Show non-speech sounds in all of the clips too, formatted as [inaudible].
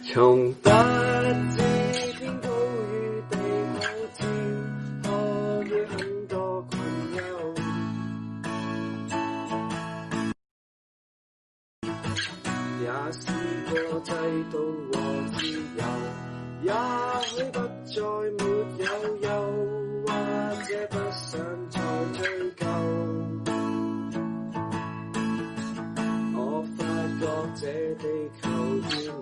從不知天高與地厚，何以很多朋友，也試過制度和自由，也許不再沒有憂，或者不想再追究。我發覺這地球。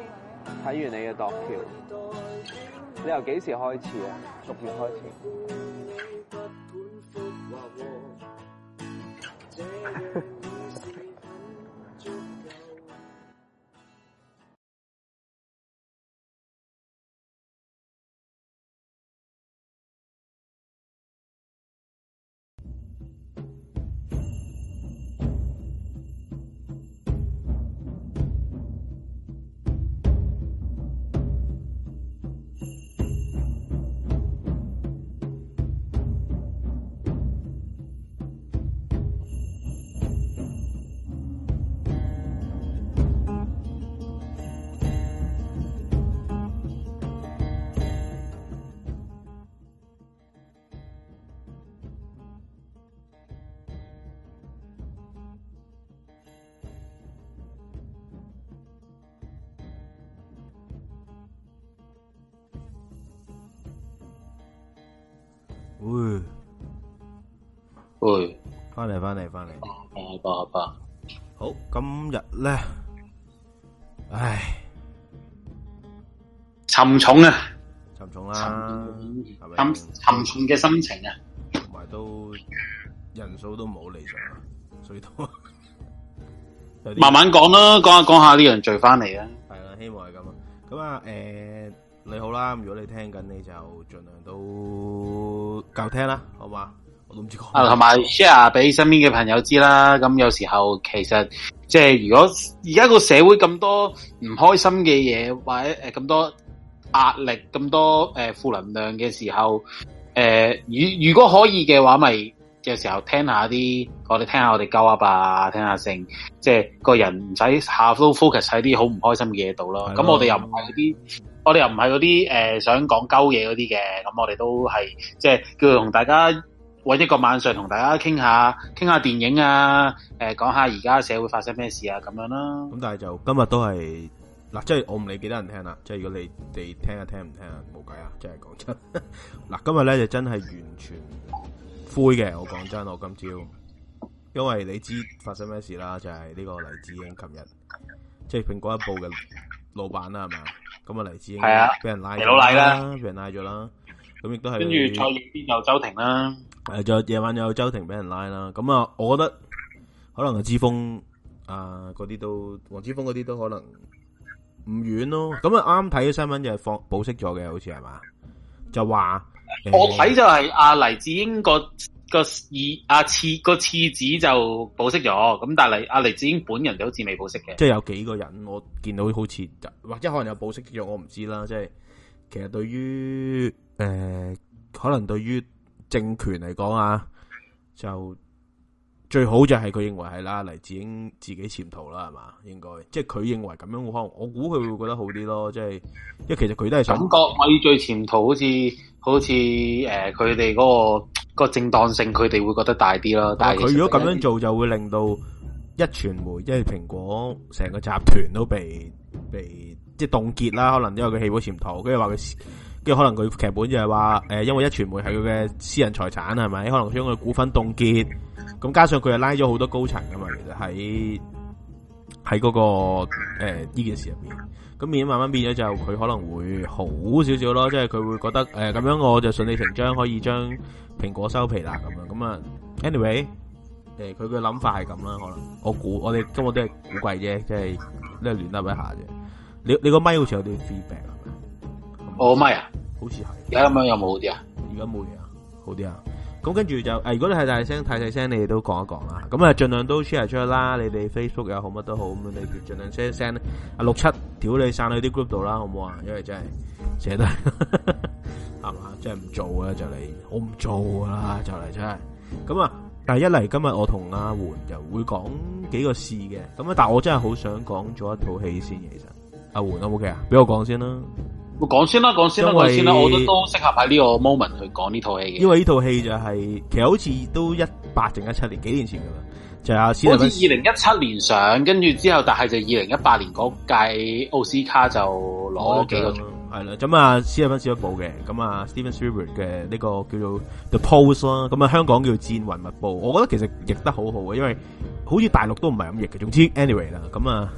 睇完你嘅度橋，你由幾時開始啊？六月開始。 [laughs] 會會翻嚟翻嚟翻嚟，八八八八，好，好，好今日咧，唉，沉重啊，沉重啦，啊，沉沉重嘅心情啊，同埋，啊、都人數都冇理想，所以都慢慢講啦，講下講下啲人聚翻嚟啊，係啊，希望係咁啊，咁啊，誒、欸。你好啦，如果你聽緊，你就盡量都教聽啦，好嘛？我都唔知講啊，同埋 share 俾身邊嘅朋友知啦。咁有時候其實即係如果而家個社會咁多唔開心嘅嘢，或者誒咁多壓力、咁多誒負能量嘅時候，誒如如果可以嘅話，咪有時候聽下啲我哋聽下我哋教阿爸聽下聲，即係個人唔使下都 focus 喺啲好唔開心嘅嘢度啦。咁是的 我哋又唔係啲。我哋又唔係嗰啲誒想講鳩嘢，嗰啲嘅。咁我哋都係即係叫同大家揾一個晚上同大家傾下，傾下電影啊，誒、呃、講下而家社會發生咩事啊咁樣啦。咁但係就今日都係嗱，即係我唔理幾多人聽啦，即係如果你哋聽啊聽唔聽啊，冇計啊，即係講真。嗱，今日咧就真係完全灰嘅，我講真，我今朝，因為你知發生咩事啦，就係、是、呢個黎智英琴日即係蘋果日報嘅。老闆啦，係咪啊？咁啊，黎智英係啊，俾人拉，咗啦，俾人拉咗啦。咁亦都係跟住蔡葉邊有周庭啦，係、呃，就夜晚有周庭俾人拉啦。咁啊，我覺得可能阿之峰啊，嗰、呃、啲都，黃之鋒嗰啲都可能唔遠咯。咁啊，啱睇嘅新聞就係放保釋咗嘅，好似係嘛？就話我睇就係阿黎智英個。個二阿次個次子就保釋咗，咁但係阿黎智英本人就好似未保釋嘅。即係有幾個人我見到好似，或者可能有保釋咗，我唔知啦。即係其實對於誒可能對於政權嚟講啊，就最好就係佢認為係啦，黎智英自己潛逃啦，係嘛？應該即係佢認為咁樣會可能，我估佢會覺得好啲咯。即係因為其實佢都係想感覺畏罪潛逃，好似好似誒佢哋嗰個。個正當性，佢哋會覺得大啲咯。但係佢如果咁樣做，就會令到一傳媒即係蘋果成個集團都被被即係凍結啦。可能因為佢棄保潛逃，跟住話佢跟住可能佢劇本就係話誒，因為一傳媒係佢嘅私人財產係咪？可能將佢股份凍結，咁加上佢又拉咗好多高層噶嘛。其實喺喺嗰個誒呢、呃、件事入邊。咁面慢慢變咗就佢可能會好少少咯，即係佢會覺得誒咁、呃、樣我就順理成章可以將蘋果收皮啦咁樣。咁啊，anyway，誒、呃、佢嘅諗法係咁啦，可能我估我哋今日都係估計啫，即係都係亂諗一下啫。你你個咪好似有啲 feedback 係咪？我個咪啊，好似係。而家咁樣有冇好啲啊？而家冇啊，好啲啊？咁跟住就，誒，如果你係大聲、太細聲，你哋都講一講啦。咁啊，盡量都 share 出去啦。你哋 Facebook 又好，乜都好，咁你哋盡量 share 一聲咧。阿六七，屌你散去啲 group 度啦，好唔好啊？因為真係，成日都係， [laughs] 係嘛？真係唔做啊，就嚟，我唔做呀，就嚟真係。咁啊，但係一嚟今日我同阿媛就會講幾個事嘅。咁啊，但我真係好想講咗一套戲先，其實。阿媛，O 唔 OK 啊？俾我講先啦。我講先啦，講先啦，講先啦，我覺得都適合喺呢個 moment 去講呢套戲。因為呢套戲就係、是、其實好似都一八定一七年幾年前噶啦，就阿斯蒂芬。Ans, 好似二零一七年上，跟住之後，但係就二零一八年嗰屆奧斯卡就攞咗幾個獎係啦、嗯，咁啊，斯蒂芬斯德堡嘅，咁啊，Steven Soderbergh 嘅呢個叫做 The Post 啦。咁啊，香港叫戰雲密報。我覺得其實譯得很好好嘅，因為好似大陸都唔係咁譯嘅。總之，anyway 啦，咁啊。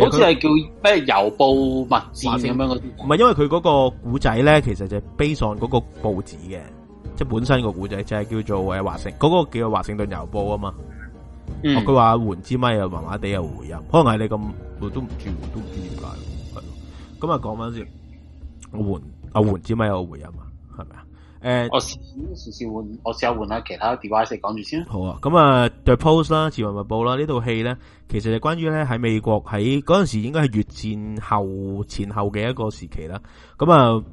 好似係叫咩郵報物字咁星樣嗰啲，唔係因為佢嗰個古仔咧，其實就悲上嗰個報紙嘅，即係本身個古仔就係叫做誒華盛嗰、嗰個叫做華盛頓郵報啊嘛。佢話換支咪又麻麻地又回音，可能係你咁我都唔住，都唔知點解，係咯。咁啊講翻先，我換啊換支咪有回音啊，係咪啊？誒、uh,，我試試換，我試下換下其他 device 講住先。好啊，咁啊，The Post 啦，戰雲密報啦，呢套戲咧，其實係關於咧喺美國喺嗰陣時應該係越戰後前後嘅一個時期啦。咁啊，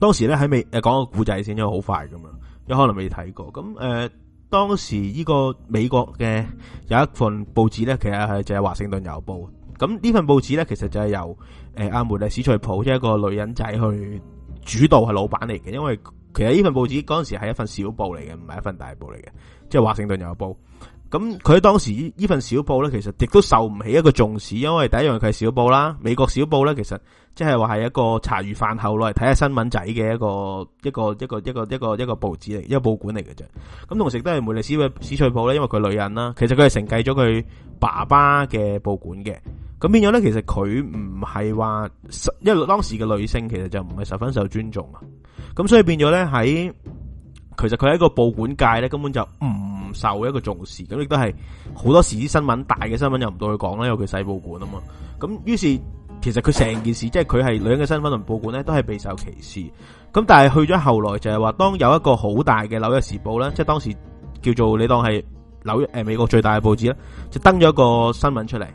當時咧喺美誒講個故仔先，因為好快咁啊，有可能未睇過。咁誒、呃，當時呢個美國嘅有一份報紙咧，其實係就係華盛頓郵報。咁呢份報紙咧，其實就係由誒、呃、阿梅麗史翠普即係一個女人仔去主導，係老闆嚟嘅，因為。其實呢份報紙嗰陣時係一份小報嚟嘅，唔係一份大報嚟嘅，即係華盛頓郵報。咁佢喺當時呢份小報咧，其實亦都受唔起一個重視，因為第一樣佢係小報啦，美國小報咧，其實即係話係一個茶餘飯後落嚟睇下新聞仔嘅一個一個一個一個一個一個報紙嚟，一個報館嚟嘅啫。咁同時都係梅麗史史翠普，咧，因為佢女人啦，其實佢係承繼咗佢爸爸嘅報館嘅。咁變咗咧，其實佢唔係話因為當時嘅女性其實就唔係十分受尊重啊。咁所以變咗咧，喺其實佢喺一個報館界咧，根本就唔受一個重視。咁亦都係好多時啲新聞大嘅新聞又唔到佢講啦，因為佢細報館啊嘛。咁於是其實佢成件事，即係佢係女人嘅身份同報館咧，都係備受歧視。咁但係去咗後來就係話，當有一個好大嘅紐約時報咧，即係當時叫做你當係紐約誒美國最大嘅報紙咧，就登咗一個新聞出嚟。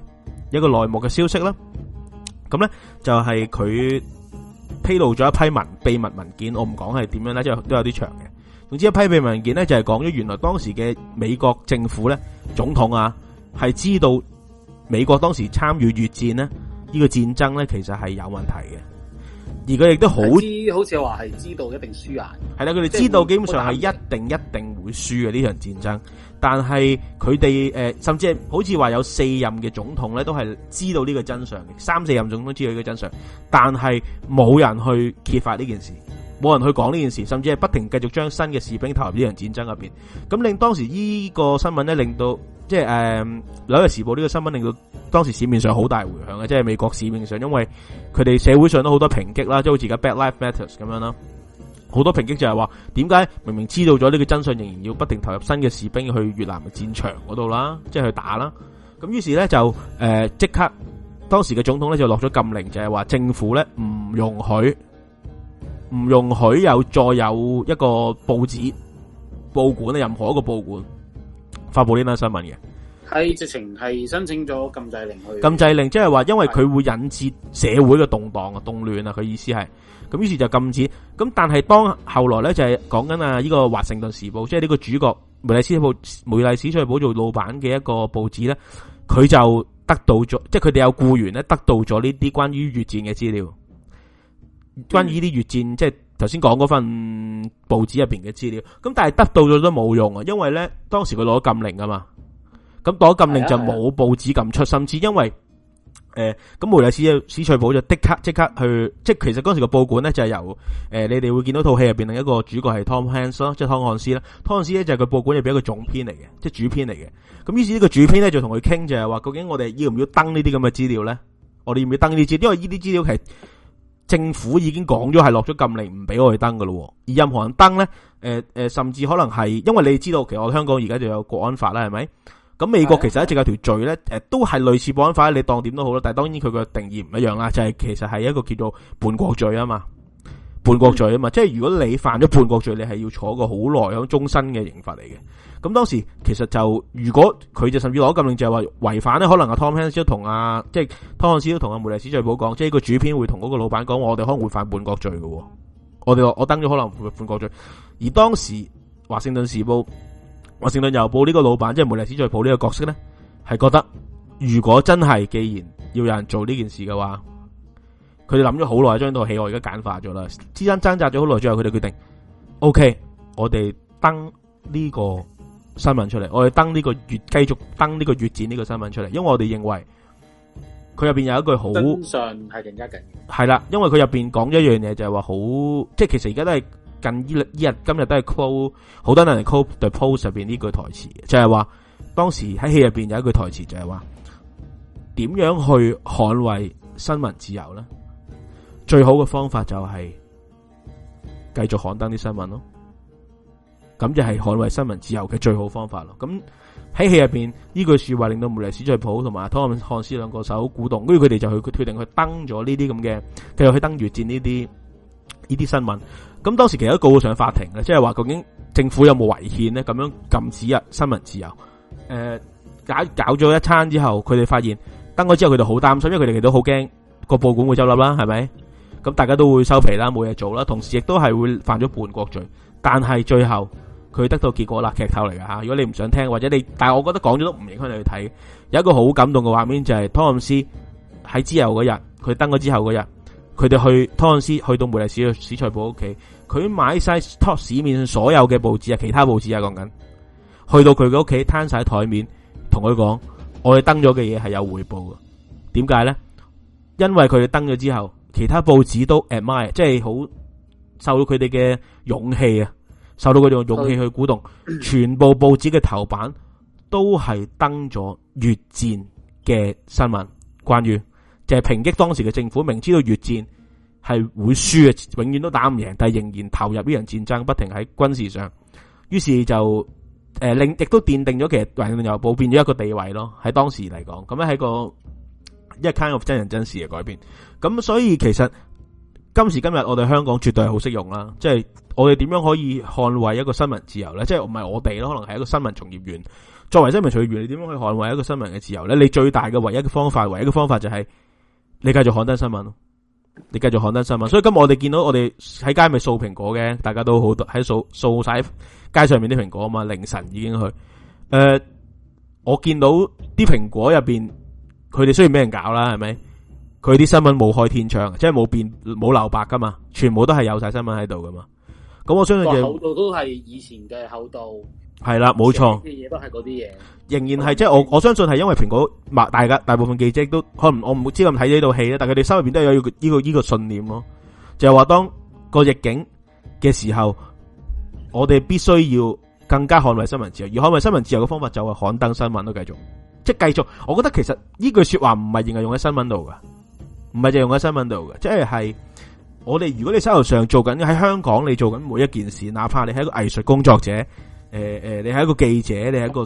一個內幕嘅消息啦，咁咧就係佢披露咗一批文，秘密文件，我唔講係點樣咧，即係都有啲長嘅。總之一批秘密文件咧就係講咗原來當時嘅美國政府咧，總統啊係知道美國當時參與越戰咧，呢個戰爭咧，其實係有問題嘅，而佢亦都好知，好似話係知道一定輸啊，係啦，佢哋知道基本上係一定一定會輸嘅呢場戰爭。但係佢哋誒，甚至係好似話有四任嘅總統咧，都係知道呢個真相嘅，三四任總統都知道呢個真相，但係冇人去揭發呢件事，冇人去講呢件事，甚至係不停繼續將新嘅士兵投入呢場戰爭入面。咁令當時呢個新聞咧，令到即係誒《紐約時報》呢個新聞令到當時市面上好大迴響嘅，即係美國市面上，因為佢哋社會上都好多抨擊啦，即好似而家 Black Lives Matter 咁樣啦。好多抨擊就係話，點解明明知道咗呢個真相，仍然要不停投入新嘅士兵去越南嘅戰場嗰度啦，即係去打啦。咁於是咧就誒即刻，當時嘅總統咧就落咗禁令，就係話政府咧唔容許，唔容許有再有一個報紙報館啊，任何一個報館發佈呢單新聞嘅。係直情係申請咗禁制令去，禁制令即係話，就是，因為佢會引致社會嘅動盪啊、的動亂啊，佢意思係，咁於是就禁止。咁但係當後來咧，就係講緊啊呢個華盛頓時報，即係呢個主角梅麗斯堡、梅麗史翠堡做老闆嘅一個報紙咧，佢就得到咗，即係佢哋有僱員咧，得到咗呢啲關於越戰嘅資料，關於呢啲越戰，即係頭先講嗰份報紙入邊嘅資料。咁但係得到咗都冇用啊，因為咧當時佢攞咗禁令㗎嘛。咁躲禁令就冇報紙咁出，甚至因為誒，咁梅麗《史史翠寶》就即刻即刻去，即係其實嗰時個報館咧就係由誒、呃、你哋會見到套戲入邊另一個主角係 Tom Hanks 咯，即係湯漢斯啦，湯漢斯咧就係佢報館入邊一個總編嚟嘅，即係主編嚟嘅。咁於是呢個主編咧就同佢傾，就係話究竟我哋要唔要登呢啲咁嘅資料咧？我哋要唔要登呢啲資料？因為呢啲資料係政府已經講咗係落咗禁令，唔俾我去登噶咯。而任何人登咧，誒、呃、誒、呃，甚至可能係因為你知道，其實我香港而家就有國安法啦，係咪？咁美國其實一直有一條罪咧，都係類似保安法。你當點都好啦。但當然佢個定義唔一樣啦，就係、是、其實係一個叫做叛國罪啊嘛，叛國罪啊嘛。即係如果你犯咗叛國罪，你係要坐個好耐，響終身嘅刑罰嚟嘅。咁當時其實就如果佢就甚至攞咁令，就係違反咧。可能阿湯漢 s 都同阿、啊、即係湯漢斯都同阿、啊啊、梅麗斯最保講，即係個主編會同嗰個老闆講，我哋可能會犯叛國罪喎。」我哋我我等咗可能犯叛國罪。而當時華盛頓時報。我承認郵報呢、這個老闆即係梅麗史翠普呢個角色咧，係覺得如果真係既然要有人做呢件事嘅話，佢哋諗咗好耐，將呢套戲我而家簡化咗啦。之間掙扎咗好耐，最後佢哋決定，O、OK, K，我哋登呢個新聞出嚟，我哋登呢個月繼續登呢個月展呢個新聞出嚟，因為我哋認為佢入邊有一句好，係更加緊，係啦，因為佢入邊講咗一樣嘢就係話好，即係其實而家都係。近呢日今日都係 call 好多人 call，the post 入邊呢句台詞，就係話當時喺戲入邊有一句台詞，就係話點樣去捍衛新聞自由咧？最好嘅方法就係繼續刊登啲新聞咯。咁就係捍衛新聞自由嘅最好方法咯。咁喺戲入邊呢句說話，令到梅麗史翠普同埋湯漢斯兩個手好鼓動，跟住佢哋就去佢決定去登咗呢啲咁嘅，繼續去登越戰呢啲呢啲新聞。咁當時其實都告上法庭嘅，即係話究竟政府有冇違憲呢？咁樣禁止啊新聞自由，誒、呃、搞搞咗一餐之後，佢哋發現登咗之後佢哋好擔心，因為佢哋其實都好驚個報館會執笠啦，係咪？咁大家都會收皮啦，冇嘢做啦，同時亦都係會犯咗叛國罪。但係最後佢得到結果啦，劇透嚟噶吓，如果你唔想聽或者你，但係我覺得講咗都唔影響你去睇。有一個好感動嘅畫面就係湯漢斯喺自由嗰日，佢登咗之後嗰日。佢哋去湯斯，去到梅麗史翠普屋企，佢買晒托市面上所有嘅報紙啊，其他報紙啊，講緊，去到佢嘅屋企攤晒台面，同佢講，我哋登咗嘅嘢係有回報嘅，點解咧？因為佢哋登咗之後，其他報紙都 admire 即係好受到佢哋嘅勇氣啊，受到佢哋嘅勇氣去鼓動，全部報紙嘅頭版都係登咗越戰嘅新聞，關於。就係抨擊當時嘅政府，明知道越戰係會輸啊，永遠都打唔贏，但係仍然投入呢場戰爭，不停喺軍事上。於是就誒令、呃、亦都奠定咗，其實維園日報變咗一個地位咯。喺當時嚟講，咁咧喺個一 kind of 真人真事嘅改變。咁所以其實今時今日我哋香港絕對係好適用啦。即係我哋點樣可以捍衛一個新聞自由呢？即係唔係我哋咯，可能係一個新聞從業員。作為新聞從業員，你點樣去捍衛一個新聞嘅自由呢？你最大嘅唯一嘅方法，唯一嘅方法就係。你繼續刊登新聞，你繼續刊登新聞。所以今日我哋見到我哋喺街咪掃蘋果嘅，大家都好多喺掃掃晒街上面啲蘋果啊嘛。凌晨已經去，誒、呃，我見到啲蘋果入邊，佢哋雖然俾人搞啦，係咪？佢啲新聞冇開天窗，即係冇變冇留白噶嘛，全部都係有晒新聞喺度噶嘛。咁我相信嘅、就是，厚度都係以前嘅厚度。係啦的，冇錯。嘅嘢都係嗰啲嘢。仍然係即係我我相信係因為蘋果，麥大家大部分記者都可能我唔會知咁睇呢套戲咧，但係佢哋心入邊都有呢個呢個信念咯，就係話當個逆境嘅時候，我哋必須要更加捍衛新聞自由。而捍衛新聞自由嘅方法就係刊登新聞都繼續，即係繼續。我覺得其實呢句說話唔係淨係用喺新聞度噶，唔係淨係用喺新聞度噶，即係我哋如果你手頭上做緊喺香港你做緊每一件事，哪怕你係一個藝術工作者，誒誒，你係一個記者，你係一個。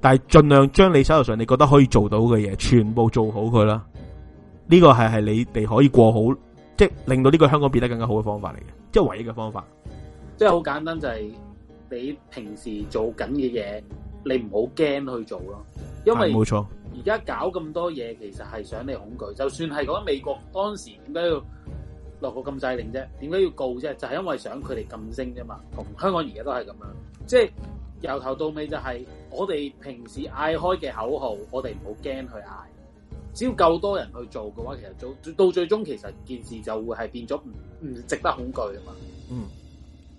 但係盡量將你手頭上你覺得可以做到嘅嘢，全部做好佢啦。呢個係係你哋可以過好，即係令到呢個香港變得更加好嘅方法嚟嘅，即係唯一嘅方法。即係好簡單，就係你平時做緊嘅嘢，你唔好驚去做咯。因為冇錯，而家搞咁多嘢，其實係想你恐懼。錯就算係講美國當時點解要落個禁制令啫？點解要告啫？就係因為想佢哋禁聲啫嘛。同香港而家都係咁樣，即係由頭到尾就係。我哋平時嗌開嘅口號，我哋唔好驚去嗌，只要夠多人去做嘅話，其實到到最終，其實件事就會係變咗唔唔值得恐懼啊嘛。嗯，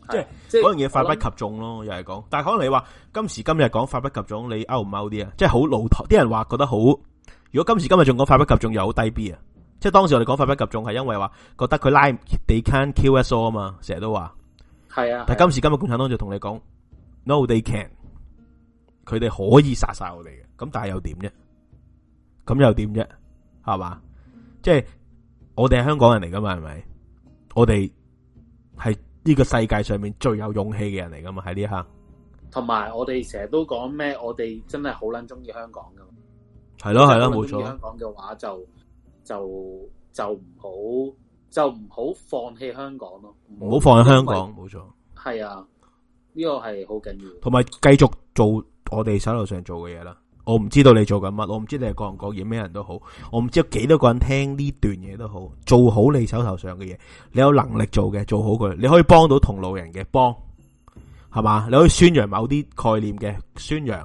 是即係即係嗰樣嘢，法不及眾咯，想又係講，但係可能你話今時今日講法不及眾，你 out 唔 out 啲啊？即係好老土，啲人話覺得好。如果今時今日仲講法不及眾，又好低 b 啊！即係當時我哋講法不及眾，係因為話覺得佢拉 they can kill us all 啊嘛，成日都話。係啊。但係今時今日共的產黨就同你講，no they can。佢哋可以殺晒我哋嘅，咁但係又點啫？咁又點啫？係嘛？即係我哋係香港人嚟噶嘛，係咪？我哋係呢個世界上面最有勇氣嘅人嚟噶嘛？喺呢一刻，同埋我哋成日都講咩？我哋真係好撚中意香港噶。係咯，係咯，冇錯。如果香港嘅話就就就唔好就唔好放棄香港咯，唔好放棄香港，冇錯。係啊，呢個係好緊要。同埋繼續做。我哋手頭上做嘅嘢啦，我唔知道你做緊乜，我唔知你係各行各業咩人都好，我唔知有幾多個人聽呢段嘢都好，做好你手頭上嘅嘢，你有能力做嘅做好佢，那個，你可以幫到同路人嘅幫，係嘛？你可以宣揚某啲概念嘅宣揚，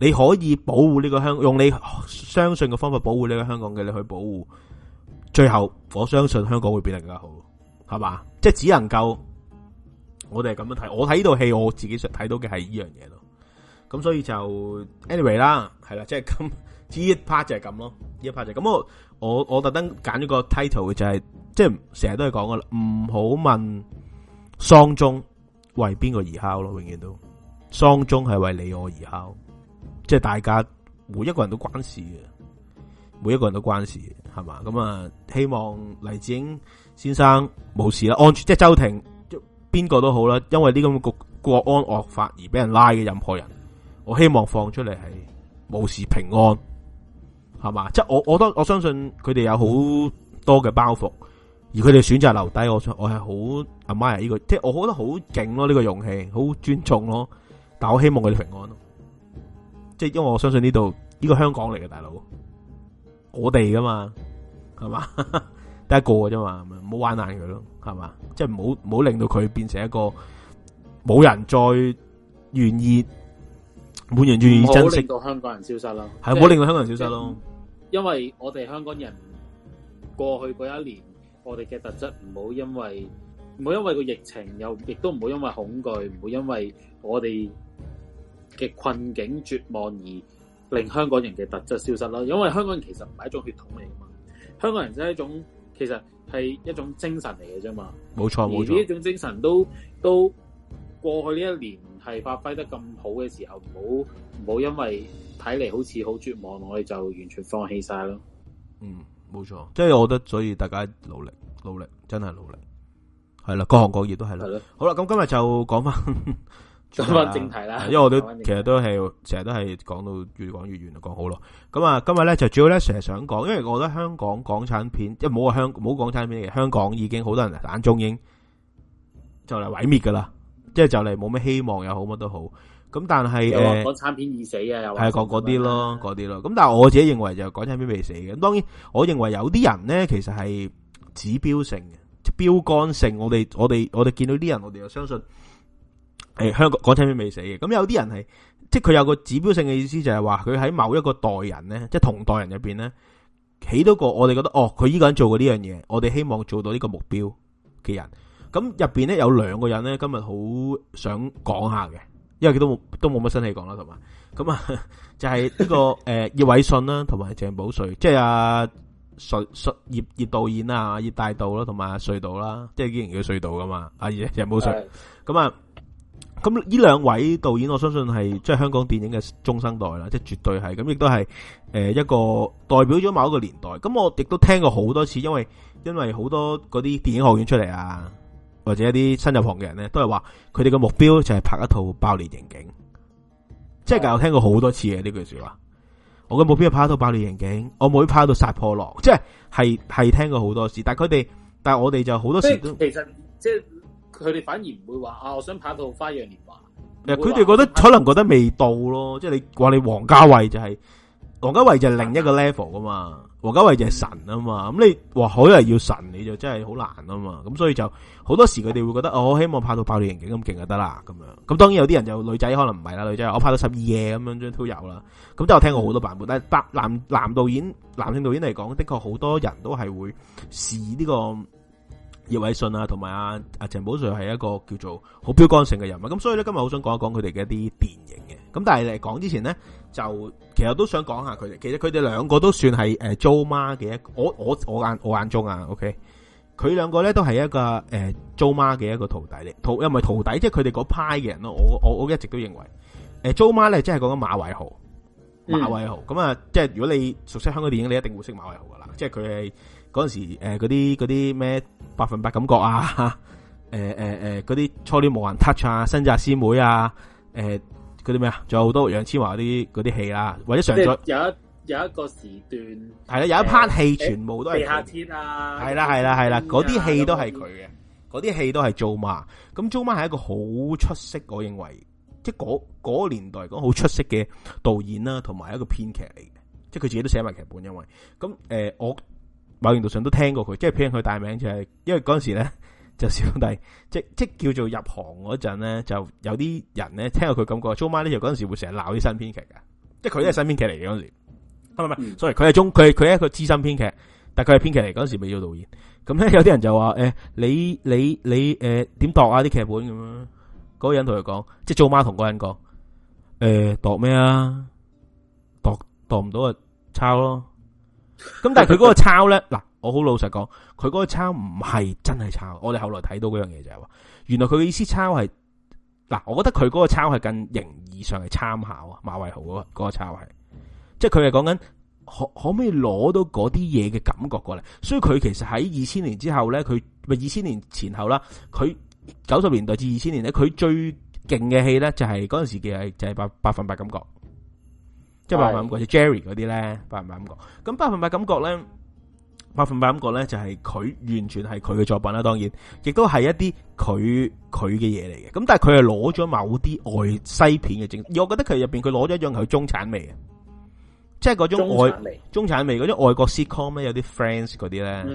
你可以保護呢個香港，用你相信嘅方法保護呢個香港嘅，你去保護，最後我相信香港會變得更加好，係嘛？即係只能夠我哋係咁樣睇，我睇呢套戲我自己想睇到嘅係呢樣嘢。咁所以就 anyway 啦，係啦，即係咁。呢一 part 就係咁咯，呢一 part 就咁、是。我我我特登揀咗個 title 嘅就係、是，即係成日都係講噶啦，唔好問喪鐘為邊個而敲咯，永遠都喪鐘係為你我而敲，即係大家每一個人都關事嘅，每一個人都關事係嘛？咁啊，希望黎智英先生冇事啦，安全即係周庭，邊個都好啦，因為呢個咁嘅國安惡法而俾人拉嘅任何人。我希望放出嚟係無事平安，係嘛？即係我我都我相信佢哋有好多嘅包袱，而佢哋選擇留低，我想我係好阿媽呀呢個，即係我覺得好勁咯呢個勇氣，好尊重咯。但我希望佢哋平安咯，即係因為我相信呢度呢個香港嚟嘅大佬，我哋噶嘛係嘛，得 [laughs] 一個嘅啫嘛，唔好玩爛佢咯，係嘛？即係唔好唔好令到佢變成一個冇人再願意。本人願意，珍惜，唔令到香港人消失咯，係冇是、就是、令到香港人消失咯。因為我哋香港人過去嗰一年，我哋嘅特質唔好因為唔好因為個疫情，又亦都唔好因為恐懼，唔好因為我哋嘅困境絕望而令香港人嘅特質消失啦，因為香港人其實唔係一種血統嚟噶嘛，香港人真係一種其實係一種精神嚟嘅啫嘛，冇錯冇錯，而呢一種精神都都過去呢一年係發揮得咁好嘅時候，唔好唔好因為睇嚟好似好絕望，我哋就完全放棄晒咯。嗯，冇錯，即係我覺得，所以大家努力努力，真係努力，係啦，各行各業都係啦。係咯。好啦，咁今日就講翻講翻正題啦，因為我都其實都係成日都係講到越講越遠，講好咯。咁啊，今日咧就主要咧成日想講，因為我覺得香港港產片即係冇個香冇港,港產片嘅香港已經好多人眼中已經就嚟毀滅噶啦。即係就嚟冇咩希望又好，乜都好。咁但係誒，港產片已死啊，係講嗰啲咯，嗰啲咯。咁但係我自己認為就港產片未死嘅。咁當然，我認為有啲人咧，其實係指標性嘅，即標杆性。我哋我哋我哋見到啲人，我哋又相信誒、欸，香港港產片未死嘅。咁有啲人係即係佢有個指標性嘅意思，就係話佢喺某一個代人咧，即係同代人入邊咧，起到個我哋覺得哦，佢呢個人做過呢樣嘢，我哋希望做到呢個目標嘅人。咁入面咧有兩個人咧，今日好想講下嘅，因為佢都冇都冇乜新戲講啦，同埋咁啊，就係呢個誒葉偉信啦，同埋鄭保瑞，即係啊，啊，啊瑞瑞葉葉導演啊葉大道啦，同埋阿瑞道啦，即係經營嘅隧道噶嘛，啊葉葉保瑞，咁 [laughs] 啊，咁呢兩位導演，我相信係即係香港電影嘅中生代啦，即係絕對係，咁亦都係誒、呃、一個代表咗某一個年代。咁我亦都聽過好多次，因為因為好多嗰啲電影學院出嚟啊。或者一啲新入行嘅人咧，都係話佢哋嘅目標就係拍一套爆裂刑警，即係我聽過好多次嘅呢句說話。我嘅目標係拍一套爆裂刑警，我唔會拍到殺破狼，即係係係聽過好多次。但係佢哋，但係我哋就好多時都，其實即係佢哋反而唔會話啊，我想拍套《花樣年華》。其實佢哋覺得可能覺得未到咯，即係你話你王家衛就係。王家衛就係另一個 level 噶嘛，王家衛就係神啊嘛，咁你話好係要神，你就真係好難啊嘛，咁所以就好多時佢哋會覺得，我、哦、希望拍到爆裂刑警咁勁就得啦，咁樣，咁當然有啲人就女仔可能唔係啦，女仔我拍到十二夜咁樣都有啦，咁都有聽過好多版本，但係男男導演男性導演嚟講，的確好多人都係會視呢個葉偉信啊同埋阿阿鄭保瑞係一個叫做好標杆性嘅人物，咁所以咧今日好想講一講佢哋嘅一啲電影嘅，咁但係嚟講之前咧。就其實都想講下佢哋，其實佢哋兩個都算係誒 Joe Ma 嘅一個，我我我眼我眼中啊，OK，佢兩個咧都係一個誒 Joe Ma 嘅一個徒弟嚟。徒又唔係徒弟，即係佢哋嗰派嘅人咯。我我我一直都認為，誒 Joe Ma 咧即係講緊馬偉豪，嗯、馬偉豪咁啊，即係如果你熟悉香港電影，你一定會識馬偉豪㗎喇。即係佢係嗰陣時誒嗰啲啲咩百分百感覺啊，誒誒誒嗰啲初戀無限 touch 啊，新紮師妹啊，誒、呃。嗰啲咩啊？仲有好多楊千嬅啲嗰啲戲啦，或者上咗有一有一個時段係啦，有一批戲全部都係地下鐵啊，係啦係啦係啦，嗰啲戲都係佢嘅，嗰啲戲都係 Joe Ma，咁 Joe Ma 係一個好出色，我認為即係嗰嗰個年代講好出色嘅導演啦，同埋一個編劇嚟嘅，即係佢自己都寫埋劇本，因為咁誒，我某程度上都聽過佢，即係聽佢大名就係因為嗰陣時咧。就小弟即即叫做入行嗰陣咧，就有啲人咧，聽佢感覺，Joe Ma 咧就嗰陣時會成日鬧啲新編劇嘅，即係佢都係新編劇嚟嘅嗰時，係咪咪？Sorry 佢係中，佢係佢係一個資深編劇，但佢係編劇嚟，嗰陣時未做導演。咁咧有啲人就話誒、欸，你你你誒，點度啊啲劇本咁、欸、啊？嗰個人同佢講，即係 Joe Ma 同嗰個人講，誒，度咩啊？度度唔到啊，抄咯。咁但係佢嗰個抄咧嗱。 [laughs] 我好老實講，佢嗰個抄唔係真係抄，我哋後來睇到嗰樣嘢就係話，原來佢嘅意思是抄係嗱，我覺得佢嗰個抄係更形而上係參考啊。馬偉豪嗰個嗰個抄係，即係佢係講緊可可唔可以攞到嗰啲嘢嘅感覺過嚟，所以佢其實喺二千年之後咧，佢咪二千年前後啦，佢九十年代至二千年咧，佢最勁嘅戲咧就係嗰陣時嘅係就係百百分百感覺，即係百分百感覺，似對 Jerry 嗰啲咧百分百感覺，咁百分百感覺咧。百分百感覺咧，就係佢完全係佢嘅作品啦。當然，亦都係一啲佢佢嘅嘢嚟嘅。咁但係佢係攞咗某啲外西片嘅精，而我覺得佢入面，佢攞咗一樣佢中產味嘅，即係嗰種外中產味嗰種外國 sitcom 咧，有啲 friends 嗰啲咧，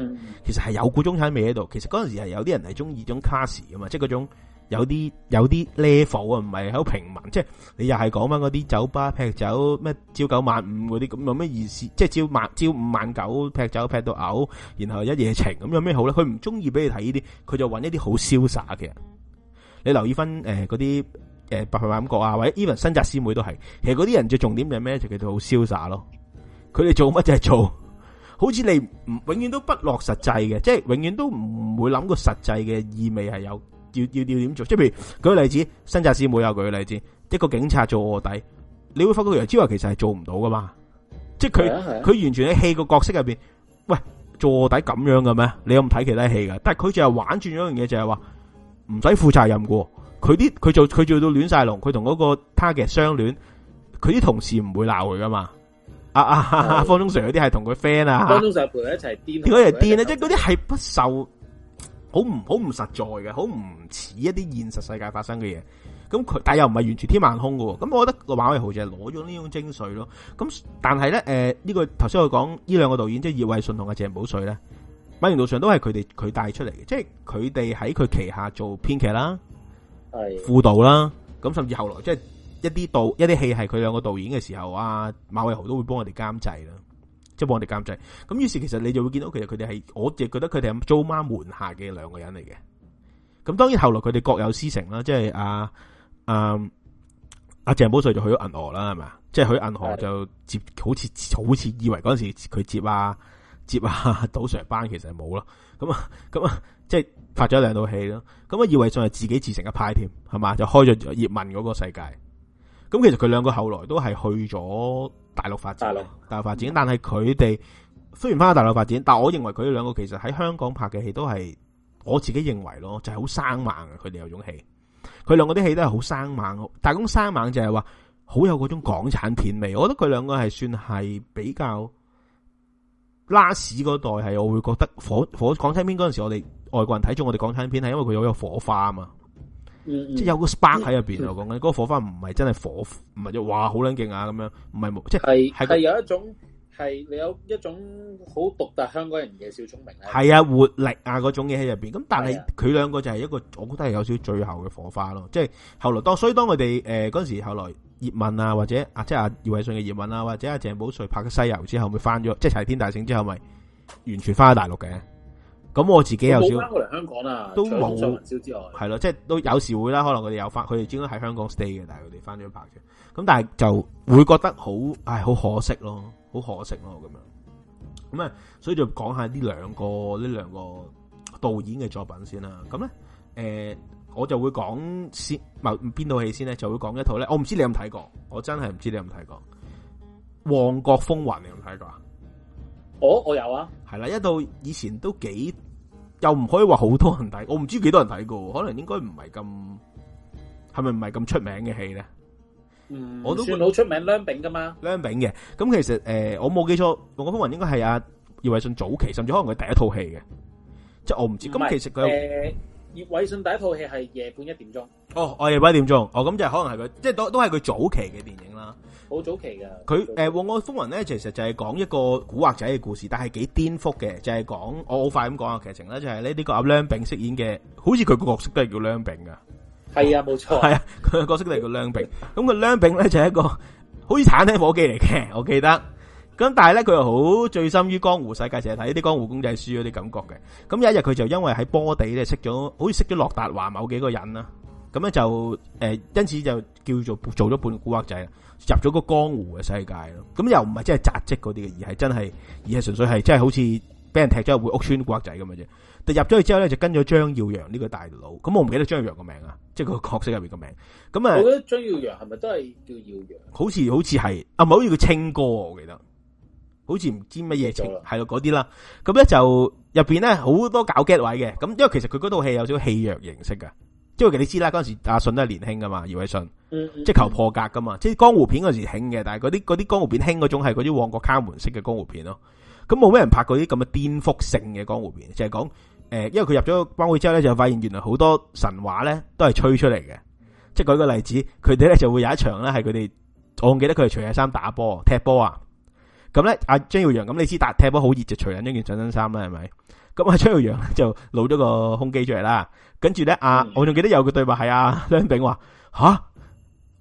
其實係有股中產味喺度。其實嗰陣時係有啲人係中意種 casual 嘛，即係嗰種。有啲有啲 level 啊，唔係好平民，即係你又係講翻嗰啲酒吧劈酒，咩朝九晚五嗰啲咁有咩意思？即係朝晚朝五晚九劈酒劈到嘔，然後一夜情咁有咩好咧？佢唔中意俾你睇呢啲，佢就揾一啲好瀟灑嘅。你留意翻誒嗰啲誒白飯感覺啊，或者 even 新紮師妹都係，其實嗰啲人最重點係咩？就叫做，做，就做好瀟灑咯。佢哋做乜就係做好似你唔永遠都不落實際嘅，即係永遠都唔會諗個實際嘅意味係有。要要要點做？即係譬如舉個例子，新紮師妹有舉個例子？一個警察做臥底，你會發覺原來之外其實係做唔到噶嘛？即係佢佢完全喺戲個角色入邊，喂，做臥底咁樣嘅咩？你又唔睇其他戲噶？但係佢就係玩轉咗樣嘢，就係話唔使負責任噶。佢啲佢做佢做，做到亂晒龍，佢同嗰個 target 相戀，佢啲同事唔會鬧佢噶嘛？啊啊、哦、啊，方中信嗰啲係同佢 friend 啊？方中信陪佢一齊癲，佢又癲咧，即係嗰啲係不受。好唔好唔實在嘅，好唔似一啲現實世界發生嘅嘢。咁佢但又唔係完全天馬行空嘅喎。咁我覺得馬偉豪就係攞咗呢種精髓咯。咁但係咧，呢、呃這個頭先我講呢兩個導演，即係葉偉信同阿鄭保瑞咧，馬雲道上都係佢哋佢帶出嚟嘅，即係佢哋喺佢旗下做編劇啦，係輔導啦，咁甚至後來即係一啲導一啲戲係佢兩個導演嘅時候啊，馬偉豪都會幫我哋監製啦。即係幫我哋監製，咁於是其實你就會見到其實佢哋係，我亦覺得佢哋係租媽門下嘅兩個人嚟嘅。咁當然後來佢哋各有私情啦，即係啊，阿阿鄭保瑞就去咗銀河啦，係咪？即係去銀河就接，好似好似以為嗰陣時佢接啊接啊賭上班，其實冇咯。咁啊咁啊，即係發咗兩套戲咯。咁啊以為仲係自己自成一派添，係嘛？就開咗葉問嗰個世界。咁其實佢兩個後來都係去咗。大陸發展，大陸發展，但係佢哋雖然翻去大陸發展，但我認為佢哋兩個其實喺香港拍嘅戲都係我自己認為咯，就係、是、好生猛嘅。佢哋有一種戲，佢兩個啲戲都係好生猛。但係咁生猛就係話好有嗰種港產片味。我覺得佢兩個係算係比較拉屎嗰代係，我會覺得火火港產片嗰陣時候，我哋外國人睇中我哋港產片係因為佢有咗火花嘛。嗯嗯即係有個 spark 喺入邊，我講嘅嗰個火花唔係真係火，唔係就係哇好捻勁啊咁樣，唔係冇即係係有一種係你有一種好獨特香港人嘅小聰明咧，係啊活力、啊嗰種嘢喺入邊。咁但係佢兩個就係一個，我覺得係有少少最後嘅火花咯。即係後來當所以當佢哋誒嗰時候後來葉問啊或者啊即係阿葉偉信嘅葉問啊或者阿鄭保瑞拍嘅西遊之後咪翻咗，即係齊天大聖之後咪完全翻咗大陸嘅。咁我自己有少翻過嚟香港，啊、都冇。除咗除咗文銷之外，係咯，即係都有時會啦。可能佢哋有翻，佢哋專登喺香港 stay 嘅，但係佢哋翻咗拍嘅。咁但係就會覺得好唉，好可惜咯，好可惜咯咁樣。咁啊，所以就講下呢兩個呢兩個導演嘅作品先啦。咁咧，誒、呃，我就會講先，唔係邊套戲先咧，就會講一套咧。我唔知你有冇睇過，我真係唔知你有冇睇過《旺角風雲》你有冇睇過啊？哦，我有啊，係啦，一度以前都幾又唔可以話好多人睇，我唔知幾多人睇過。可能應該唔係咁，係咪唔係咁出名嘅戲咧？我都算好出名，梁炳噶嘛？梁炳嘅，咁其實誒，我冇記錯，旺角風雲應該係阿葉偉信早期，甚至可能佢第一套戲嘅，即係我唔知。咁其實佢，葉偉信第一套戲係夜半一點鐘。哦，哦夜半一點鐘，哦，咁就可能係佢，即係都都係佢早期嘅電影啦。好早期噶，佢誒《旺角、呃、風雲咧，其實就係講一個古惑仔嘅故事，但係幾顛覆嘅，就係、是、講我好快咁講下劇情啦。就係咧，呢個阿梁炳飾演嘅，好似佢個角色都係叫梁炳噶，係啊，冇錯，係啊，佢個、啊、角色都係叫梁炳。咁個 [laughs] 梁炳咧就係一個好似鏟廳伙記嚟嘅，我記得。咁但係咧，佢又好醉心於江湖世界，成日睇啲江湖公仔書嗰啲感覺嘅。咁有一日，佢就因為喺波地咧識咗，好似識咗駱達華某幾個人啦。咁咧就誒、呃，因此就叫做做咗半古惑仔啦，入咗個江湖嘅世界咯。咁又唔係真係扎職嗰啲嘅，而係真係而係純粹係真係好似俾人踢咗入會屋村古惑仔咁嘅啫。但入咗去之後咧，就跟咗張耀揚呢個大佬。咁我唔記得張耀揚、就是、個名啊，即係個角色入邊個名。咁啊，我覺得張耀揚係咪都係叫耀揚？好似好似係啊，唔係好似叫青哥啊，我記得。好似唔知乜嘢情，係咯嗰啲啦。咁咧就入邊咧好多搞 get 位嘅。咁因為其實佢嗰套戲有少少戲謔形式噶。因為你知啦，嗰陣時阿信都係年輕噶嘛，葉偉信，嗯嗯、即係求破格噶嘛，即係江湖片嗰陣時興嘅，但係嗰啲啲江湖片興嗰種係嗰啲旺角卡門式嘅江湖片咯，咁冇咩人拍過啲咁嘅顛覆性嘅江湖片，就係講誒，因為佢入咗個幫會之後咧，就發現原來好多神話咧都係吹出嚟嘅，即係舉個例子，佢哋咧就會有一場咧係佢哋，我仲記得佢係除咗衫打波、踢波啊，咁咧阿張耀揚，咁你知打踢波好熱就除緊一件緊身衫啦，係咪？咁啊，崔耀陽就露咗個胸肌出嚟啦。跟住咧，阿我仲記得有句對白係阿梁炳話：吓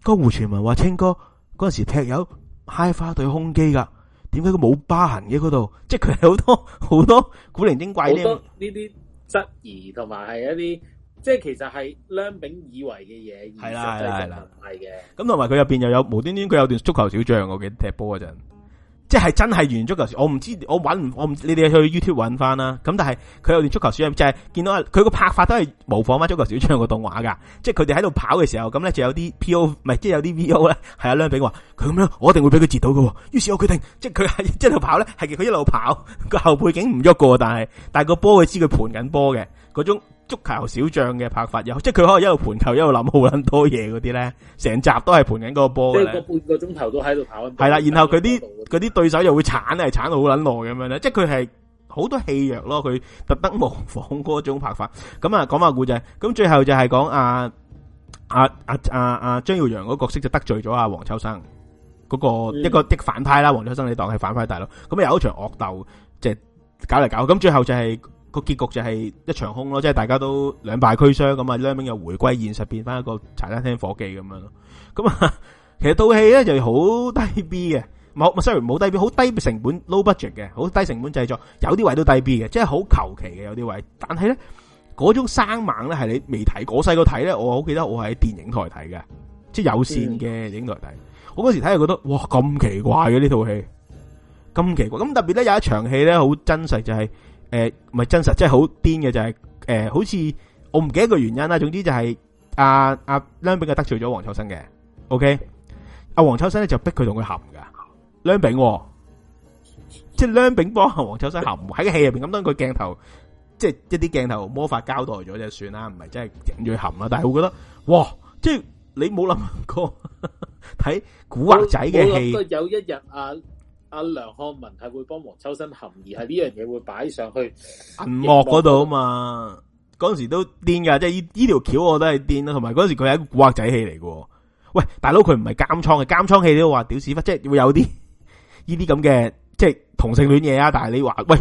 江湖傳聞話青哥嗰陣時踢有 High 花對胸肌噶，點解佢冇疤痕嘅嗰度？即係佢係好多好多古靈精怪呢？呢啲質疑同埋係一啲，即係其實係梁炳以為嘅嘢，係啦係啦係啦，係嘅。咁同埋佢入邊又有無端端佢有段足球小將，我記得踢波嗰陣。即係真係完足球，我唔知我搵唔我唔，你哋去 YouTube 搵翻啦。咁但係佢有啲足球小，就係、是、見到佢個拍法都係模仿翻足球小將個動畫噶。即係佢哋喺度跑嘅時候，咁咧就有啲 PO，唔係即係有啲 VO 咧，係阿 Leon 俾話佢咁樣，我一定會俾佢截到噶。於是我決定，即係佢喺即係度跑咧，係佢一路跑個後背景唔喐過，但係但係個波佢知佢盤緊波嘅種。足球小將嘅拍法，又即係佢可能一路盤球，一路諗好捻多嘢嗰啲咧，成集都係盤緊嗰個波，半個鐘頭都喺度跑。係啦，然後佢啲啲對手又會鏟，係鏟到好捻耐咁樣咧。即係佢係好多戲弱咯，佢特登模仿嗰種拍法。咁啊，講下古仔，咁最後就係講阿阿張耀揚嗰角色就得罪咗阿黃秋生嗰個一個的反派啦。嗯，黃秋生你當係反派大佬，咁又有一場惡鬥，即係搞嚟搞。咁最後就係。個結局就係一場空咯，即係大家都兩敗俱傷咁啊！兩名又回歸現實，變翻一個茶餐廳伙計咁樣咯。咁啊，其實套戲咧就好低 B 嘅，冇冇 sorry 冇低 B，好低成本 low budget 嘅，好低成本製作，有啲位都低 B 嘅，即係好求其嘅有啲位。但係咧，嗰種生猛咧係你未睇，我細個睇咧，我好記得我係喺電影台睇嘅，即係有線嘅電影台睇。我嗰時睇係覺得哇咁奇怪嘅呢套戲，咁奇怪。咁特別咧有一場戲咧好真實，就係。誒，唔係真實，真係好癲嘅就係，誒，好似我唔記得個原因啦，總之就係阿阿梁炳就得罪咗黃秋生嘅，OK，阿黃秋生咧就逼佢同佢含噶，梁炳，即係梁炳幫黃秋生含，喺個戲入邊咁當佢鏡頭，即係一啲鏡頭魔法交代咗就算啦，唔係真係直接含啦，但係我覺得，哇，即係你冇諗過睇古惑仔嘅戲，有一日啊。阿、啊、梁漢文係會幫黃秋生含，而係呢樣嘢會擺上去銀幕嗰度啊嘛。嗰陣、嗯嗯、時都癲噶，即係依依條橋我都係癲啦。同埋嗰陣時佢係一個古惑仔戲嚟喎。喂，大佬佢唔係監倉嘅，監倉戲都話屌屎忽，即係會有啲呢啲咁嘅即係同性戀嘢啊。但係你話喂，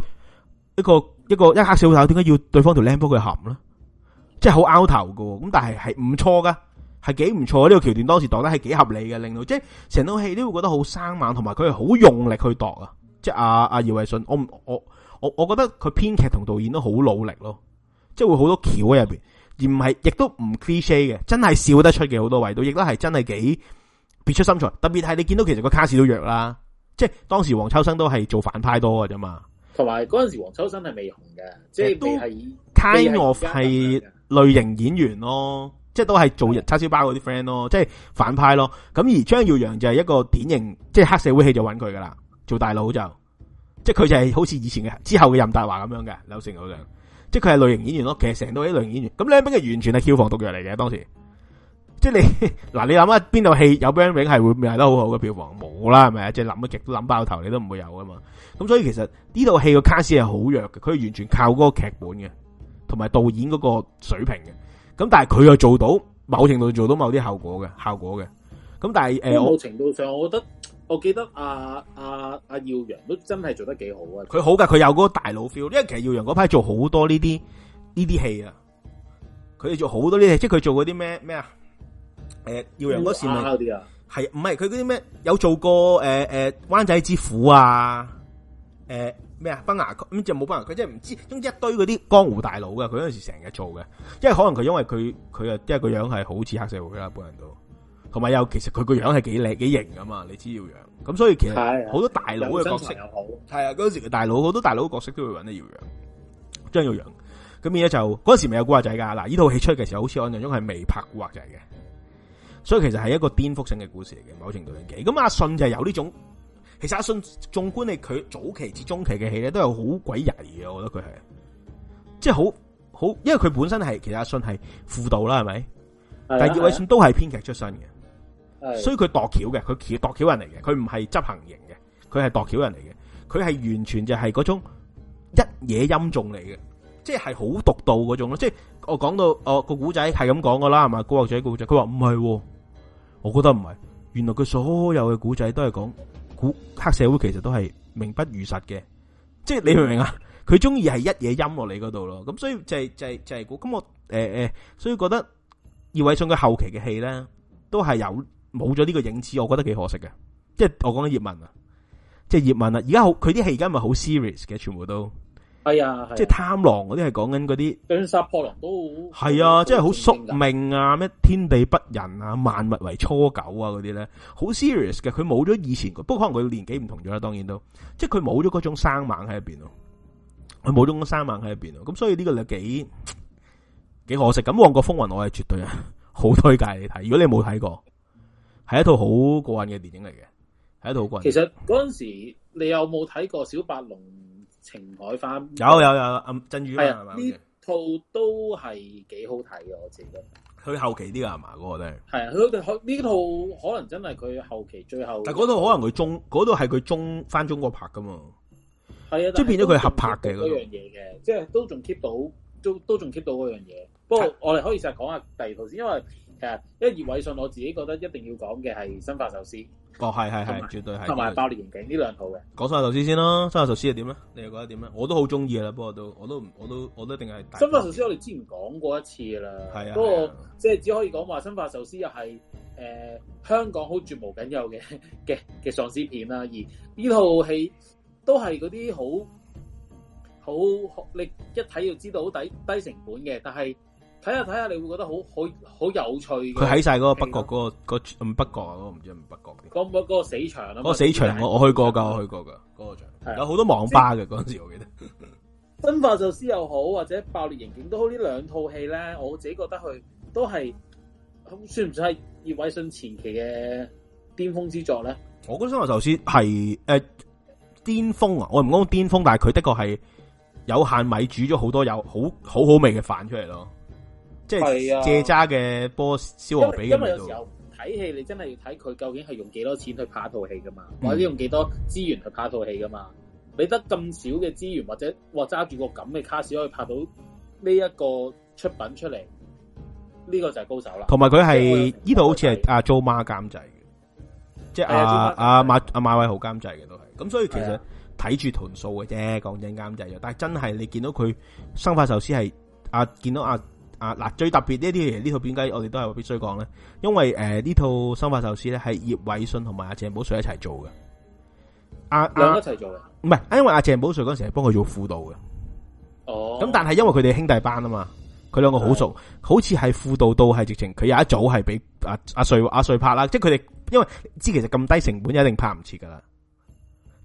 一個一個一黑小丑，點解要對方條靚波佢含啦，即係好拗頭㗎頭噶，咁但係係唔錯噶。係幾唔錯，呢個橋段當時度得係幾合理嘅，令到即係成套戲都會覺得好生猛，同埋佢係好用力去度、嗯、啊！即係阿阿葉偉信，我唔我我我覺得佢編劇同導演都好努力咯，即係會好多橋喺入邊，而唔係亦都唔 cliche 嘅，真係笑得出嘅好多位都，亦都係真係幾別出心裁。特別係你見到其實個卡士都弱啦，即係當時黃秋生都係做反派多嘅啫嘛。同埋嗰陣時黃秋生係未紅嘅，即係都係 kind of 係類型演員咯。即係都係做日叉燒包嗰啲 friend 咯，即係反派咯。咁而張耀揚就係一個典型，即係黑社會戲就搵佢噶啦，做大佬就，即係佢就係好似以前嘅、之後嘅任大華咁樣嘅柳成柳亮，即係佢係類型演員咯。其實成到係類型演員。咁梁斌嘅完全係票房毒藥嚟嘅，當時，即係你嗱，你諗下邊度戲有 b a 梁斌係會賣得好好嘅票房，冇啦，係咪啊？即係諗嘅劇都諗爆頭，你都唔會有噶嘛。咁所以其實呢套戲個卡 a s 係好弱嘅，佢係完全靠嗰個劇本嘅，同埋導演嗰個水平嘅。咁但係佢又做到某程度做到某啲效果嘅效果嘅，咁但係誒，某程度上我覺得，我記得阿阿阿耀陽都真係做得幾好啊！佢好噶，佢有嗰個大佬 feel，因為其實耀陽嗰排做好多呢啲呢啲戲啊，佢哋做好多呢啲，即係佢做嗰啲咩咩啊？誒，耀陽嗰時咪係唔係佢嗰啲咩有做過誒誒《灣仔之虎》啊？誒、呃。咩啊？崩牙，咁就冇崩牙。佢真係唔知，總之一堆嗰啲江湖大佬噶。佢嗰陣時成日做嘅，因為可能佢因為佢佢啊，即係個樣係好似黑社會佢一般人都，同埋又其實佢個樣係幾靚幾型噶嘛。你知耀揚，咁所以其實好多大佬嘅角色，係啊陣、啊、時大佬，好多大佬角色都會搵到耀揚。張耀揚，咁而咧就嗰陣時未有古惑仔噶。嗱，呢套戲出嘅時候，時候好似我印象中係未拍古惑仔嘅，所以其實係一個顛覆性嘅故事嚟嘅，某程度上。咁阿信就係有呢種。其實阿信縱觀你佢早期至中期嘅戲咧，都係好鬼曳嘅，我覺得佢係，即係好好，因為佢本身係其實阿信係輔導啦，係咪？是的但葉偉信都係編劇出身嘅，是的所以佢度橋嘅，佢度橋人嚟嘅，佢唔係執行型嘅，佢係度橋人嚟嘅，佢係完全就係嗰種一野音眾嚟嘅，即係好獨到嗰種咯。即係我講到，哦、個古仔係咁講噶啦，咪古惑仔個古仔，佢話唔係，我覺得唔係，原來佢所有嘅古仔都係講。古黑社會其實都係名不如實嘅，即係你明唔明啊？佢中意係一嘢陰落你嗰度咯，咁所以就係、係、就係、係、就係古咁我誒誒、欸欸，所以覺得葉偉信佢後期嘅戲咧，都係有冇咗呢個影子，我覺得幾可惜嘅。即係我講緊葉問啊，即係葉問啊，而家好佢啲戲而家係咪好 serious 嘅，全部都。係啊，是啊，即係貪狼嗰啲係講緊嗰啲，俾佢殺破狼都係啊，很很即係好宿命啊，咩天地不仁啊，萬物為芻狗啊嗰啲咧，好 serious 嘅，佢冇咗以前，不過可能佢年紀唔同咗啦，當然都，即係佢冇咗嗰種生猛喺入邊咯，佢冇咗嗰種生猛喺入邊咯，咁所以呢個就幾幾可惜。咁《旺角風雲》我係絕對好推介你睇，如果你冇睇過，係一套好過癮嘅電影嚟嘅，係一套好過癮。其實嗰陣時你有冇睇過《小白龍》？情海花有有有阿振宇係啊，呢的的套都係幾好睇嘅，我自己覺得。得佢後期啲啊嘛，嗰個都係。啊，佢嗰呢套可能真係佢後期最後。但係嗰套可能佢中，嗰套係佢中返中國拍㗎嘛。係啊的，即係變咗佢合拍嘅嗰樣嘢嘅，即係都仲 keep 到，都都仲 keep 到嗰樣嘢。不過我哋可以就係講下第二套先，因為。誒、啊，因為葉偉信我自己覺得一定要講嘅係《生化壽司》是是是是，哦有，係係係，絕對係，同埋有《爆對裂刑警》呢兩套嘅。講《生化壽司》先咯，《生化壽司》係點咧？你又覺得點咧？我都好中意啦，不過都我都我都，我都，我，都我都一定係《生化壽司》。我哋之前講過一次啦，係啊，不過即係只可以講話《生化壽司》又係誒香港好絕無僅有嘅嘅嘅喪屍片啦。而呢套戲都係嗰啲好好，你一睇就知道好低低成本嘅，但係。睇下睇下，你會覺得好好好有趣，佢喺晒嗰個北角嗰的、那個唔、那個嗯、北角啊，我唔知北角嘅。嗰、那個嗰、那個死場啊！嗰個死場我我去過噶，我去過噶嗰個場。有好多網吧嘅嗰陣時，我記得《分化壽司》又好，或者《爆裂刑警》都好。這兩戲呢兩套戲咧，我自己覺得佢都係算唔算係葉偉信前期嘅巔峰之作咧？我覺得是《生化壽司》係誒巔峰啊！我唔講巔峰，但係佢的確係有限米煮咗好多有好好好味嘅飯出嚟咯。即係借揸嘅波燒王、啊、比咁樣。因為有時候睇戲，你真係要睇佢究竟係用幾多錢去拍套戲噶嘛？嗯、或者用幾多資源去拍套戲噶嘛？畀得咁少嘅資源，或者哇揸住個咁嘅卡士，可以拍到呢一個出品出嚟，呢、呢個就係高手啦。同埋佢係呢套好似係阿 Joe Ma 監製嘅，即係阿阿馬阿馬偉豪監製嘅都係。咁所以其實睇住團數嘅啫，講真監製。但係真係你見到佢、啊、見到佢生化壽司係阿見到阿。啊！嗱，最特別呢啲嘢，呢套片解我哋都係必須講咧。因為誒呢、呃、套生化壽屍咧，係葉偉信同埋阿鄭保瑞一齊做嘅。阿、啊、兩、啊、一齊做嘅，唔係，因為阿鄭保瑞嗰陣時係幫佢做副導嘅。哦。咁但係因為佢哋兄弟班啊嘛，佢兩個好熟，的好似係副導到係直情，佢有一組係俾阿阿瑞阿瑞拍啦，即係佢哋因為知其實咁低成本一定拍唔切㗎喇。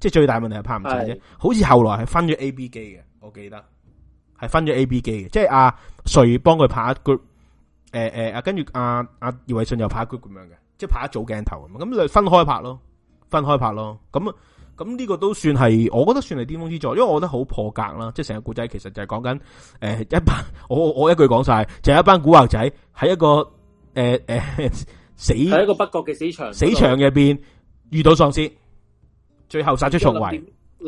即、就、係、是、最大問題係拍唔切啫，的好似後來係分咗 A、B 機嘅，我記得。係分咗 A、B 機嘅，即係阿瑞幫佢拍一 group 誒誒，阿、呃呃、跟住阿阿葉偉信又拍 group 咁樣嘅，即係拍一組鏡頭咁，咁分開拍咯，分開拍咯，咁咁呢個都算係，我覺得算係巔峰之作，因為我覺得好破格啦，即係成個古仔其實就係講緊誒一班，我我一句講晒就係、是、一班古惑仔喺一個誒誒、呃呃、死喺一個北角嘅死場死場入邊遇到喪屍，最後殺出重圍。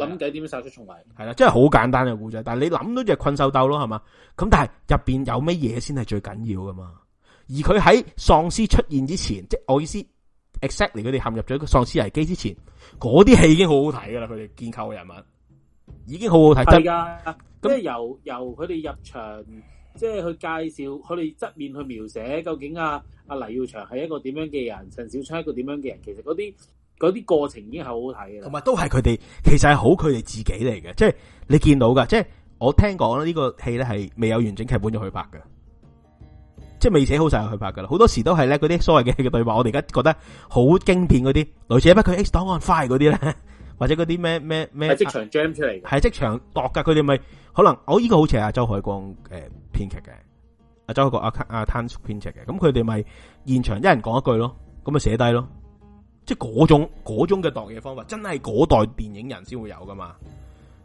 諗計點樣殺出重圍？係啦，真係好簡單嘅故仔。但係你諗到隻困獸鬥咯，係嘛？咁但係入邊有咩嘢先係最緊要噶嘛？而佢喺喪屍出現之前，即係我意思，except 嚟佢哋陷入咗一個喪屍危機之前，嗰啲戲已經好好睇噶啦。佢哋建構嘅人物已經好好睇，係噶。即係由由佢哋入場，即係去介紹佢哋側面去描寫，究竟阿阿黎耀祥係一個點樣嘅人，陳小春係一個點樣嘅人。其實嗰啲。嗰啲過程已經係好好睇嘅，同埋都係佢哋，其實係好佢哋自己嚟嘅。即係你見到噶，即係我聽講呢個戲咧係未有完整劇本就去拍嘅，即係未寫好晒就去拍噶啦。好多時都係咧，嗰啲所謂嘅戲嘅對白，我哋而家覺得好經典嗰啲，類似不佢 X 檔案 Fire 嗰啲咧，或者嗰啲咩咩咩，係即場 jam 出嚟、啊，係即場度噶。佢哋咪可能我呢、哦呢個好似阿周海光誒編劇嘅，阿、呃、周國阿阿攤叔編劇嘅，咁佢哋咪現場一人講一句咯，咁咪寫低咯。即係嗰種嗰種嘅度嘢方法，真係嗰代電影人先會有噶嘛？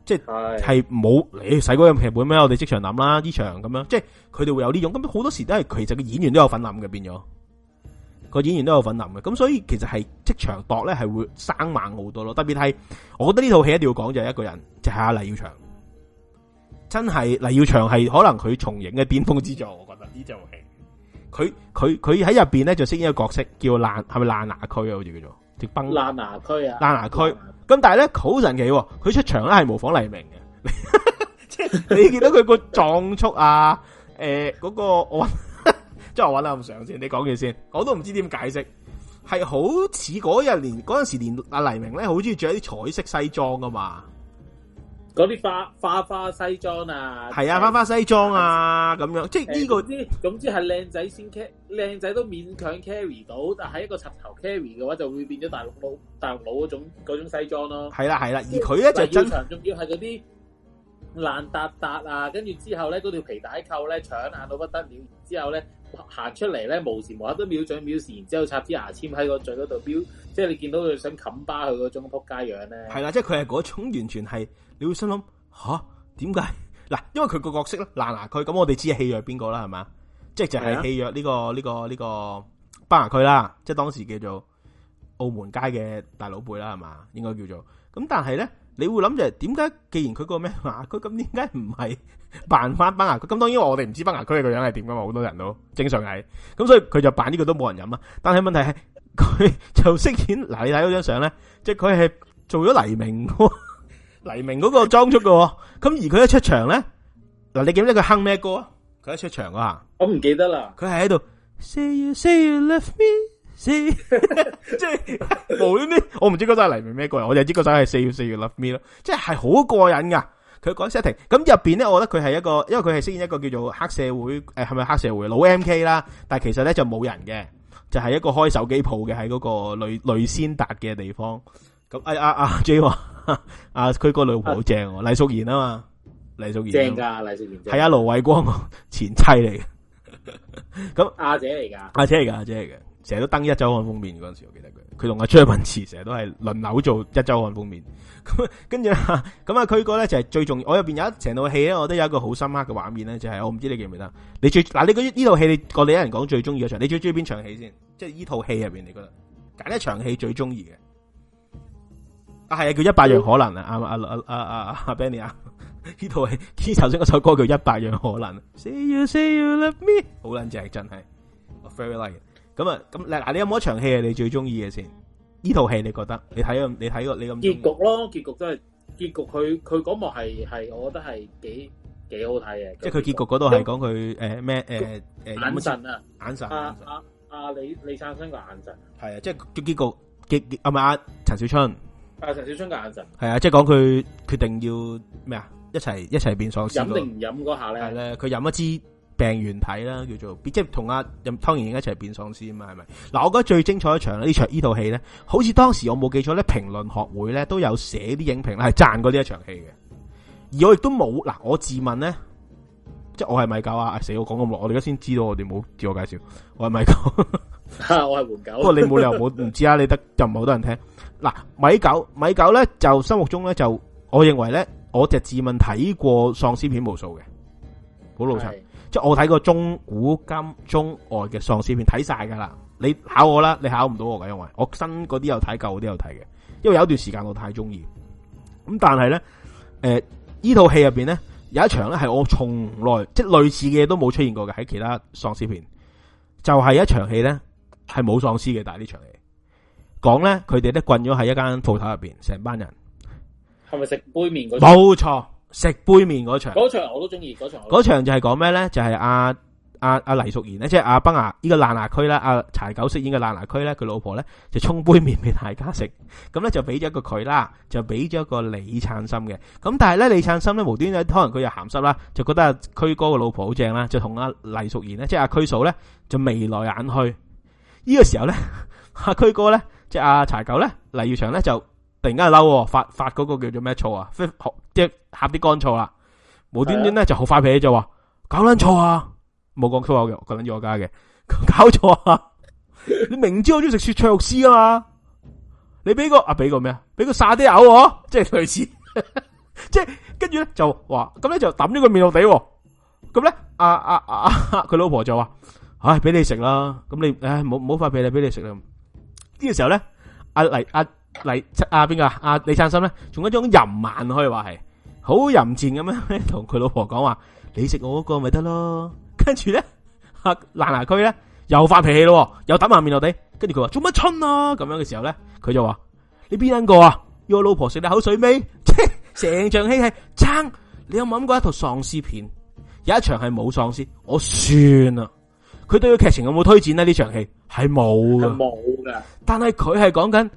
即係係冇你使嗰樣劇本咩？我哋即場諗啦，呢場咁樣，即係佢哋會有呢種。咁好多時都係其實個演員都有份諗嘅，變咗個演員都有份諗嘅。咁所以其實係即場度咧係會生猛好多咯。特別係我覺得呢套戲一定要講就係一個人，就係阿黎耀祥，真係黎耀祥係可能佢重影嘅巔峰之作，我覺得呢套戲。佢佢佢喺入邊咧就識呢個角色叫爛，係咪爛牙區啊？好似叫做直崩爛牙區啊！爛牙區咁，但係咧好神奇，啊，佢出場咧係模仿黎明嘅，即係你見到佢個裝束啊，誒，嗰個我即係 [laughs] 我揾咁上先，你講住先，我都唔知點解釋，係好似嗰日連嗰陣時連阿黎明咧好中意着啲彩色西裝噶嘛。嗰啲花花花西裝啊，係啊，花花西裝啊，咁樣即係呢個，總之係靚仔先 carry，靚仔都勉強 carry 到，但係一個插頭 carry 嘅話，就會變咗大陸佬，大陸佬嗰種嗰種西裝咯。係啦，係啦，而佢咧就真，仲要係嗰啲爛撻撻啊，跟住之後咧嗰條皮帶扣咧搶眼到不得了然，然之後咧。行出嚟咧，無時無刻都藐嘴藐舌，然之後插支牙籤喺個嘴嗰度標，即係你見到佢想冚巴佢嗰種仆街樣咧。係啦，即係佢係嗰種完全係，你會心諗吓，點解嗱？因為佢個角色咧，崩牙駒，咁我哋知戲約邊個啦，係嘛，即係就係戲約呢個呢個呢個崩牙駒啦，即係當時叫做澳門街嘅大佬輩啦，係嘛，應該叫做，咁但係咧。你會諗就係點解？為既然佢個咩話佢咁，點解唔係扮返班牙區？咁當然我哋唔知班牙區嘅樣係點噶嘛，好多人都正常係。咁所以佢就扮呢個都冇人飲啊。但係問題係佢就飾演。嗱，你睇嗰張相咧，即係佢係做咗黎明個 [laughs] 黎明嗰個裝束噶。咁而佢一出場咧，嗱，你記唔記得佢哼咩歌？佢一出場嗰我唔記得啦。佢係喺度 say you, say you love me。即係冇啲咩， [laughs] 我唔知嗰陣係黎明咩個人，我就知嗰陣係《四月四月 Love Me》咯，即係好過癮噶。佢講 setting，咁入邊咧，我覺得佢係一個，因為佢係飾演一個叫做黑社會，誒係咪黑社會老 M K 啦？但係其實咧就冇人嘅，就係一個開手機鋪嘅，喺嗰個女女先達嘅地方啊啊啊啊、啊啊。咁阿阿阿 J 話，阿佢個老婆好正，黎淑賢啊嘛，黎淑賢正噶，黎淑賢係阿盧偉光前妻嚟嘅，咁阿姐嚟噶，阿姐嚟噶，阿姐嚟嘅。成日都登《一周看封面嗰陣時候，我記得佢，佢同阿張文慈成日都係輪流做《一周看封面。咁、嗯、跟住咁啊佢個咧就係最重，要。我入邊有一成套戲咧，我都有一個好深刻嘅畫面咧，就係、是、我唔知你記唔記得。你最嗱、啊、你嗰呢套戲，我哋啲人講最中意嘅場，你最中意邊場戲先？即係呢套戲入邊，你覺得，揀一場戲最中意嘅。啊係啊，叫「一百樣可能啊，阿阿阿阿阿 Benya n 呢套戲，佢頭先首歌叫《一百樣可能》，See you, see you love me，好卵正，真係。Very like. 咁啊，咁嗱，你有冇一場戲係你最中意嘅先？呢套戲你覺得你睇咁，你睇過你咁結局咯？結局真係結局，佢佢嗰幕係係，我覺得係幾幾好睇嘅。即係佢結局嗰度係講佢誒咩誒誒眼神啊，眼神阿阿阿李李燦森嘅眼神係啊，即係嘅結局嘅阿咪阿陳小春，阿陳小春嘅眼神係啊，即係講佢決定要咩啊，一齊一齊變喪屍飲定唔飲嗰下咧？係咧，佢飲一支。病原體啦，叫做即係同阿任湯盈盈一齊變喪屍啊嘛，係咪？嗱、啊，我覺得最精彩一場，場戲呢場呢套戲咧，好似當時我冇記錯咧，評論學會咧都有寫啲影評咧係讚過呢一場戲嘅。而我亦都冇嗱，我自問咧，即係我係米狗啊！死我講咁耐，我哋而家先知道，我哋冇自我介紹，我係米狗，我係胡狗。不過 [laughs] [laughs] 你冇理由冇唔知啊，你得就唔係好多人聽。嗱、啊，米狗，米狗咧就心目中咧就我認為咧，我就自問睇過喪屍片無數嘅，好老襯。即係我睇過中古今中外嘅喪屍片睇晒噶啦，你考我啦，你考唔到我噶，因為我新嗰啲有睇，舊嗰啲有睇嘅。因為有一段時間我太中意，咁但係咧，誒、呃，戲面，呢套戲入邊咧有一場咧係我從來即係類似嘅嘢，都冇出現過嘅喺其他喪屍片，就係、是、一場戲咧係冇喪屍嘅，但係呢場戲講咧，佢哋咧困咗喺一間鋪頭入邊，成班人係咪食杯麵嗰啲？冇錯。食杯麵嗰場，嗰場我都中意嗰場。嗰場就係講咩咧？就係阿阿阿黎淑賢咧，即係阿崩牙呢個爛牙區啦。阿柴狗飾演嘅爛牙區咧，佢老婆咧就沖杯麵俾大家食。咁咧就俾咗一個佢啦，就俾咗一個李燦森嘅。咁但係咧李燦森咧無端端，可能佢又鹹濕啦，就覺得阿區哥個老婆好正啦，就同阿黎淑賢咧，即係阿區嫂咧就眉來眼去。呢個時候咧，阿區哥咧，即係阿柴狗咧，黎耀祥咧就突然間係嬲，發發嗰個叫做咩醋啊？飛醋。即係合啲乾燥啦，無端端咧就好快撇咗話搞撚錯啊！冇講粗口嘅，佢諗住我家嘅，搞錯啊！你明知我中意食雪菜肉絲啊嘛，你俾個啊俾個咩啊？俾個，個沙爹牛哦，即係類似。 [laughs] 就是」即係跟住咧就話，咁咧就抌咗個麵落地，咁咧啊啊啊佢、啊、老婆就話唉俾你食啦，咁你唉冇冇塊皮你俾你食啦。呢、這個時候咧阿黎阿。啊啊啊嚟阿邊個阿李燦森咧，仲、啊啊啊、有一種淫慢，可以話係好淫賤咁樣，同佢老婆講話：你食我嗰個咪得咯。跟住咧，爛牙區咧又發脾氣咯，又打埋麵落地。跟住佢話做乜春啊？咁樣嘅時候咧，佢就話你邊捻個啊？要我老婆食你口水尾？成 [laughs] 場戲係爭，你有冇諗過一套喪屍片？有一場係冇喪屍，我算啦。佢對個劇情有冇推薦呢？呢場戲係冇冇噶。但係佢係講緊。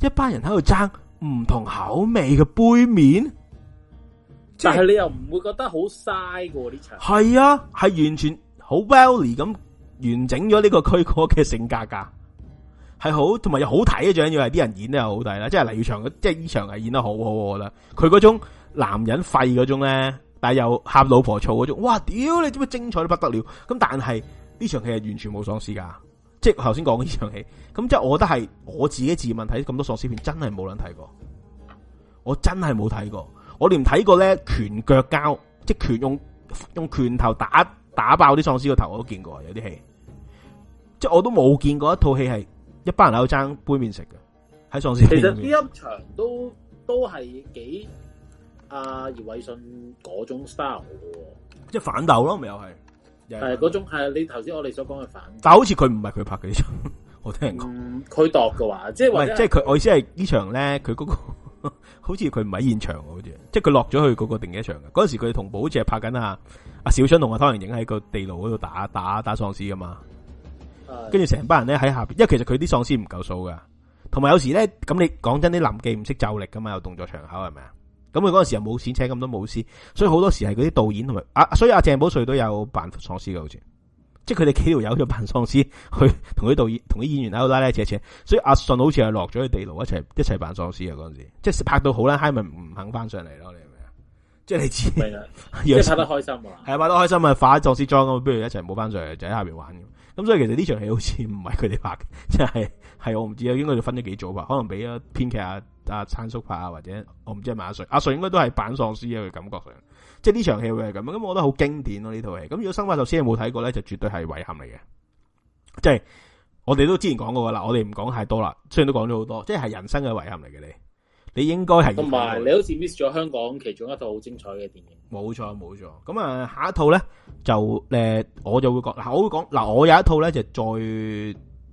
一班人喺度爭唔同口味嘅杯麵，但係你又唔會覺得好嘥嘅呢場？係啊，係完全好 well 咁完整咗呢個區哥嘅性格噶，係好同埋又好睇啊！最緊要係啲人演得又好睇啦，即係黎耀祥，即係呢場係演得好好，我覺得佢嗰種男人廢嗰種咧，但係又喊老婆嘈嗰種，哇屌你，點會精彩到不得了？咁但係呢場戲係完全冇喪屍噶。即係頭先講嘅呢場戲，咁即係我覺得係我自己自問睇咁多喪屍片，真係冇人睇過，我真係冇睇過，我連睇過咧拳腳交，即拳用用拳頭打打爆啲喪屍個頭，我都見過，有啲戲，即係我都冇見過一套戲係一班人喺度爭杯麵食嘅，喺喪屍片。其實呢一場都都係幾阿葉偉信嗰種 style 好、哦、即係反斗咯，咪又係。係嗰種係你頭先我哋所講嘅反，但好似佢唔係佢拍嘅呢場，我聽人講。佢度嘅話，即係話，即係佢我意思係呢場咧，佢嗰、嗰個好似佢唔喺現場嘅，好似即係佢落咗去嗰個定景場嘅。嗰陣時佢同寶好似係拍緊啊，阿小春同阿湯盈影喺個地牢嗰度打打打喪屍噶嘛，跟住成班人咧喺下邊，因為其實佢啲喪屍唔夠數噶，同埋有，有時咧咁你講真啲臨記唔識就力噶嘛，有動作場口，口係咪啊？咁佢嗰陣時又冇錢請咁多武師，所以好多時係嗰啲導演同埋阿，所以阿鄭保瑞都有扮喪屍嘅，好似，即係佢哋幾條友去扮喪屍，去同啲導演、同啲演員喺度拉拉扯扯，所以阿信好似係落咗去地牢一齊一齊扮喪屍啊！嗰陣時，即係拍到好啦，閪咪唔肯翻上嚟咯，你明唔明啊？即係你知，即係拍得開心啊，係拍得開心啊，化咗喪屍妝啊，不如一齊冇翻上嚟，就喺下邊玩咁。咁所以其實呢場戲好似唔係佢哋拍嘅，即係係我唔知啊，應該要分咗幾組吧，可能俾啊編劇啊。阿燦、啊、叔拍啊，或者我唔知係阿瑞。阿、啊、瑞應該都係扮喪屍嘅，感覺上，即係呢場戲會係咁啊！咁我覺得好經典咯呢套戲。咁如果生化壽屍你冇睇過咧，就絕對係遺憾嚟嘅。即係我哋都之前講過啦，我哋唔講太多啦，雖然都講咗好多，即係人生嘅遺憾嚟嘅，你，你應該係同埋你好似 miss 咗香港其中一套好精彩嘅電影。冇錯冇錯，咁啊下一套咧就誒、呃、我就會講嗱我會講嗱我有一套咧就再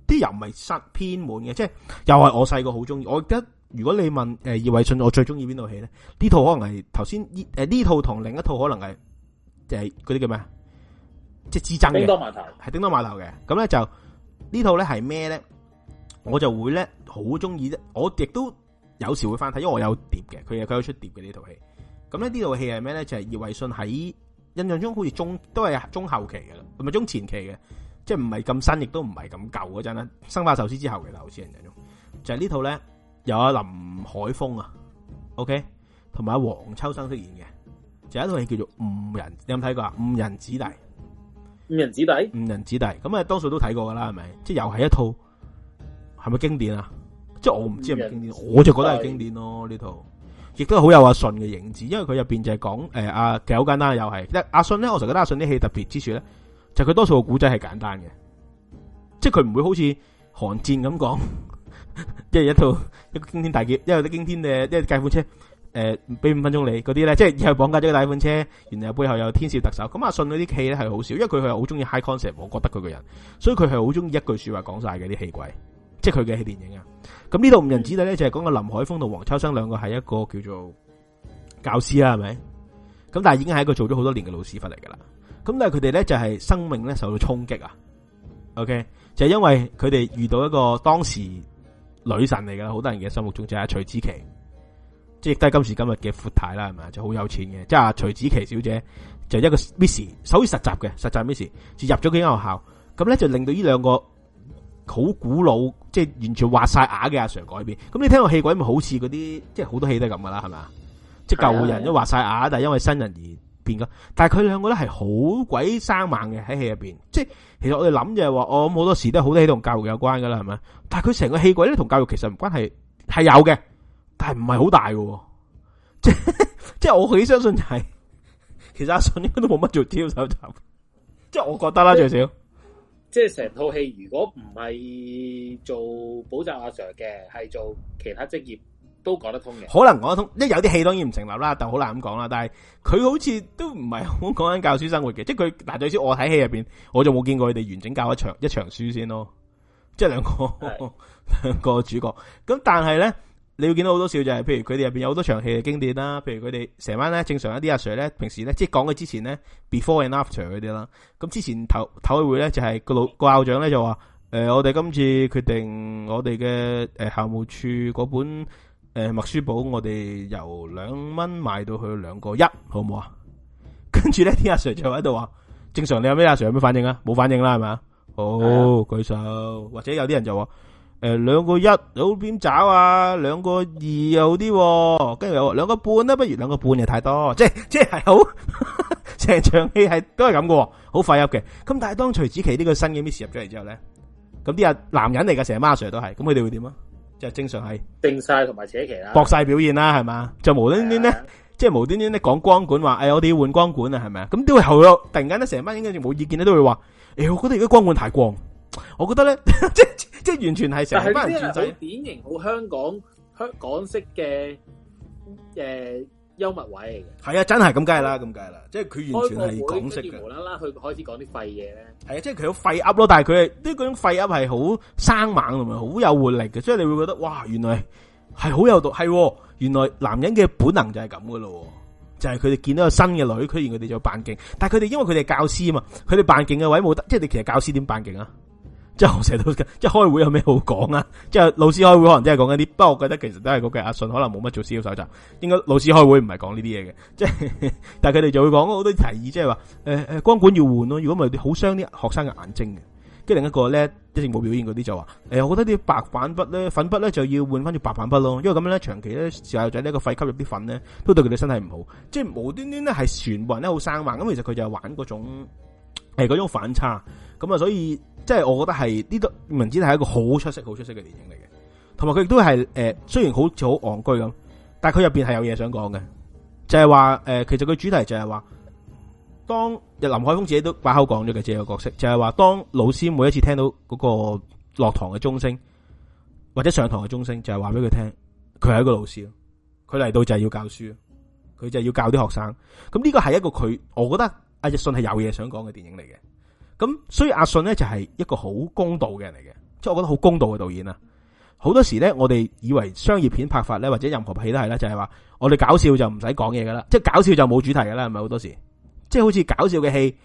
啲人唔係偏門嘅，即係又係我細個好中意，我而家。如果你問誒葉偉信，我最中意邊套戲咧？呢套可能係頭先呢誒呢套同另一套可能係誒嗰啲叫咩？即係之爭。叮當碼頭係叮當碼頭嘅。咁咧就這呢套咧係咩咧？我就會咧好中意啫。我亦都有時會翻睇，因為我有碟嘅，佢有佢有出碟嘅呢套戲。咁咧呢套戲係咩咧？就係葉偉信喺印象中好似中都係中後期嘅啦，唔係中前期嘅，即係唔係咁新，亦都唔係咁舊嗰陣啦。生化壽司之後嘅啦，好似印象中就係、是、呢套咧。有阿林海峰啊，OK，同埋阿黃秋生出演嘅，就有一套戲叫做《誤人》，你有冇睇過啊？《誤人子弟》，《誤人子弟》，《誤人子弟》咁啊，多數都睇過噶啦，係咪？即係又係一套，係咪經典啊？即係我唔知係咪經典，我就覺得係經典咯。呢套亦都好有阿信嘅影子，因為佢入邊就係講誒，阿、呃啊、其好簡單，又係阿信咧。我成日覺得阿信啲戲特別之處咧，就佢、是、多數個古仔係簡單嘅，即係佢唔會好似《寒戰》咁講。即係一套一個驚天大劫，因為啲驚天嘅、呃，即係解款車誒，俾五分鐘你嗰啲咧，即係又綁架咗個解款車，然後背後有天使特首。咁阿信嗰啲戲咧係好少，因為佢係好中意 high concept，我覺得佢個人，所以佢係好中意一句話說話講晒嘅啲戲鬼，即係佢嘅戲電影啊。咁呢度誤人子弟咧就係講個林海峰同黃秋生兩個係一個叫做教師啦，係咪？咁但係已經係一個做咗好多年嘅老師翻嚟噶啦。咁但係佢哋咧就係生命咧受到衝擊啊。OK，就係因為佢哋遇到一個當時。女神嚟噶啦，好多人嘅心目中就係、是、徐子淇，即係都係今時今日嘅闊太啦，係咪啊？就好有錢嘅，即係徐子淇小姐就一個 miss，所以實習嘅，實習 miss 就入咗幾間學校，咁咧就令到呢兩個好古老，即、就、係、是、完全畫晒眼嘅阿 Sir 改變。咁你聽個戲鬼咪好似嗰啲，即係好多戲都係咁噶啦，係咪啊？即係舊人都畫晒眼，但係因為新人而。變噶，但係佢兩個咧係好鬼生猛嘅喺戲入邊，即係其實我哋諗就係話，我好多時都係好多嘢同教育有關噶啦，係咪？但係佢成個戲鬼咧同教育其實唔關係係有嘅，但係唔係好大嘅，即係即係我好相信就係，其實阿信應該都冇乜做挑手頭，即係我覺得啦最少，即係成套戲如果唔係做補習阿 Sir 嘅，係做其他職業。都講得通嘅，可能講得通，一有啲戲當然唔成立啦，但好難咁講啦。但係佢好似都唔係好講緊教書生活嘅，即係佢，但最少我睇戲入邊，我就冇見過佢哋完整教一場一場書先咯，即係兩個兩是的 個主角。咁但係咧，你會見到好多笑就係、是，譬如佢哋入邊有好多場戲嘅經典啦，譬如佢哋成晚咧正常一啲阿 Sir 咧，平時咧即係講佢之前咧，Before and After 嗰啲啦。咁之前討討會咧就係、是、個老是的 個校長咧就話：誒、呃，我哋今次決定我哋嘅誒校務處嗰本。誒，麥書寶，我哋由兩蚊賣到去兩個一，好唔好啊？跟住咧，啲阿 Sir 就喺度話：，正常你有咩阿 Sir 有咩反應啊？冇反應啦，係嘛？好、哦是啊、舉手，或者有啲人就話：，誒、呃，兩個一有點找啊？兩個二有好啲、啊，跟住有兩個半啦、啊，不如兩個半又太多，即係即係係好成場戲係都係咁嘅，好廢入嘅。咁但係當徐子淇呢個新嘅 miss 入咗嚟之後咧，咁啲阿男人嚟嘅，成日媽 Sir 都係，咁佢哋會點啊？就正常係定晒同埋扯旗啦，搏晒表現啦，係嘛？就無端端咧，即係無端端咧講光管話，哎，我哋要換光管啊，係咪啊？咁都會後咗，突然間咧，成班應該就冇意見咧，都會話，哎、欸，我覺得而家光管太光，我覺得咧，即即係完全係成班人主宰，典型好、啊、香港香港式嘅誒，呃幽默位嚟嘅，係啊，真係咁，梗係啦，咁梗係啦，即係佢完全係講識嘅。無啦啦，佢開始講啲廢嘢咧。係啊，即係佢好廢鴨咯，但係佢係啲嗰種廢鴨係好生猛同埋好有活力嘅，所以你會覺得哇，原來係好有毒，係啊，原來男人嘅本能就係咁噶咯，就係佢哋見到個新嘅女，居然佢哋就扮勁，但係佢哋因為佢哋係教師啊嘛，佢哋扮勁嘅位冇得，即係你其實教師點扮勁啊？即係我成日都即係開會有咩好講啊？即係老師開會可能真係講一啲，不過我覺得其實都係嗰句阿信可能冇乜做資料搜集，應該老師開會唔係講呢啲嘢嘅。即係，但係佢哋就會講好多提議，即係話誒誒，光管要換咯，如果唔係好傷啲學生嘅眼睛嘅。跟住另一個咧，一直冇表現嗰啲就話誒，我覺得啲白板筆咧，粉筆咧就要換翻住白板筆咯，因為咁樣咧，長期咧，小朋友仔呢個肺吸入啲粉咧，都對佢哋身體唔好。即係無端端咧係傳話咧好生話，咁其實佢就係玩嗰種係嗰種反差。咁啊、嗯，所以即係、就是、我覺得係呢、這個《民貞》係一個好出色、好出色嘅電影嚟嘅，同埋佢亦都係誒，雖然好似好戇居咁，但係佢入邊係有嘢想講嘅，就係話誒，其實佢主題就係、是、話，當林海峰自己都把口講咗嘅，自己個角色就係話，當老師每一次聽到嗰個落堂嘅鐘聲或者上堂嘅鐘聲，就係話俾佢聽，佢係一個老師，佢嚟到就係要教書，佢就係要教啲學生。咁呢個係一個佢，我覺得阿日、啊、信係有嘢想講嘅電影嚟嘅。咁所以阿信咧就係一個好公道嘅人嚟嘅，即係我覺得好公道嘅導演啦。好多時咧，我哋以為商業片拍法咧，或者任何戲都係啦，就係話我哋搞笑就唔使講嘢噶啦，即係搞笑就冇主題噶啦，係咪好多時？即係好似搞笑嘅戲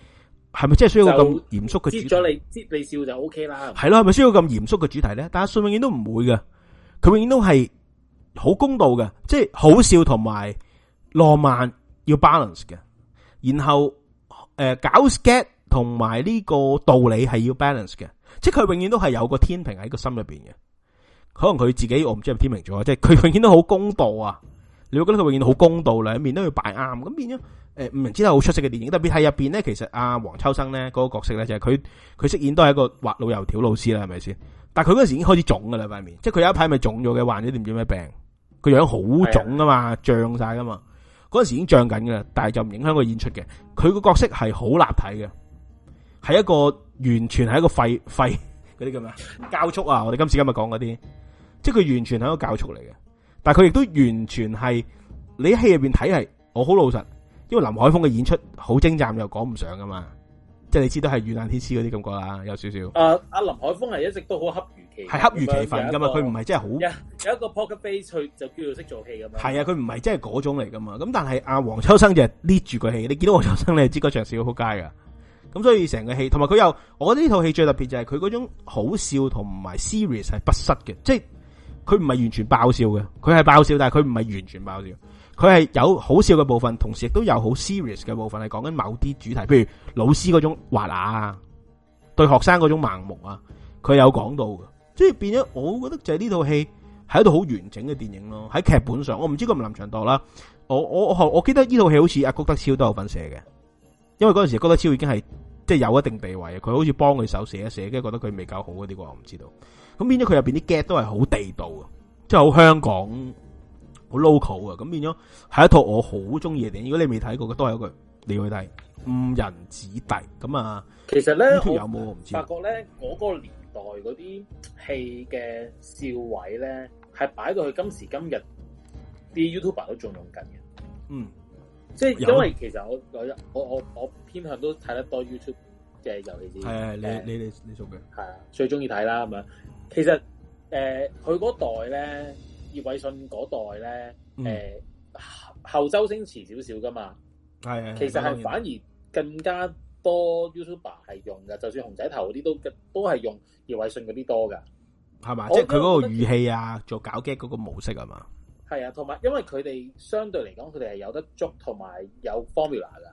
係咪？即係需要咁嚴肅嘅主題？接咗你接你笑就 OK 啦，係咯，係咪需要咁嚴肅嘅主題咧？但阿信永遠都唔會嘅，佢永遠都係好公道嘅，即係好笑同埋浪漫要 balance 嘅，然後誒搞同埋呢個道理係要 balance 嘅，即係佢永遠都係有個天平喺個心入邊嘅。可能佢自己我唔知有天平咗，即係佢永遠都好公道啊！你會覺得佢永遠好公道啦，兩面都要擺啱咁變咗。誒、呃，唔明知係好出色嘅電影，特別係入邊咧，其實阿、啊、黃秋生咧嗰、那個角色咧就係、是、佢，佢飾演都係一個畫老油條老師啦，係咪先？但係佢嗰陣時已經開始腫噶啦，塊面，即係佢有一排咪腫咗嘅，患咗唔知咩病，佢樣好腫噶嘛，脹晒噶嘛，嗰陣時已經脹緊噶，但係就唔影響佢演出嘅。佢個角色係好立體嘅。係一個完全係一個廢廢嗰啲叫咩啊？教束啊！我哋今時今日講嗰啲，即係佢完全係一個教束嚟嘅。但係佢亦都完全係你喺戲入邊睇，係我好老實，因為林海峰嘅演出好精湛，又講唔上噶嘛。即係你知道係雨難天痴嗰啲感覺啦，有少少。誒、呃，阿林海峰係一直都好恰如其的，係恰如其分噶嘛。佢唔係真係好，有一個 Poker Face 就叫做識做戲噶嘛。係啊，佢唔係真係嗰種嚟噶嘛。咁但係阿黃秋生就捏住個戲，你見到黃秋生你就知嗰場笑好街噶。咁所以成個戲，同埋佢又，我覺得呢套戲最特別就係佢嗰種好笑同埋 serious 係不失嘅，即係佢唔係完全爆笑嘅，佢係爆笑，但係佢唔係完全爆笑，佢係有好笑嘅部分，同時亦都有好 serious 嘅部分，係講緊某啲主題，譬如老師嗰種滑拿啊，對學生嗰種盲目啊，佢有講到嘅，即係變咗，我覺得就係呢套戲係一套好完整嘅電影咯。喺劇本上，我唔知佢唔臨場度啦，我我我我記得呢套戲好似阿谷德昭都有份寫嘅。因為嗰陣時谷德昭已經係，即係有一定地位，佢好似幫佢手寫一寫，跟住覺得佢未搞好嗰啲，這個、我唔知道。咁變咗佢入邊啲 gag 都係好地道啊，即係好香港、好 local 啊。咁變咗係一套我好中意嘅電影。如果你未睇過嘅，都係一句你要去睇《誤人子弟》咁啊。其實咧我，我發覺咧，嗰個年代嗰啲戲嘅笑位咧，係擺到佢今時今日，啲 YouTuber 都仲用緊嘅。嗯。即係因為其實我有我我我偏向都睇得多 YouTube 嘅，尤其是誒你你你做嘅係啊，最中意睇啦咁樣，其實誒佢嗰代咧，葉偉信嗰代咧，誒、嗯呃、後周星馳少少噶嘛係啊，的其實係反而更加多 YouTuber 係用嘅，的就算熊仔頭嗰啲都都係用葉偉信嗰啲多噶係嘛？吧我也 即係佢嗰個語氣啊，得做搞 get 嗰個模式係、啊、嘛？係啊，同埋因為佢哋相對嚟講，佢哋係有得捉，同埋有，有 formula 噶、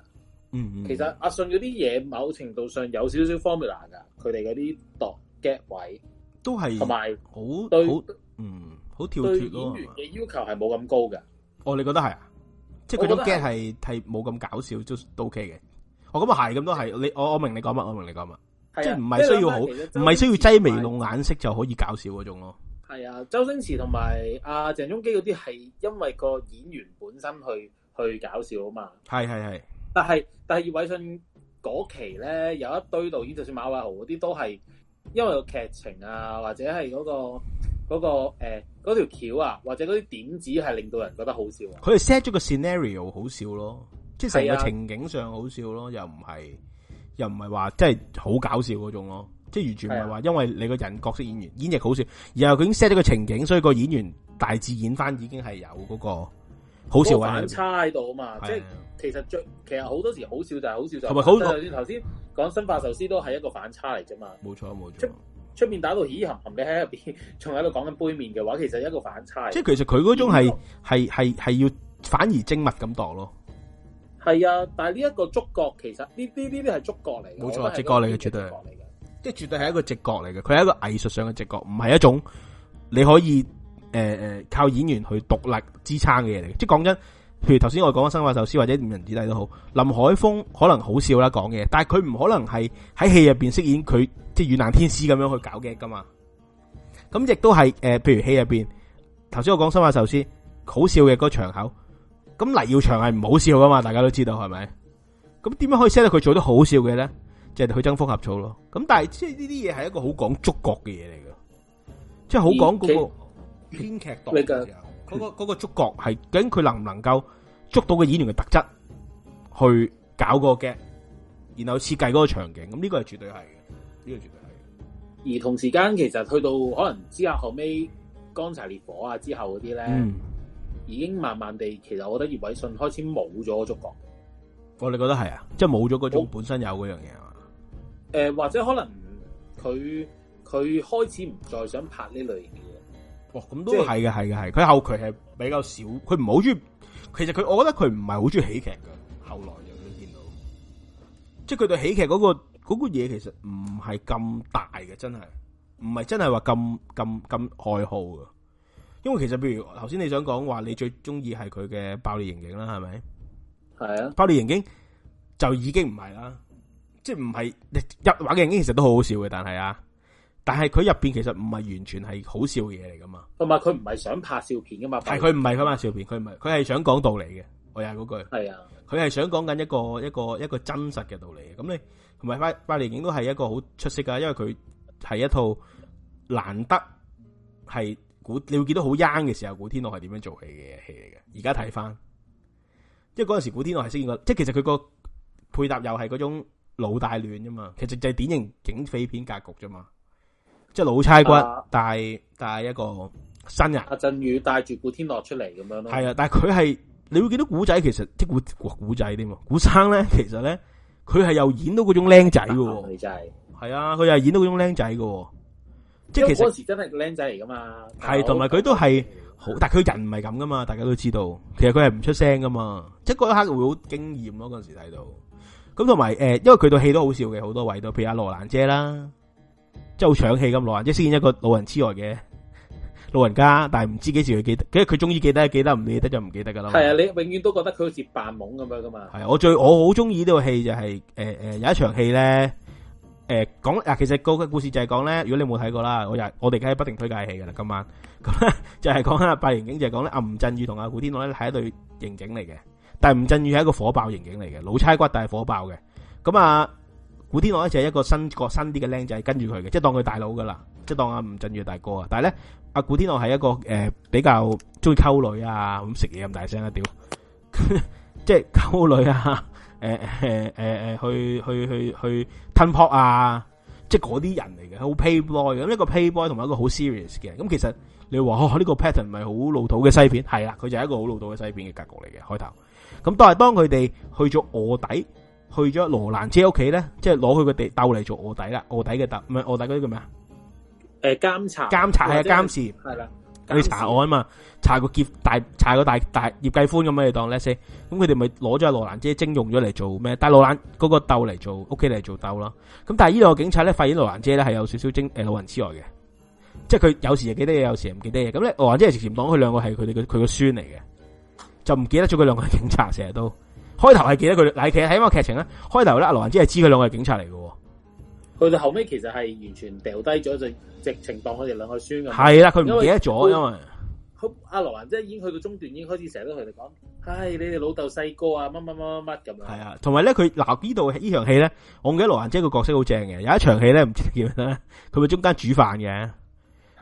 嗯。嗯嗯，其實阿信嗰啲嘢，某程度上有少少 formula 噶，佢哋嗰啲度 get 位都係，同埋好對，嗯，好跳脫演員嘅要求係冇咁高㗎。我、哦、你覺得係啊，即係佢種 get 係係冇咁搞笑，都都 OK 嘅。我咁啊係，咁都係。你我我明你講乜，我明你講乜，我明你啊、即係唔係需要好，唔係需要擠眉弄眼色就可以搞笑嗰種咯。係啊，周星馳同埋阿鄭中基嗰啲係因為個演員本身去去搞笑啊嘛。係係係，但係但係葉偉信嗰期咧有一堆導演，就算馬偉豪嗰啲都係因為個劇情啊，或者係嗰、嗰個嗰、嗰個誒嗰條橋啊，或者嗰啲點子係令到人覺得好笑。佢哋 set 咗個 scenario 好笑咯，即係成個情景上好笑咯，啊、又唔係又唔係話即係好搞笑嗰種咯。即係完全唔係話，啊、因為你個人角色演員演繹好笑，然後佢已經 set 咗個情景，所以個演員大致演翻已經係有嗰個好笑或者反差喺度啊嘛。啊，即係其實其實好多時好笑，就係好笑。就係，就算頭先講《生化壽屍》都係一個反差嚟啫嘛。冇錯，冇錯。出面打到喜含含嘅喺入邊，仲喺度講緊杯麵嘅話，其實是一個反差。即係其實佢嗰種係係係係要反而精密咁度咯。係啊，但係呢一個觸覺其實呢呢呢啲係觸覺嚟嘅，冇錯，觸覺嚟嘅絕對係。即係絕對係一個直覺嚟嘅，佢係一個藝術上嘅直覺，唔係一種你可以誒誒、呃、靠演員去獨立支撐嘅嘢嚟嘅。即係講真，譬如頭先我講生化壽司或者五人子弟都好，林海峰可能好笑啦，講嘢，但係佢唔可能係喺戲入邊飾演佢即係遇難天師咁樣去搞嘅噶嘛。咁亦都係誒，譬如戲入邊，頭先我講生化壽司好笑嘅嗰、嗰個場口，咁黎耀祥係唔好笑噶嘛，大家都知道係咪？咁點樣可以 set 到佢做得好笑嘅咧？即係佢爭風呷醋咯，咁但係即係呢啲嘢係一個好講觸覺嘅嘢嚟嘅，即係好講嗰個編劇度嘅，嗰、嗰個嗰的、嗰個觸覺係，究竟佢能唔能夠捉到個演員嘅特質去搞個嘅，然後設計嗰個場景，咁呢個係絕對係嘅，呢、呢個絕對係。而同時間，其實去到可能之後後尾《乾柴烈火》啊之後嗰啲咧，嗯、已經慢慢地，其實我覺得葉偉信開始冇咗個觸覺。我哋覺得係啊，即係冇咗嗰種本身有嗰樣嘢。誒、呃，或者可能佢佢開始唔再想拍呢類型嘅嘢。哇，咁都係嘅，係嘅、係嘅，係。佢後期係比較少，佢唔好中意。其實佢，我覺得佢唔係好中意喜劇嘅。後來就見到，即係佢對喜劇嗰、嗰個、嗰個嘢，其實唔係咁大嘅，真係唔係真係話咁咁咁愛好嘅。因為其實比如，譬如頭先你想講話，你最中意係佢嘅《爆裂刑警》啦，係咪？係啊，《爆裂刑警》就已經唔係啦。即係唔係入畫嘅電影其實都好好笑嘅，但係啊，但係佢入邊其實唔係完全係好笑嘅嘢嚟噶嘛。同埋佢唔係想拍笑片噶嘛。係佢唔係佢拍笑片，佢唔係佢係想講道理嘅。我又係嗰句。係啊，佢係想講緊一個一個一個真實嘅道理嘅。咁你同埋巴巴黎影都係一個好出色噶，因為佢係一套難得係古你會見到好 young 嘅時候古天樂係點樣做戲嘅戲嚟嘅。而家睇翻，即係嗰陣時古天樂係識演，即係其實佢個配搭又係嗰種。老大亂啫嘛，其實就係典型警匪片格局啫嘛，即係老差骨但帶、啊、帶一個新人，阿鎮宇帶住古天樂出嚟咁樣咯。係啊，但係佢係你會見到古仔，其古古仔古，其實即古古仔添嘛。古生咧，其實咧佢係又演到嗰種僆仔喎，僆仔係啊，佢又演到嗰種僆仔噶，即係嗰時真係個僆仔嚟噶嘛。係同埋佢都係好，對但係佢人唔係咁噶嘛，大家都知道。其實佢係唔出聲噶嘛，即係嗰一刻會好驚艷咯。嗰時睇到。咁同埋誒，因為佢套戲都好笑嘅，好多位都，譬如阿羅蘭姐啦，即係好搶戲咁。羅蘭姐飾演一個老人痴呆嘅老人家，但係唔知幾時會記得，其實佢中意記得，記得唔記得就唔記得噶啦。係啊的，你永遠都覺得佢好似扮懵咁樣噶嘛。係啊，我最我好中意呢套戲就係誒誒有一場戲咧，誒講嗱，其實個嘅故事就係講咧，如果你冇睇過啦，我又我哋梗係不定推介戲噶啦，今晚咁咧就係講下爆裂刑警就係講咧，阿吳鎮宇同阿古天樂咧係一對刑警嚟嘅。但係吳鎮宇係一個火爆刑警嚟嘅，老差骨但係火爆嘅咁啊。古天樂就係一個新一個新啲嘅僆仔跟住佢嘅，即係當佢大佬噶啦，即係當阿吳鎮宇大哥啊。但係咧，阿、啊、古天樂係一個誒、呃、比較中意溝女啊，咁食嘢咁大聲啊，屌 [laughs] 即係溝女啊，誒誒誒去去去去吞撲啊，即係嗰啲人嚟嘅好 pay boy 咁。呢個 pay boy 同埋一個好 serious 嘅。咁其實你話呢、哦這個 pattern 唔係好老土嘅西片係啦，佢就係一個好老土嘅西片嘅格局嚟嘅開頭。咁都係當佢哋去咗卧底，去咗羅蘭姐屋企咧，即係攞佢個豆嚟做卧底啦，卧底嘅豆唔係卧底嗰啲叫咩啊？誒，監察，監察係啊，監視係啦，去視查案嘛，查個劫大，查個大大葉繼歡咁樣嚟當呢，咁佢哋咪攞咗羅蘭姐徵用咗嚟做咩？帶羅蘭嗰個豆嚟做屋企嚟做豆咯。咁但係呢度個警察咧，發現羅蘭姐咧係有少少精誒老人痴呆嘅，即係佢有時又記得嘢，有時唔記得嘢。咁咧羅蘭姐係直接當佢兩個係佢哋嘅佢個孫嚟嘅。就唔記得咗佢兩個係警察，成日都開頭係記得佢，乃其係因為劇情咧，開頭咧阿羅蘭姐係知佢兩個係警察嚟嘅，去到後尾其實係完全掉低咗，就直情當佢哋兩個孫咁。係啦，佢唔記得咗，因為阿羅蘭姐已經去到中段，已經開始成日都同佢哋講，唉，你哋老豆細個啊，乜乜乜乜咁樣。係啊，同埋咧，佢嗱呢度呢場戲咧，我記得阿羅蘭姐個角色好正嘅，有一場戲咧，唔知叫咩，佢會中間煮飯嘅。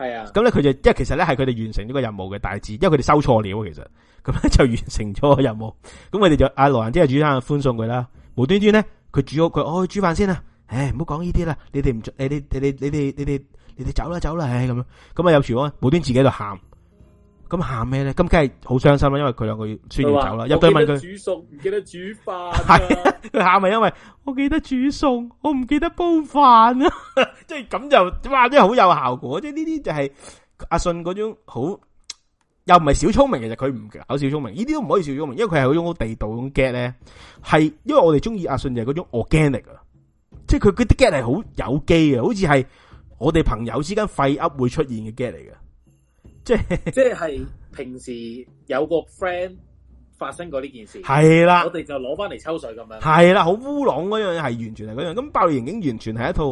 係啊，咁咧佢就即係其實咧係佢哋完成咗個任務嘅大致，因為佢哋收錯料其實，咁咧就完成咗個任務。咁佢哋就阿羅蘭姐係煮餐啊，歡送佢啦。無端端咧，佢煮好佢，哦，煮飯先啦。唉、哎，唔好講呢啲啦，你哋唔，你你你哋你哋你哋走啦走啦，唉、哎、咁樣。咁啊有廚房，無端自己喺度喊。咁喊咩咧？咁梗係好傷心啦，因為佢兩個要穿走啦。入對問佢，煮餸唔記得煮飯。係喊咪？ [laughs] 啊、因為我記得煮餸，我唔記得煲飯啊！即係咁就哇，真係好有效果。即係呢啲就係阿信嗰種好又唔係小聰明嘅，就佢唔考小聰明。呢啲都唔可以小聰明，因為佢係嗰種好地道咁 get 咧。係因為我哋中意阿信就係嗰種 organic 啊，即係佢啲 get 係好有機嘅，好似係我哋朋友之間廢噏會出現嘅 get 嚟嘅。即即係平時有個 friend 發生過呢件事係啦，我哋就攞翻嚟抽水咁樣係啦，好烏龍嗰樣係完全係嗰樣咁。爆裂刑警完全係一套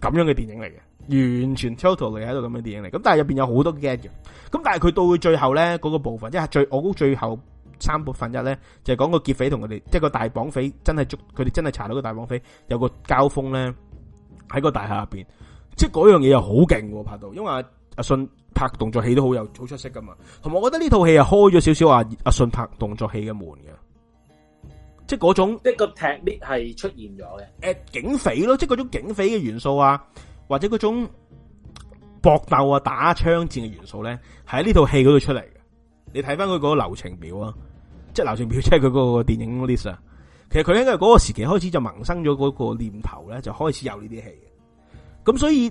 咁樣嘅電影嚟嘅，完全 total 嚟喺度咁樣電影嚟。咁但係入邊有好多 gag 嘅。咁但係佢到到最後咧嗰個部分，即係最我估最後三部分一咧，就係講個劫匪同佢哋即係個大綁匪真係捉佢哋真係查到個大綁匪有個交鋒咧喺個大廈入邊，即係嗰樣嘢又好勁拍到，因為阿信。拍動作戲都好有好出色噶嘛，同埋我覺得呢套戲係開咗少少阿阿信拍動作戲嘅門嘅，即係嗰種一個 technique 係出現咗嘅，誒、啊、警匪咯，即係嗰種警匪嘅元素啊，或者嗰種搏鬥啊、打槍戰嘅元素咧，喺呢套戲嗰度出嚟嘅。你睇翻佢嗰個流程表啊，即係流程表即係佢嗰個電影 list 啊，其實佢應該嗰個時期開始就萌生咗嗰個念頭咧，就開始有呢啲戲嘅，咁所以。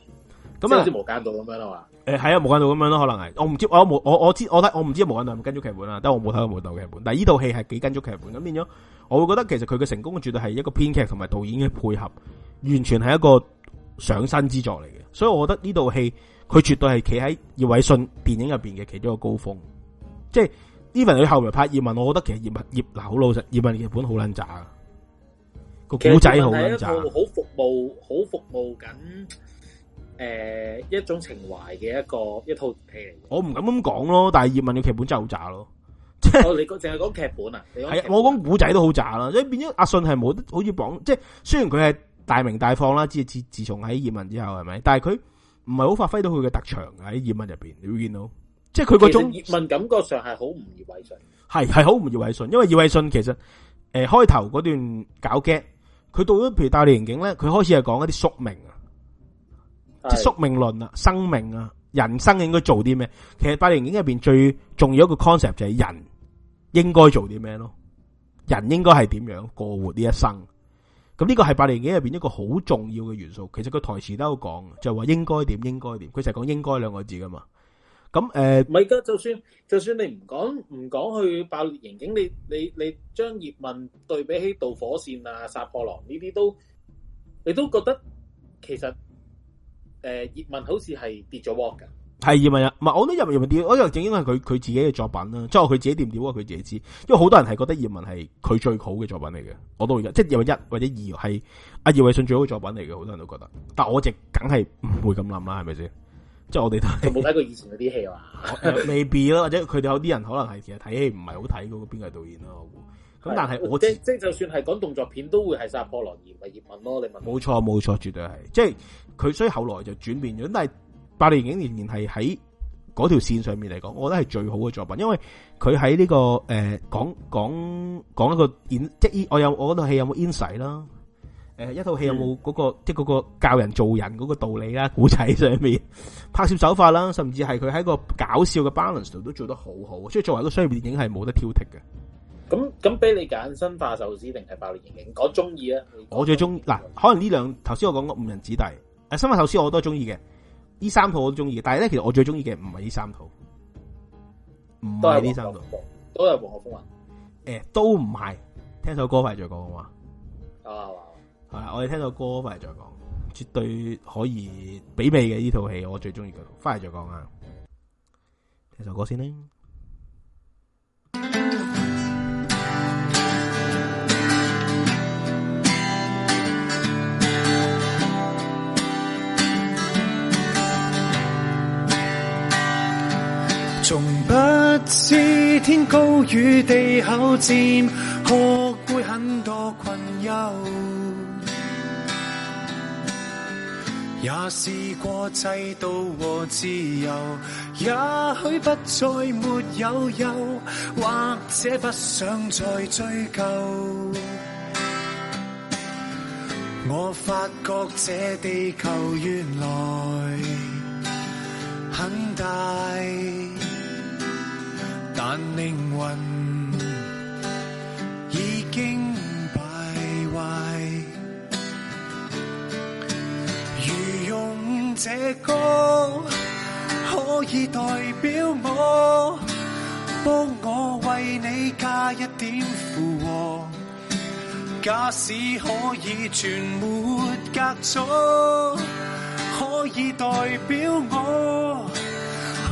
咁啊，即係無間道咁樣咯嘛？誒、欸，係啊，無間道咁樣咯，可能係。我唔知，我冇，我我知，我睇，我唔知無間道有冇跟足劇本啊？但係我冇睇無間道嘅劇本。但係呢套戲係幾跟足劇本咁，變咗我會覺得其實佢嘅成功絕對係一個編劇同埋導演嘅配合，完全係一個上身之作嚟嘅。所以我覺得呢套戲佢絕對係企喺葉偉信電影入邊嘅其中一個高峰。即係 even 佢後來拍葉問，我覺得其實葉問葉嗱好老實，葉問嘅本好捻渣啊。個古仔好捻渣。好服務，好服務緊。誒、呃，一種情懷嘅一個一套戲嚟。我唔敢咁講咯，但係葉問嘅劇本真係好渣咯。即係、哦、你淨係講劇本啊？係啊，啊，我講古仔都好渣啦。即係變咗阿信係冇好似綁，即係雖然佢係大名大放啦，即係自自從喺葉問之後係咪？但係佢唔係好發揮到佢嘅特長喺葉問入邊。你會見到，即係佢嗰種葉問感覺上係好唔葉偉信，係係好唔葉偉信，因為葉偉信其實誒、呃、開頭嗰段搞嘅，佢到咗譬如大刑警咧，佢開始係講一啲宿命啊。宿命論啊，生命啊，人生應該做啲咩？其實《爆裂刑警》入邊最重要一個 concept 就係人應該做啲咩咯？人應該係點樣過活呢一生？咁呢個係《爆裂刑警》入邊一個好重要嘅元素。其實個台詞都有講，就係話應該點，應該點。佢成日講應該兩個字噶嘛。咁誒，唔係噶，就算就算你唔講唔講去爆裂刑警，你你你將葉問對比起導火綫啊、殺破狼呢啲都，你都覺得其實。誒，葉問、uh, 好似係跌咗鑊噶係葉問一，唔係我都認為葉問跌，我又正因為佢，佢自己嘅作品啦，即係佢自己掂唔掂，佢自己知，因為好多人係覺得葉問係佢最好嘅作品嚟嘅。我都會即係葉問一或者二係阿葉偉信最好嘅作品嚟嘅，好多人都覺得，但我直梗係唔會咁諗啦，係咪先？即係我哋都冇睇過以前嗰啲戲嘛，呃、 [laughs] 未必啦，或者佢哋有啲人可能係其實睇戲唔係好睇嗰個邊個導演啦。咁但係我即即就算係講動作片都會係殺破狼而唔係葉問咯，你問？冇錯冇錯，絕對係，即係佢所以後來就轉變咗，但係八連影仍然係喺嗰條線上面嚟講，我覺得係最好嘅作品，因為佢喺呢個誒講講講一個演即係我有我嗰套戲有冇 inspire 啦、呃，誒一套戲有冇嗰、那個、嗯、即係個教人做人嗰個道理啦，古仔上面拍攝手法啦，甚至係佢喺個搞笑嘅 balance 度都做得好好，所以作為一個商業電影係冇得挑剔嘅。咁咁俾你揀，生化壽屍定係爆裂刑警？我中意啊！我最中意，嗱，可能呢兩頭先我講過五人子弟，誒、啊，生化壽屍我都中意嘅，呢三套我都中意嘅。但係咧，其實我最中意嘅唔係呢三套，唔係呢三套，都係《黃河風雲啊，誒，都唔係、欸，聽首歌返嚟再講好啊，係，我哋聽首歌返嚟再講，絕對可以媲美嘅呢套戲，我最中意嘅，返嚟再講啊！聽首歌先啦。 [music] 從不知天高與地厚，佔何會很多困擾？也試過制度和自由，也許不再沒有憂，或者不想再追究。我發覺這地球原來很大。但靈魂已經敗壞，如用這歌可以代表我，幫我為你加一點附和。假使可以全沒隔阻，可以代表我。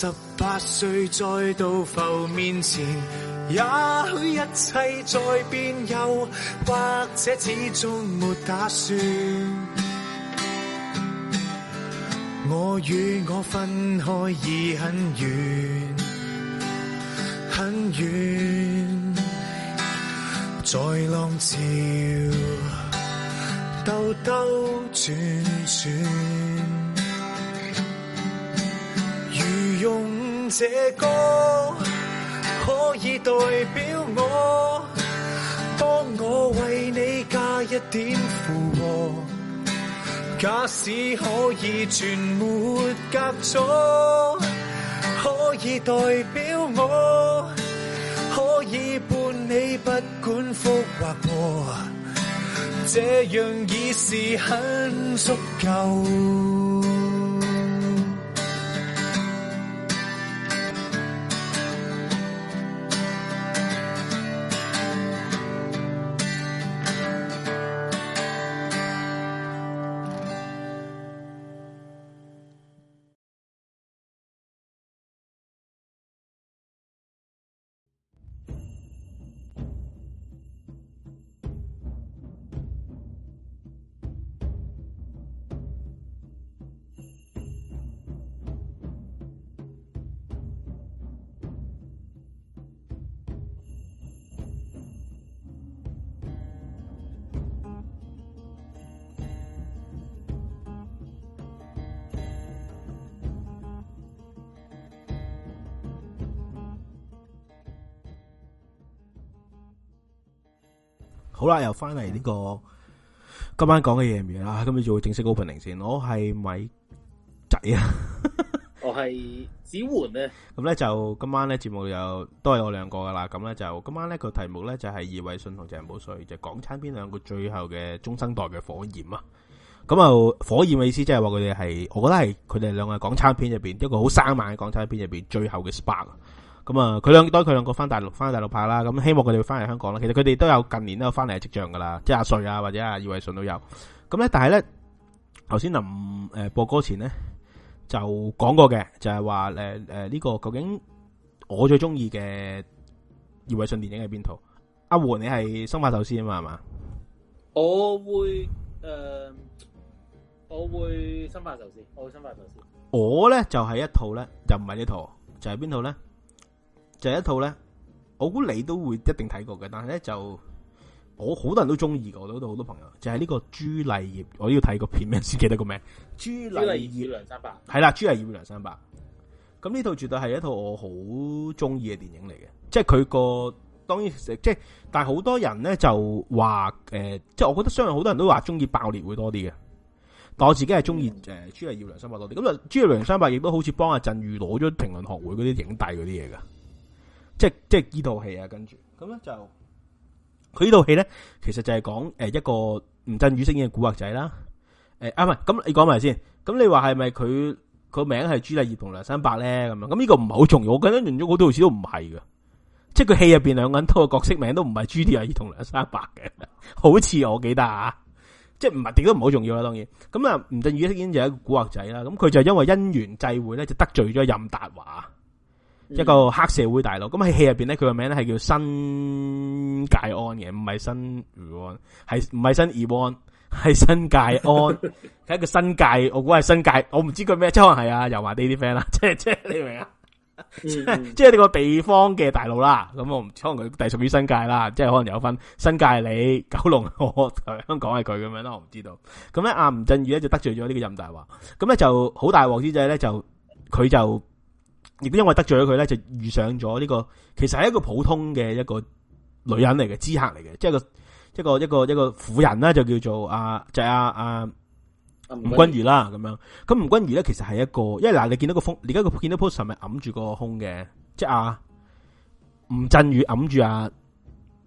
十八歲再度浮面前，也許一切在變悠，或者始終沒打算。我與我分開已很遠，很遠，在浪潮兜兜轉轉。用這歌可以代表我，幫我為你加一點負荷。假使可以全沒隔阻，可以代表我，可以伴你不管福或禍，這樣已是很足夠。又翻嚟呢個今晚講嘅嘢未啊？今日就會正式 opening 先？我係咪仔啊， [laughs] 我係子煥啊。咁咧就今晚咧節目又都係我兩個噶啦。咁咧就今晚咧個題目咧就係葉偉信同鄭保瑞，就係就係、港產片兩個最後嘅中生代嘅火焰啊。咁啊，火焰嘅意思即係話佢哋係，我覺得係佢哋兩個港產片入邊一個好生猛嘅港產片入邊最後嘅 spark。咁啊，佢兩當，佢兩個翻大陸，翻大陸拍啦。咁希望佢哋翻嚟香港啦。其實佢哋都有近年都有翻嚟嘅跡象噶啦，即係阿瑞啊，或者阿葉偉信都有。咁咧，但係咧，頭先林誒播歌前咧就講過嘅，就係話誒誒呢個究竟我最中意嘅葉偉信電影係邊套？阿胡你係生化壽屍啊嘛，係嘛？我會誒，我會生化壽屍，我會生化壽屍。我咧就係一套咧，就唔係呢套，就係邊套咧？就係一套咧，我估你都會一定睇過嘅，但係咧就我好多人都中意嘅，我都好多朋友，就係、是、呢個朱麗葉，我都要睇個片名先記得個名。朱麗葉梁山伯係啦，朱麗葉梁山伯，咁呢套絕對係一套我好中意嘅電影嚟嘅，即係佢個當然即係，但係好多人咧就話誒、呃，即係我覺得相信好多人都話中意爆裂會多啲嘅，但我自己係中意誒朱麗葉梁山伯多啲。咁啊朱麗葉梁山伯亦都好似幫阿鎮宇攞咗評論學會嗰啲影帝嗰啲嘢噶。即係即係呢套戲啊，跟住咁咧就佢呢套戲咧，其實就係講誒一個吳鎮宇飾演嘅古惑仔啦。誒啊唔係，咁你講埋先。咁你話係咪佢個名係朱麗葉同梁山伯咧？咁啊，咁呢個唔係好重要。我覺得用咗好多次都唔係嘅，即係佢戲入邊兩個人，偷嘅角色名都唔係朱麗葉同梁山伯嘅，好似我記得啊。即係唔係點都唔好重要啦、啊，當然。咁啊，吳鎮宇飾演就係一個古惑仔啦。咁佢就因為因緣際會咧，就得罪咗任達華。嗯、一個黑社會大佬，咁喺戲入邊咧，佢個名咧係叫新界安嘅，唔係新余安，係唔係新二安，係新界安，係 [laughs] 一個新界，我估係新界，我唔知佢咩，即係可能係啊油麻地啲 friend 啦，即係即係你明啊，即係即你個地方嘅大佬啦，咁我唔可能佢隸屬於新界啦，即係可能有分新界你，九龍 [laughs] 我，香港係佢咁樣咯，我唔知道。咁咧阿吳鎮宇咧就得罪咗呢個任達華，咁咧就好大鑊之仔咧，就佢就。亦都因為得罪咗佢咧，就遇上咗呢、這個，其實係一個普通嘅一個女人嚟嘅，知客嚟嘅，即係個一個一個一個婦人啦，就叫做阿、啊、就阿阿吳君如啦，咁、啊、樣。咁吳君如咧，其實係一個，因為嗱，你見到那個風，而家個見到 post 咪揞住個胸嘅？即係阿吳鎮宇揞住阿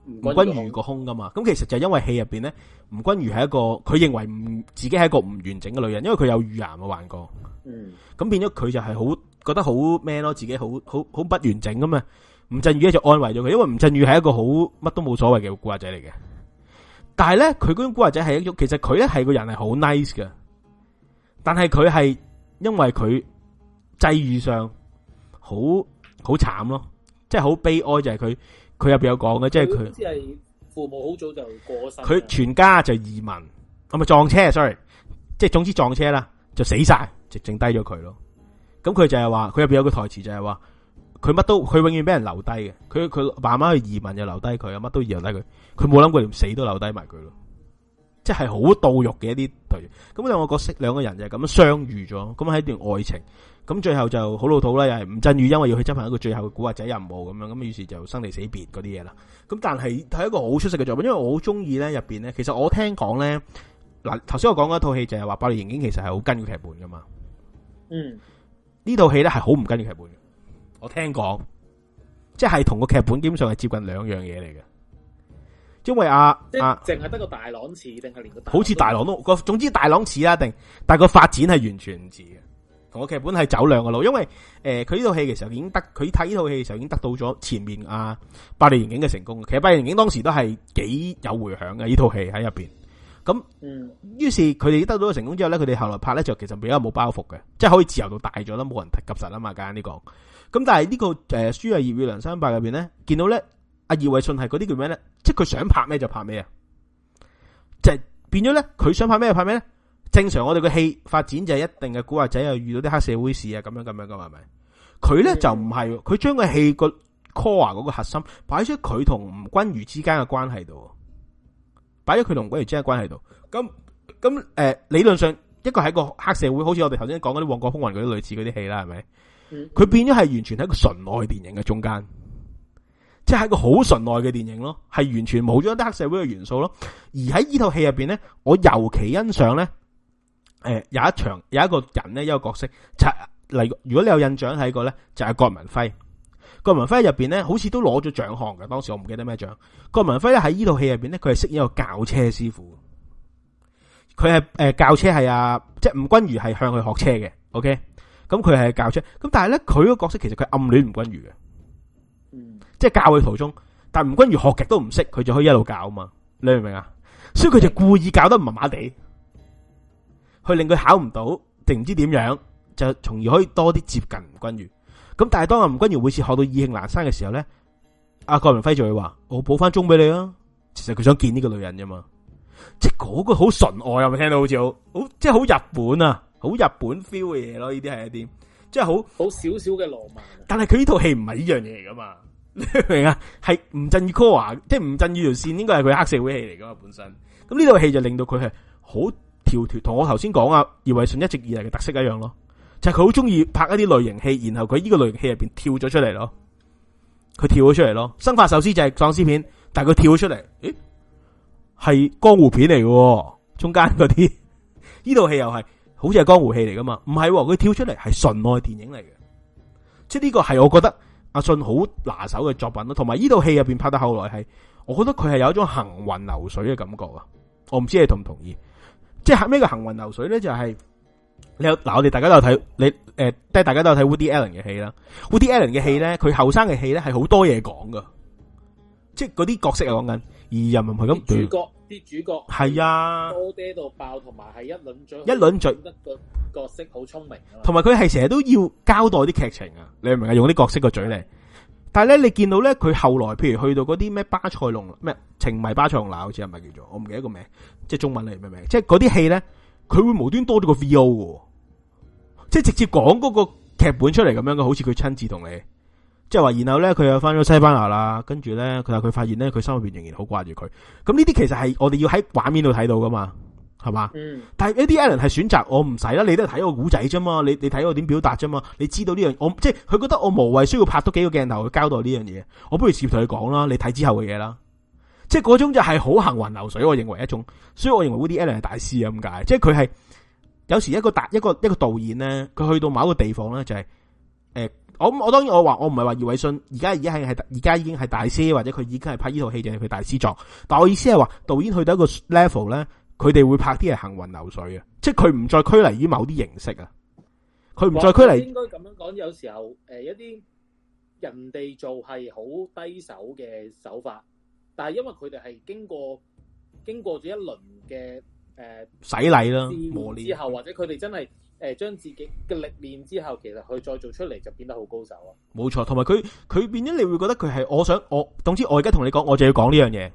吳君如個胸噶嘛？咁其實就是因為戲入邊咧，吳君如係一個，佢認為唔自己係一個唔完整嘅女人，因為佢有乳癌嘅幻覺。嗯，咁變咗佢就係好。覺得好咩咯？自己好好好不完整咁嘛。吳鎮宇一直就安慰咗佢，因為吳鎮宇係一個好乜都冇所謂嘅古惑仔嚟嘅。但係咧，佢嗰種古惑仔係一種，其實佢咧係個人係好 nice 嘅。但係佢係因為佢際遇上好好慘咯，即係好悲哀就係佢佢入邊有講嘅，即係佢，係父母好早就過世，佢全家就移民，咁咪撞車？sorry，即係總之撞車啦，就死晒，直剩低咗佢咯。咁佢就係話佢入邊有個台詞就係話佢乜都佢永遠俾人留低嘅。佢佢慢慢去移民又留低佢，乜都移留低佢。佢冇諗過連死都留低埋佢咯，即係好墮欲嘅一啲台詞。咁兩個角色兩個人就咁相遇咗，咁喺一段愛情咁，最後就好老土啦。又係吳鎮宇因為要去執行一個最後嘅古惑仔任務咁樣，咁於是就生離死別嗰啲嘢啦。咁但係係一個好出色嘅作品，因為我好中意咧入邊咧。其實我聽講咧嗱，頭先我講嗰套戲就係話《暴力刑警》其實係好跟住劇本噶嘛，嗯。呢套戲咧係好唔跟住劇本嘅，我聽講，即係同個劇本基本上係接近兩樣嘢嚟嘅，因為阿阿淨係得個大朗似，定係連個好似大似大朗都，個總之大朗似啦，定但係個發展係完全唔似嘅，同個劇本係走兩個路，因為誒佢呢套戲嘅時候已經得，佢睇呢套戲嘅時候已經得到咗前面阿、啊、爆裂刑警嘅成功，其實爆裂刑警當時都係幾有回響嘅呢套戲喺入邊。這咁，於是佢哋得到成功之後咧，佢哋後來拍咧就其實比較冇包袱嘅，即係可以自由到大咗啦，冇人夾實啊嘛，講呢、這個。咁但係呢個誒書係《朱麗葉與梁山伯》入邊咧，見到咧阿葉偉信係嗰啲叫咩咧？即係佢想拍咩就拍咩啊！就是、變咗咧，佢想拍咩拍咩咧？正常我哋嘅戲發展就係一定嘅古惑仔又遇到啲黑社會事啊，咁樣咁樣噶嘛，係咪？佢咧、嗯、就唔係，佢將個戲個 core 嗰個核心擺出佢同吳君如之間嘅關係度。擺咗佢同鬼余章嘅關係度，咁咁，誒，理論上一個係一個黑社會，好似我哋頭先講嗰啲《旺角風雲》嗰啲類似嗰啲戲啦，係咪？佢、嗯、變咗係完全喺個純愛電影嘅中間，即、就、係、是、一個好純愛嘅電影咯，係完全冇咗一啲黑社會嘅元素咯。而喺呢套戲入邊咧，我尤其欣賞咧，誒、呃、有一場有一個人咧一個角色，就嚟如果你有印象喺個咧，就係、是、郭文輝。郭文輝入邊咧，好似都攞咗獎項嘅。當時我唔記得咩獎。郭文輝咧喺呢套戲入邊咧，佢係飾演一個教車師傅。佢係誒教車係阿即係吳君如係向佢學車嘅。OK，咁佢係教車，咁但係咧佢個角色其實佢暗戀吳君如嘅，即係教佢途中，但吳君如學極都唔識，佢就可以一路教啊嘛。你明唔明啊？所以佢就故意教得麻麻地，去令佢考唔到，定唔知點樣，就從而可以多啲接近吳君如。咁但係當阿吳君如每次學到意興闌珊嘅時候咧，阿郭明輝就會話：我補翻鐘俾你咯。其實佢想見呢個女人啫嘛，即係嗰個好純愛，有冇聽到好？好似好好即係好日本啊，好日本 feel 嘅嘢咯。呢啲係一啲即係好好少少嘅浪漫。但係佢呢套戲唔係呢樣嘢嚟噶嘛？你明啊，係吳鎮宇柯華，即係吳鎮宇條線應該係佢黑社會戲嚟噶嘛？本身咁呢套戲就令到佢係好條條，同我頭先講啊，葉偉信一直以嚟嘅特色一樣咯。就係佢好中意拍一啲類型戲，然後佢呢個類型戲入邊跳咗出嚟咯，佢跳咗出嚟咯。生化壽司就係喪屍片，但係佢跳咗出嚟，誒係江湖片嚟嘅，中間嗰啲呢套戲又係好似係江湖戲嚟噶嘛？唔係，哦，佢跳出嚟係純愛電影嚟嘅，即係呢個係我覺得阿信好拿手嘅作品咯。同埋呢套戲入邊拍到後來係，我覺得佢係有一種行雲流水嘅感覺啊！我唔知你同唔同意？即係咩叫行雲流水咧？就係，是。嗱，我哋大家都有睇你誒，即係大家都有睇 Woody Allen 嘅戲啦。Woody Allen 嘅戲咧，佢後生嘅戲咧係好多嘢講噶，即係嗰啲角色啊講緊，而又唔係咁主角啲主角係啊，多嗲到爆，同埋係一輪嘴一輪嘴一個角色好聰明同埋佢係成日都要交代啲劇情啊，你明唔明啊？用啲角色個嘴嚟，的但係咧你見到咧佢後來，譬如去到嗰啲咩巴塞隆咩情迷巴塞隆拿，好似係咪叫做？我唔記得個名，即係中文嚟咩名？即係嗰啲戲咧，佢會無端多咗個 V.O. 噶。即係直接講嗰個劇本出嚟咁樣嘅，好似佢親自同你，即係話，然後咧佢又返咗西班牙啦，跟住咧佢話佢發現咧佢心入邊仍然好掛住佢。咁呢啲其實係我哋要喺畫面度睇到噶嘛，係嘛？嗯。但係呢啲 Alan 係選擇我唔使啦，你都係睇個古仔啫嘛，你你睇我點表達啫嘛，你知道呢樣我即係佢覺得我無謂需要拍多幾個鏡頭去交代呢樣嘢，我不如直接同佢講啦，你睇之後嘅嘢啦。即係嗰種就係好行雲流水，我認為一種，所以我認為呢啲 Alan 係大師啊咁解，即係佢係。有時，一個大一個一個導演咧，佢去到某一個地方咧，就係、是、誒、欸，我我當然我話我唔係話葉偉信，而家而家係係而家已經係大師，或者佢已經係拍呢套戲定係佢大師作。但我的意思係話，導演去到一個 level 咧，佢哋會拍啲係行雲流水嘅，即係佢唔再拘泥於某啲形式啊。佢唔再拘泥。應該咁樣講，有時候誒，呃、一啲人哋做係好低手嘅手法，但係因為佢哋係經過經過咗一輪嘅。誒，洗禮啦，磨練疊之後，或者佢哋真係誒，將、呃、自己嘅歷練之後，其實佢再做出嚟就變得好高手囉！冇錯，同埋佢佢變咗，你會覺得佢係我想我，總之我而家同你講，我就要講呢樣嘢。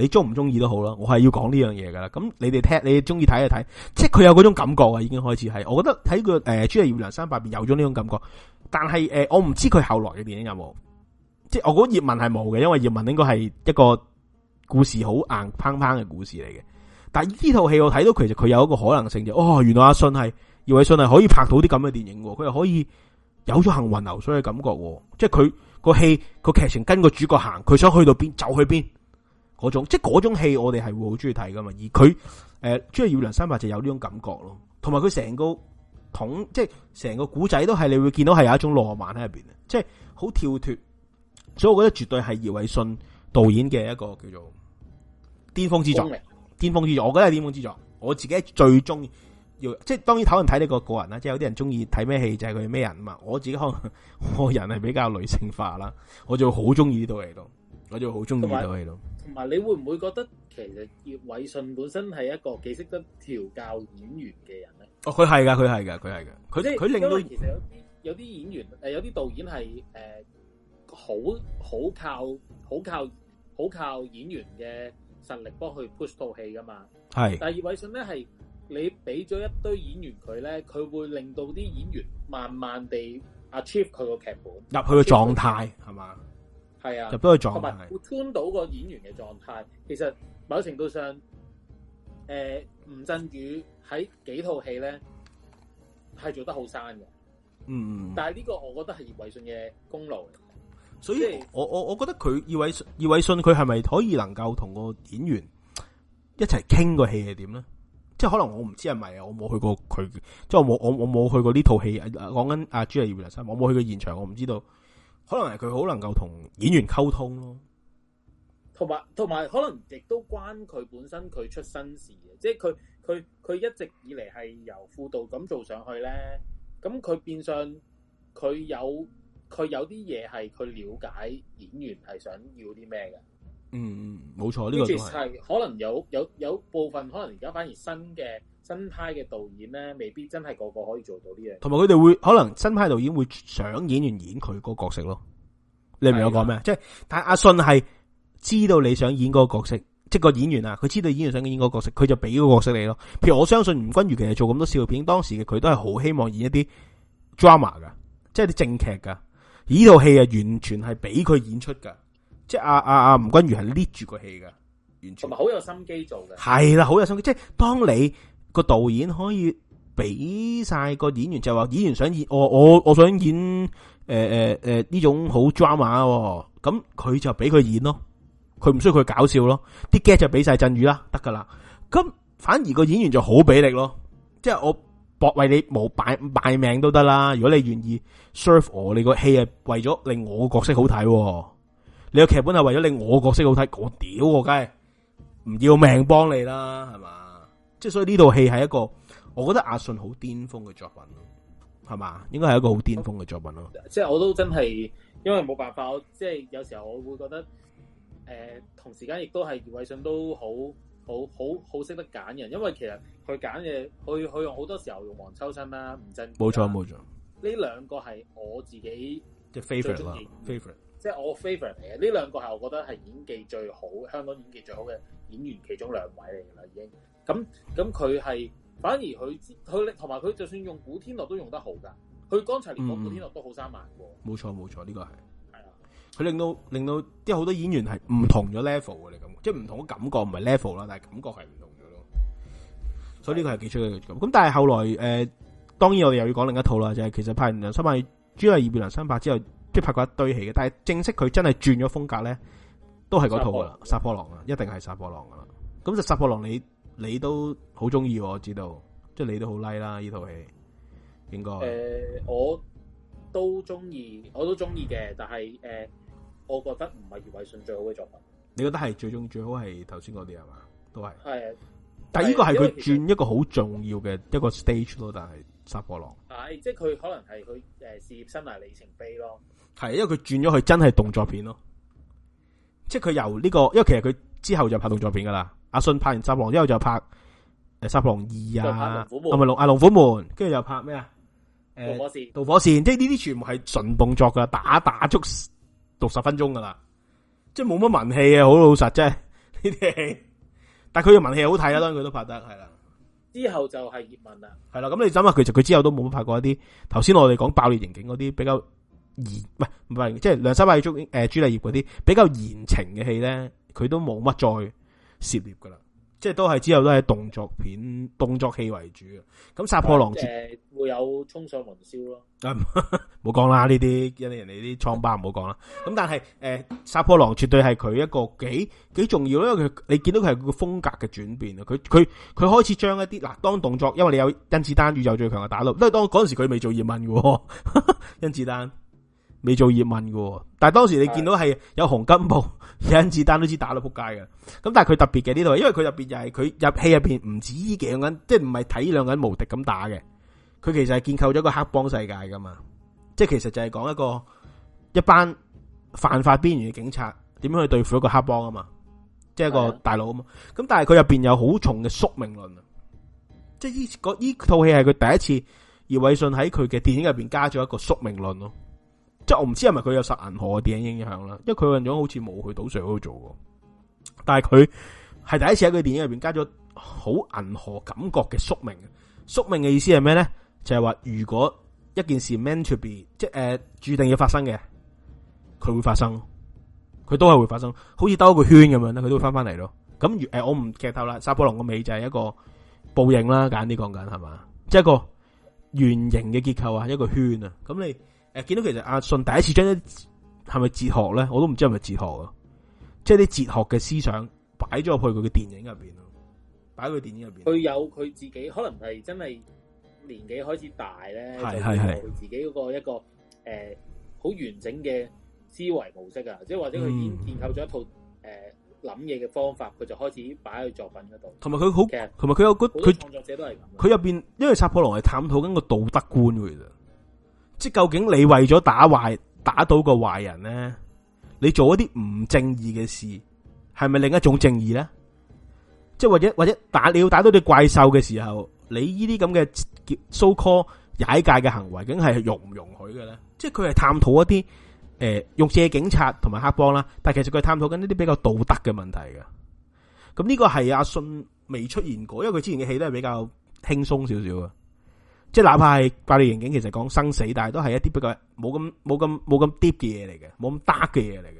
你中唔中意都好啦，我係要講呢樣嘢㗎喇。咁你哋聽，你中意睇一睇，即係佢有嗰種感覺啊！已經開始係，我覺得睇佢。誒、呃《朱麗葉梁山伯》入邊有咗呢種感覺，但係誒、呃，我唔知佢後來嘅電影有冇，即係我講葉問係冇嘅，因為葉問應該係一個故事好硬崩崩嘅故事嚟嘅。嗱，呢套戲我睇到，其實佢有一個可能性就，哦，原來阿信係葉偉信係可以拍到啲咁嘅電影，佢係可以有咗行雲流水嘅感覺，即係佢、個戲個劇情跟個主角行，佢想去到邊就去邊嗰種，即係嗰種戲我哋係會好中意睇噶嘛。而佢誒、即、呃、係《朱麗葉與梁山伯》就有呢種感覺咯，同埋佢成個統，即係成個古仔都係你會見到係有一種浪漫喺入邊，即係好跳脫，所以我覺得絕對係葉偉信導演嘅一個叫做巔峰之作。巔峰之作，我覺得係巔峰之作。我自己最中意，要即係當然睇人睇你個個人啦。即係有啲人中意睇咩戲就係佢係咩人啊嘛。我自己可能我人係比較女性化啦，我就好中意呢度嚟咯，我就好中意呢度嚟咯。同埋你會唔會覺得其實葉偉信本身係一個幾識得調教演員嘅人咧？哦，佢係噶，佢係噶，佢係噶。佢佢令到其實有啲有啲演員誒，有啲導演係誒、呃、好好靠好靠好靠,好靠演員嘅。實力幫佢 push 套戲噶嘛？係是。但係葉偉信咧係你俾咗一堆演員佢咧，佢會令到啲演員慢慢地 achieve 佢個劇本入去嘅狀態係嘛？係吧啊，入到個狀態，put 到個演員嘅狀態。其實某程度上，誒、呃，吳鎮宇喺幾套戲咧係做得好生嘅。嗯，但係呢個我覺得係葉偉信嘅功勞。所以我我我覺得佢葉偉葉偉信佢係咪可以能夠同個演員一齊傾個戲係點咧？即係可能我唔知係咪，我冇去過佢，即係我我我冇去過呢套戲，講緊阿朱麗葉梁山，啊、is, 我冇去過現場，我唔知道。可能係佢好能夠同演員溝通咯。同埋同埋，可能亦都關佢本身佢出身事嘅，即係佢佢佢一直以嚟係由輔導咁做上去咧，咁佢變相佢有。佢有啲嘢係佢了解演員係想要啲咩嘅，嗯，冇錯，呢個係。係可能有有有部分可能而家反而新嘅新派嘅導演咧，未必真係個個可以做到啲嘢。同埋佢哋會可能新派導演會想演員演佢嗰個角色咯。你明唔明我講咩？的即係但阿信係知道你想演嗰個角色，即個演員啊，佢知道演員想演嗰個角色，佢就俾嗰個角色你咯。譬如我相信吳君如其實做咁多笑片，當時嘅佢都係好希望演一啲 drama 噶即係啲正劇噶呢套戲啊，啊，啊，完全係俾佢演出噶即係阿阿阿吳君如係捏住個戲噶完全同埋好有心機做嘅。係啦，好有心機。即係當你個導演可以俾晒個演員，就係話演員想演，哦、我我我想演，誒誒誒呢種好 drama 咁佢就俾佢演咯，佢唔需要佢搞笑咯，啲 gag 就俾晒鎮宇啦，得噶啦。咁反而個演員就好俾力咯，即係我。搏為你冇擺賣命都得啦，如果你願意 serve 我，你個戲係為咗令我角色好睇，你個劇本係為咗令我角色好睇，我屌、啊、我梗係唔要命幫你啦，係嘛？即係所以呢套戲係一個，我覺得阿信好巔峰嘅作品，係嘛？應該係一個好巔峰嘅作品咯。即係我都真係，因為冇辦法，即係有時候我會覺得，誒、呃，同時間亦都係葉偉信都好。好，好好識得揀人，因為其實佢揀嘢，佢佢用好多時候用黃秋生啦，吳鎮宇。冇錯冇錯，呢兩個係我自己 favorite 最中意，即係我 favorite 嚟嘅。呢兩個係我覺得係演技最好，香港演技最好嘅演員其中兩位嚟嘅啦，已經，咁咁佢係反而佢佢同埋佢就算用古天樂都用得好㗎，佢剛才連個古天樂都好生猛喎。冇錯冇錯呢個係，係啊的，佢令到令到啲好多演員係唔同咗 level 嘅嚟。即係唔同嘅感覺，唔係 level 啦，但係感覺係唔同嘅咯。所以呢個係幾出嘅咁。咁但係後來誒、呃，當然我哋又要講另一套啦，就係、是、其實拍完《梁山伯朱麗葉》，主要係二變梁山伯之後，即係拍過一堆戲嘅。但係正式佢真係轉咗風格咧，都係嗰套噶啦，殺破狼啊，一定係殺破狼噶啦。咁就殺破狼你你都好中意，我知道，即、就、係、是、你都好 like 啦呢套戲。應該誒，我都中意，我都中意嘅，但係誒、呃，我覺得唔係葉偉信最好嘅作品。你覺得係最終最好係頭先嗰啲係嘛？都係係，的但係呢個係佢轉一個好重要嘅一個 stage 咯。但係殺破狼，即係佢可能係佢誒事業生涯里程碑咯。係因為佢轉咗去真係動作片咯，即係佢由呢、這個，因為其實佢之後就拍動作片噶啦。阿信拍完殺破狼之後就拍誒殺破狼二啊，同埋龍阿龍虎門，跟住又拍咩啊、呃？導火線，導火線，即係呢啲全部係純動作噶，打打足六十分鐘噶啦。即係冇乜文氣啊，好老實啫，呢啲戲。但係佢嘅文氣好睇啦，佢都、嗯、拍得係啦。之後就係葉問啦。係啦，咁你諗下，其實佢之後都冇乜拍過一啲，頭先我哋講爆裂刑警嗰啲比較言，唔係唔係，即係梁山伯與祝誒朱麗葉嗰啲比較言情嘅戲咧，佢都冇乜再涉獵噶啦。即係都係之後都係動作片、動作戲為主咁，殺破狼，誒會有衝上雲霄咯。唔好講啦，呢啲因爲人哋啲瘡疤唔好講啦。咁但係誒殺破狼絕對係佢一個幾幾重要咯。因爲佢你見到佢係佢個風格嘅轉變啊！佢佢佢開始將一啲嗱當動作，因爲你有甄子丹宇宙最強嘅打佬，都係當嗰陣時佢未做葉問嘅甄子丹。未做葉問嘅，但係當時你見到係有洪金寶、有甄子丹都知打到仆街嘅，咁但係佢特別嘅呢套，因為佢入邊就係佢入戲入邊唔止呢幾人，即係唔係睇呢兩個人無敵咁打嘅，佢其實係建構咗個黑幫世界噶嘛，即係其實就係講一個一班犯法邊緣嘅警察點樣去對付一個黑幫啊嘛，即係個大佬啊嘛，咁但係佢入邊有好重嘅宿命論，即係呢套戲係佢第一次，葉偉信喺佢嘅電影入邊加咗一個宿命論咯。即係我唔知係咪佢有受銀河嘅電影影響啦，因為佢運咗好似冇去島上嗰度做，但係佢係第一次喺佢電影入邊加咗好銀河感覺嘅宿命。宿命嘅意思係咩咧？就係、是、話如果一件事 meant to be，即係誒、呃、注定要發生嘅，佢會發生，佢都係會發生，好似兜一個圈咁樣咧，佢都會翻翻嚟咯。咁誒、呃，我唔劇透啦。殺破狼個尾就係一個報應啦，簡單啲講緊係嘛，即係、就是、一個圓形嘅結構啊，一個圈啊，咁你。見到其實阿信第一次將啲係咪哲學咧？我都唔知係咪哲學啊，即係啲哲學嘅思想擺咗去佢嘅電影入邊咯，擺佢電影入邊。佢有佢自己可能係真係年紀開始大咧，係係係就用佢自己嗰個一個誒好、呃、完整嘅思維模式啊，即係或者佢已經建構咗一套誒諗嘢嘅方法，佢就開始擺喺佢作品嗰度。同埋佢好同埋佢有嗰佢創作者都係，佢入邊因為《殺破狼》係探討緊個道德觀嘅其實。即究竟你為咗打壞打到個壞人咧，你做一啲唔正義嘅事，係咪另一種正義咧？即係或者或者打你要打到隻怪獸嘅時候，你呢啲咁嘅叫 so call 踩界嘅行為，梗係容唔容許嘅咧？即係佢係探討一啲誒、呃，用借警察同埋黑幫啦，但係其實佢探討緊呢啲比較道德嘅問題嘅。咁呢個係阿信未出現過，因為佢之前嘅戲都係比較輕鬆少少啊。即係，哪怕係爆裂刑警，其實講生死，但係都係一啲比較冇咁冇咁冇咁 deep 嘅嘢嚟嘅，冇咁 dark 嘅嘢嚟嘅。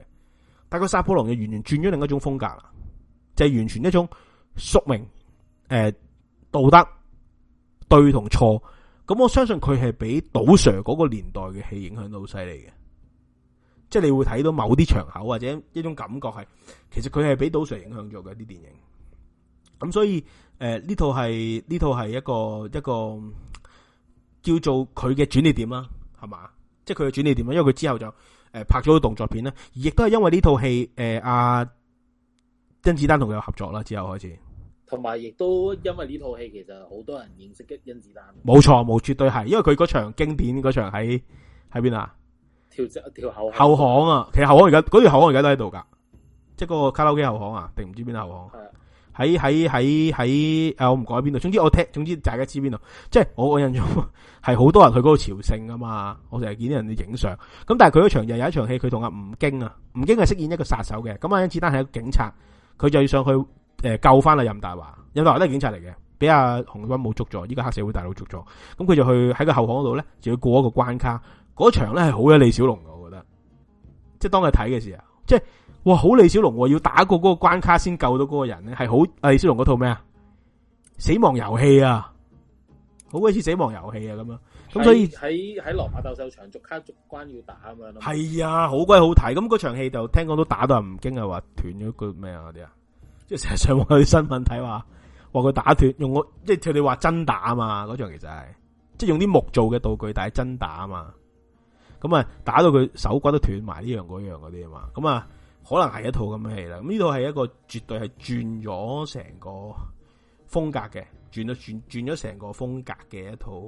但係個殺破狼就完全轉咗另一種風格啦，就係、是、完全一種宿命誒、呃、道德對同錯。咁我相信佢係俾杜 Sir 嗰個年代嘅戲影響到好犀利嘅，即係你會睇到某啲場口或者一種感覺係，其實佢係俾杜 Sir 影響咗嘅一啲電影。咁所以誒呢、呃、套係呢套係一個一個。一個叫做佢嘅轉捩點啦，係嘛？即係佢嘅轉捩點啦，因為佢之後就誒、呃、拍咗動作片啦，亦都係因為呢套戲誒阿甄子丹同佢合作啦，之後開始，同埋亦都因為呢套戲其實好多人認識嘅甄子丹，冇錯，冇絕對係，因為佢嗰場經典嗰場喺喺邊啊？條條後巷後巷啊！其實後巷而家嗰條後巷而家都喺度噶，即係嗰個卡拉 OK 後巷啊？定唔知邊度後巷？喺喺喺喺，啊我唔講喺邊度，總之我聽，總之大家知邊度。即係我我印象係好多人去嗰度朝聖啊嘛，我成日見啲人哋影相。咁但係佢嗰場又有一場戲，佢同阿吳京啊，吳京係飾演一個殺手嘅。咁阿甄子丹係一個警察，佢就要上去誒、呃、救翻阿任大華。任大華都係警察嚟嘅，俾阿洪金寶捉咗，依家黑社會大佬捉咗。咁佢就去喺個後巷嗰度咧，就要過一個關卡。嗰場咧係好有李小龍嘅，我覺得。即係當佢睇嘅時候，即係。哇！好李小龍要打過嗰個關卡先救到嗰個人咧，係好、啊、李小龍嗰套咩啊？死亡遊戲啊，好鬼似死亡遊戲啊咁樣，咁是所以喺喺羅馬鬥獸場逐卡逐關要打吖嘛？係係啊，好鬼好睇！咁嗰場戲就聽講都打到人唔驚啊，話斷咗個咩啊嗰啲啊，即係成日上網去新聞睇話話佢打斷用我，即係佢哋話真打嘛，嗰場其實係即係用啲木做嘅道具，但係真打啊嘛，咁啊打到佢手骨都斷埋呢樣嗰樣嗰啲啊嘛，咁啊。可能係一套咁嘅戲啦，咁呢套係一個絕對係轉咗成個風格嘅，轉咗轉轉咗成個風格嘅一套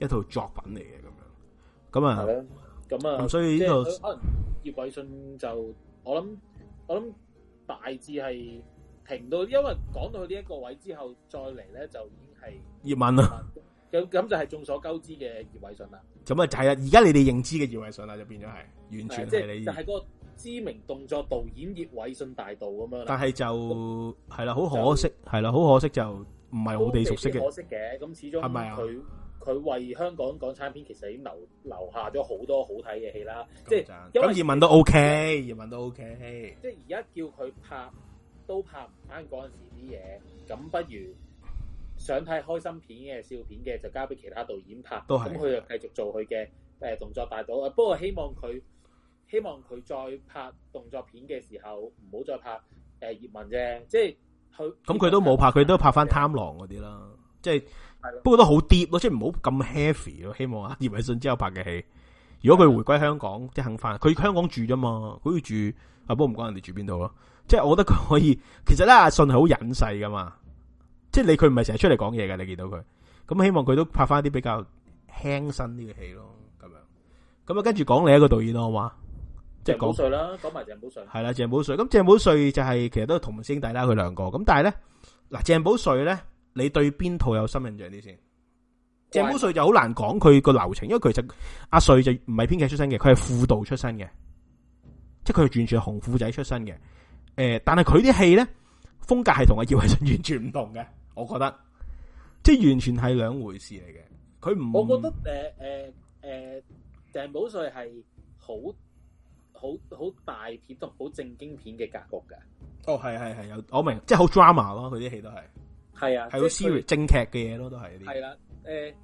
一套作品嚟嘅咁樣，咁啊咁啊，係啊所以呢、呢個係可能葉偉信就我諗我諗大致係停到，因為講到呢一個位之後再嚟咧就已經係葉問啦，咁咁 [laughs] 就係眾所周知嘅葉偉信啦，咁啊就係啊，而家你哋認知嘅葉偉信啦就變咗係完全係你，係、就係嗰個。知名動作導演葉偉信大導咁樣，但係就係啦，好、嗯、可惜係啦，好就可惜就唔係我哋熟悉嘅。可惜嘅，咁始終佢佢、啊、為香港港產片其實已經留留下咗好多好睇嘅戲啦，即係咁葉問都 OK，葉問都 OK 即。即係而家叫佢拍都拍唔翻嗰陣時啲嘢，咁不如想睇開心片嘅笑片嘅，就交俾其他導演拍，都咁是佢就繼續做佢嘅誒動作大導。不過希望佢。希望佢再拍動作片嘅時候唔好再拍誒葉問啫，即係佢咁佢都冇拍，佢都的拍翻《貪狼》嗰啲啦，即係，不過都好跌咯，即係唔好咁 heavy 咯。希望啊，葉偉信之後拍嘅戲，如果佢回歸香港，的即係肯翻，佢香港住啫嘛，佢要住啊。不過唔關人哋住邊度咯，即係我覺得佢可以。其實咧，阿信係好隱世噶嘛，即係你佢唔係成日出嚟講嘢㗎，你見到佢咁，希望佢都拍翻啲比較輕身啲嘅戲咯，咁樣咁啊，跟住講你一個導演咯，好嘛？鄭保瑞啦，講埋鄭保瑞。係啦，鄭保瑞，咁鄭保瑞就係其實都係同師兄弟啦，佢兩個。咁但係咧，嗱，鄭保瑞咧，你對邊套有深印象啲先？鄭保乖瑞就好難講佢個流程，因為其實阿瑞就唔係編劇出身嘅，佢係副導出身嘅，即係佢係完全係紅褲仔出身嘅。誒、呃，但係佢啲戲咧，風格係同阿葉偉信完全唔同嘅，我覺得，即係完全係兩回事嚟嘅。佢唔，我覺得誒誒誒，鄭、呃、保、呃呃、瑞係好。好好大片，都好正經片嘅格局嘅。哦，係係係，有我明，即係好 drama 咯，佢啲戲都係。係啊，係好 serious 正劇嘅嘢咯，都係啲。係啦，誒，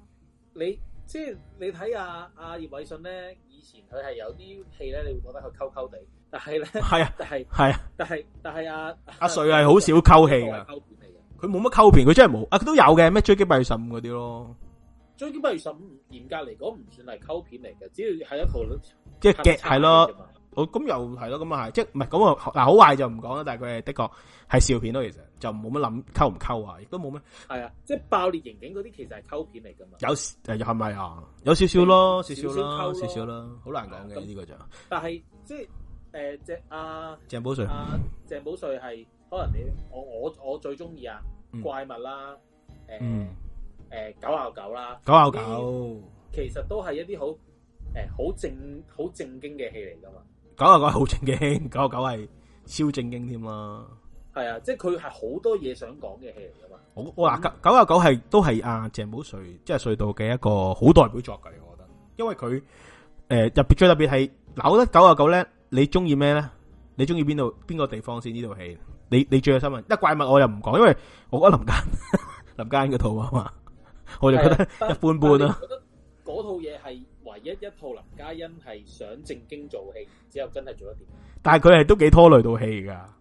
你即係你睇下阿阿葉偉信咧，以前佢係有啲戲咧，你會覺得佢溝溝地，但係咧，係啊，係係啊，但係但係阿阿瑞係好少溝戲噶，溝片嚟嘅，佢冇乜溝片，佢真係冇啊，佢都有嘅，咩追擊八月十五嗰啲咯。追擊八月十五，嚴格嚟講唔算係溝片嚟嘅，只要係一套即係劇係咯。我咁又係咯，咁啊係，即係唔係咁啊？嗱，好壞就唔講啦，但係佢係的確係笑片咯，其實就冇乜諗溝唔溝啊，亦都冇咩係啊，即係爆裂刑警嗰啲，其實係溝片嚟噶嘛？有誒，又係咪啊？有少少咯，少少咯，少少咯，好難講嘅呢個就。但係即係誒，即係啊，鄭保瑞啊，鄭保瑞係可能你我我我最中意啊怪物啦，誒誒狗咬狗啦，狗咬狗，其實都係一啲好誒好正好正經嘅戲嚟噶嘛。九啊九係好正經，九啊九係超正經添啦。係啊，即係佢係好多嘢想講嘅戲嚟噶嘛。我我嗱九九啊九係都係阿鄭保瑞即係隧道嘅一個好代表作㗎，我覺得。因為佢誒特別最特別係嗱，我覺得九啊九咧，你中意咩咧？你中意邊度邊個地方先？呢套戲，你你最有心啊？一怪物我又唔講，因為我覺得林間林間嗰套啊嘛，我就覺得一般般啦。我覺得嗰套嘢係。唯一一套林嘉欣係想正經做戲，之後真係做得掂。但係佢係都幾拖累到戲噶，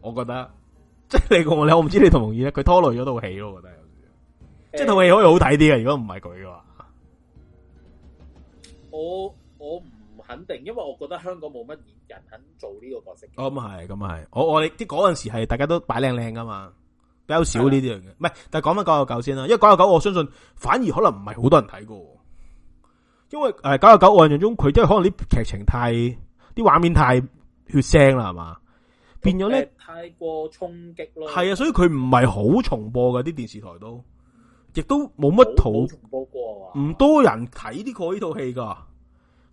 我覺得。即係你講我咧，我唔知你同唔同意咧。佢拖累咗套戲咯，我覺得有時。欸、即套戲可以好睇啲嘅，如果唔係佢嘅話。我我唔肯定，因為我覺得香港冇乜演人肯做呢個角色、oh,。咁啊係，咁啊係。我我哋即嗰陣時係大家都擺靚靚噶嘛，比較少呢啲樣嘅。唔係，但係講翻九九九先啦。因為九九九，我相信反而可能唔係好多人睇過。因為誒九廿九我印象中佢都係可能啲劇情太啲畫面太血腥啦係嘛，變咗咧太過衝擊咯。係啊，所以佢唔係好重播嘅啲電視台都，亦都冇乜好重播過，唔多人睇呢個呢套戲噶，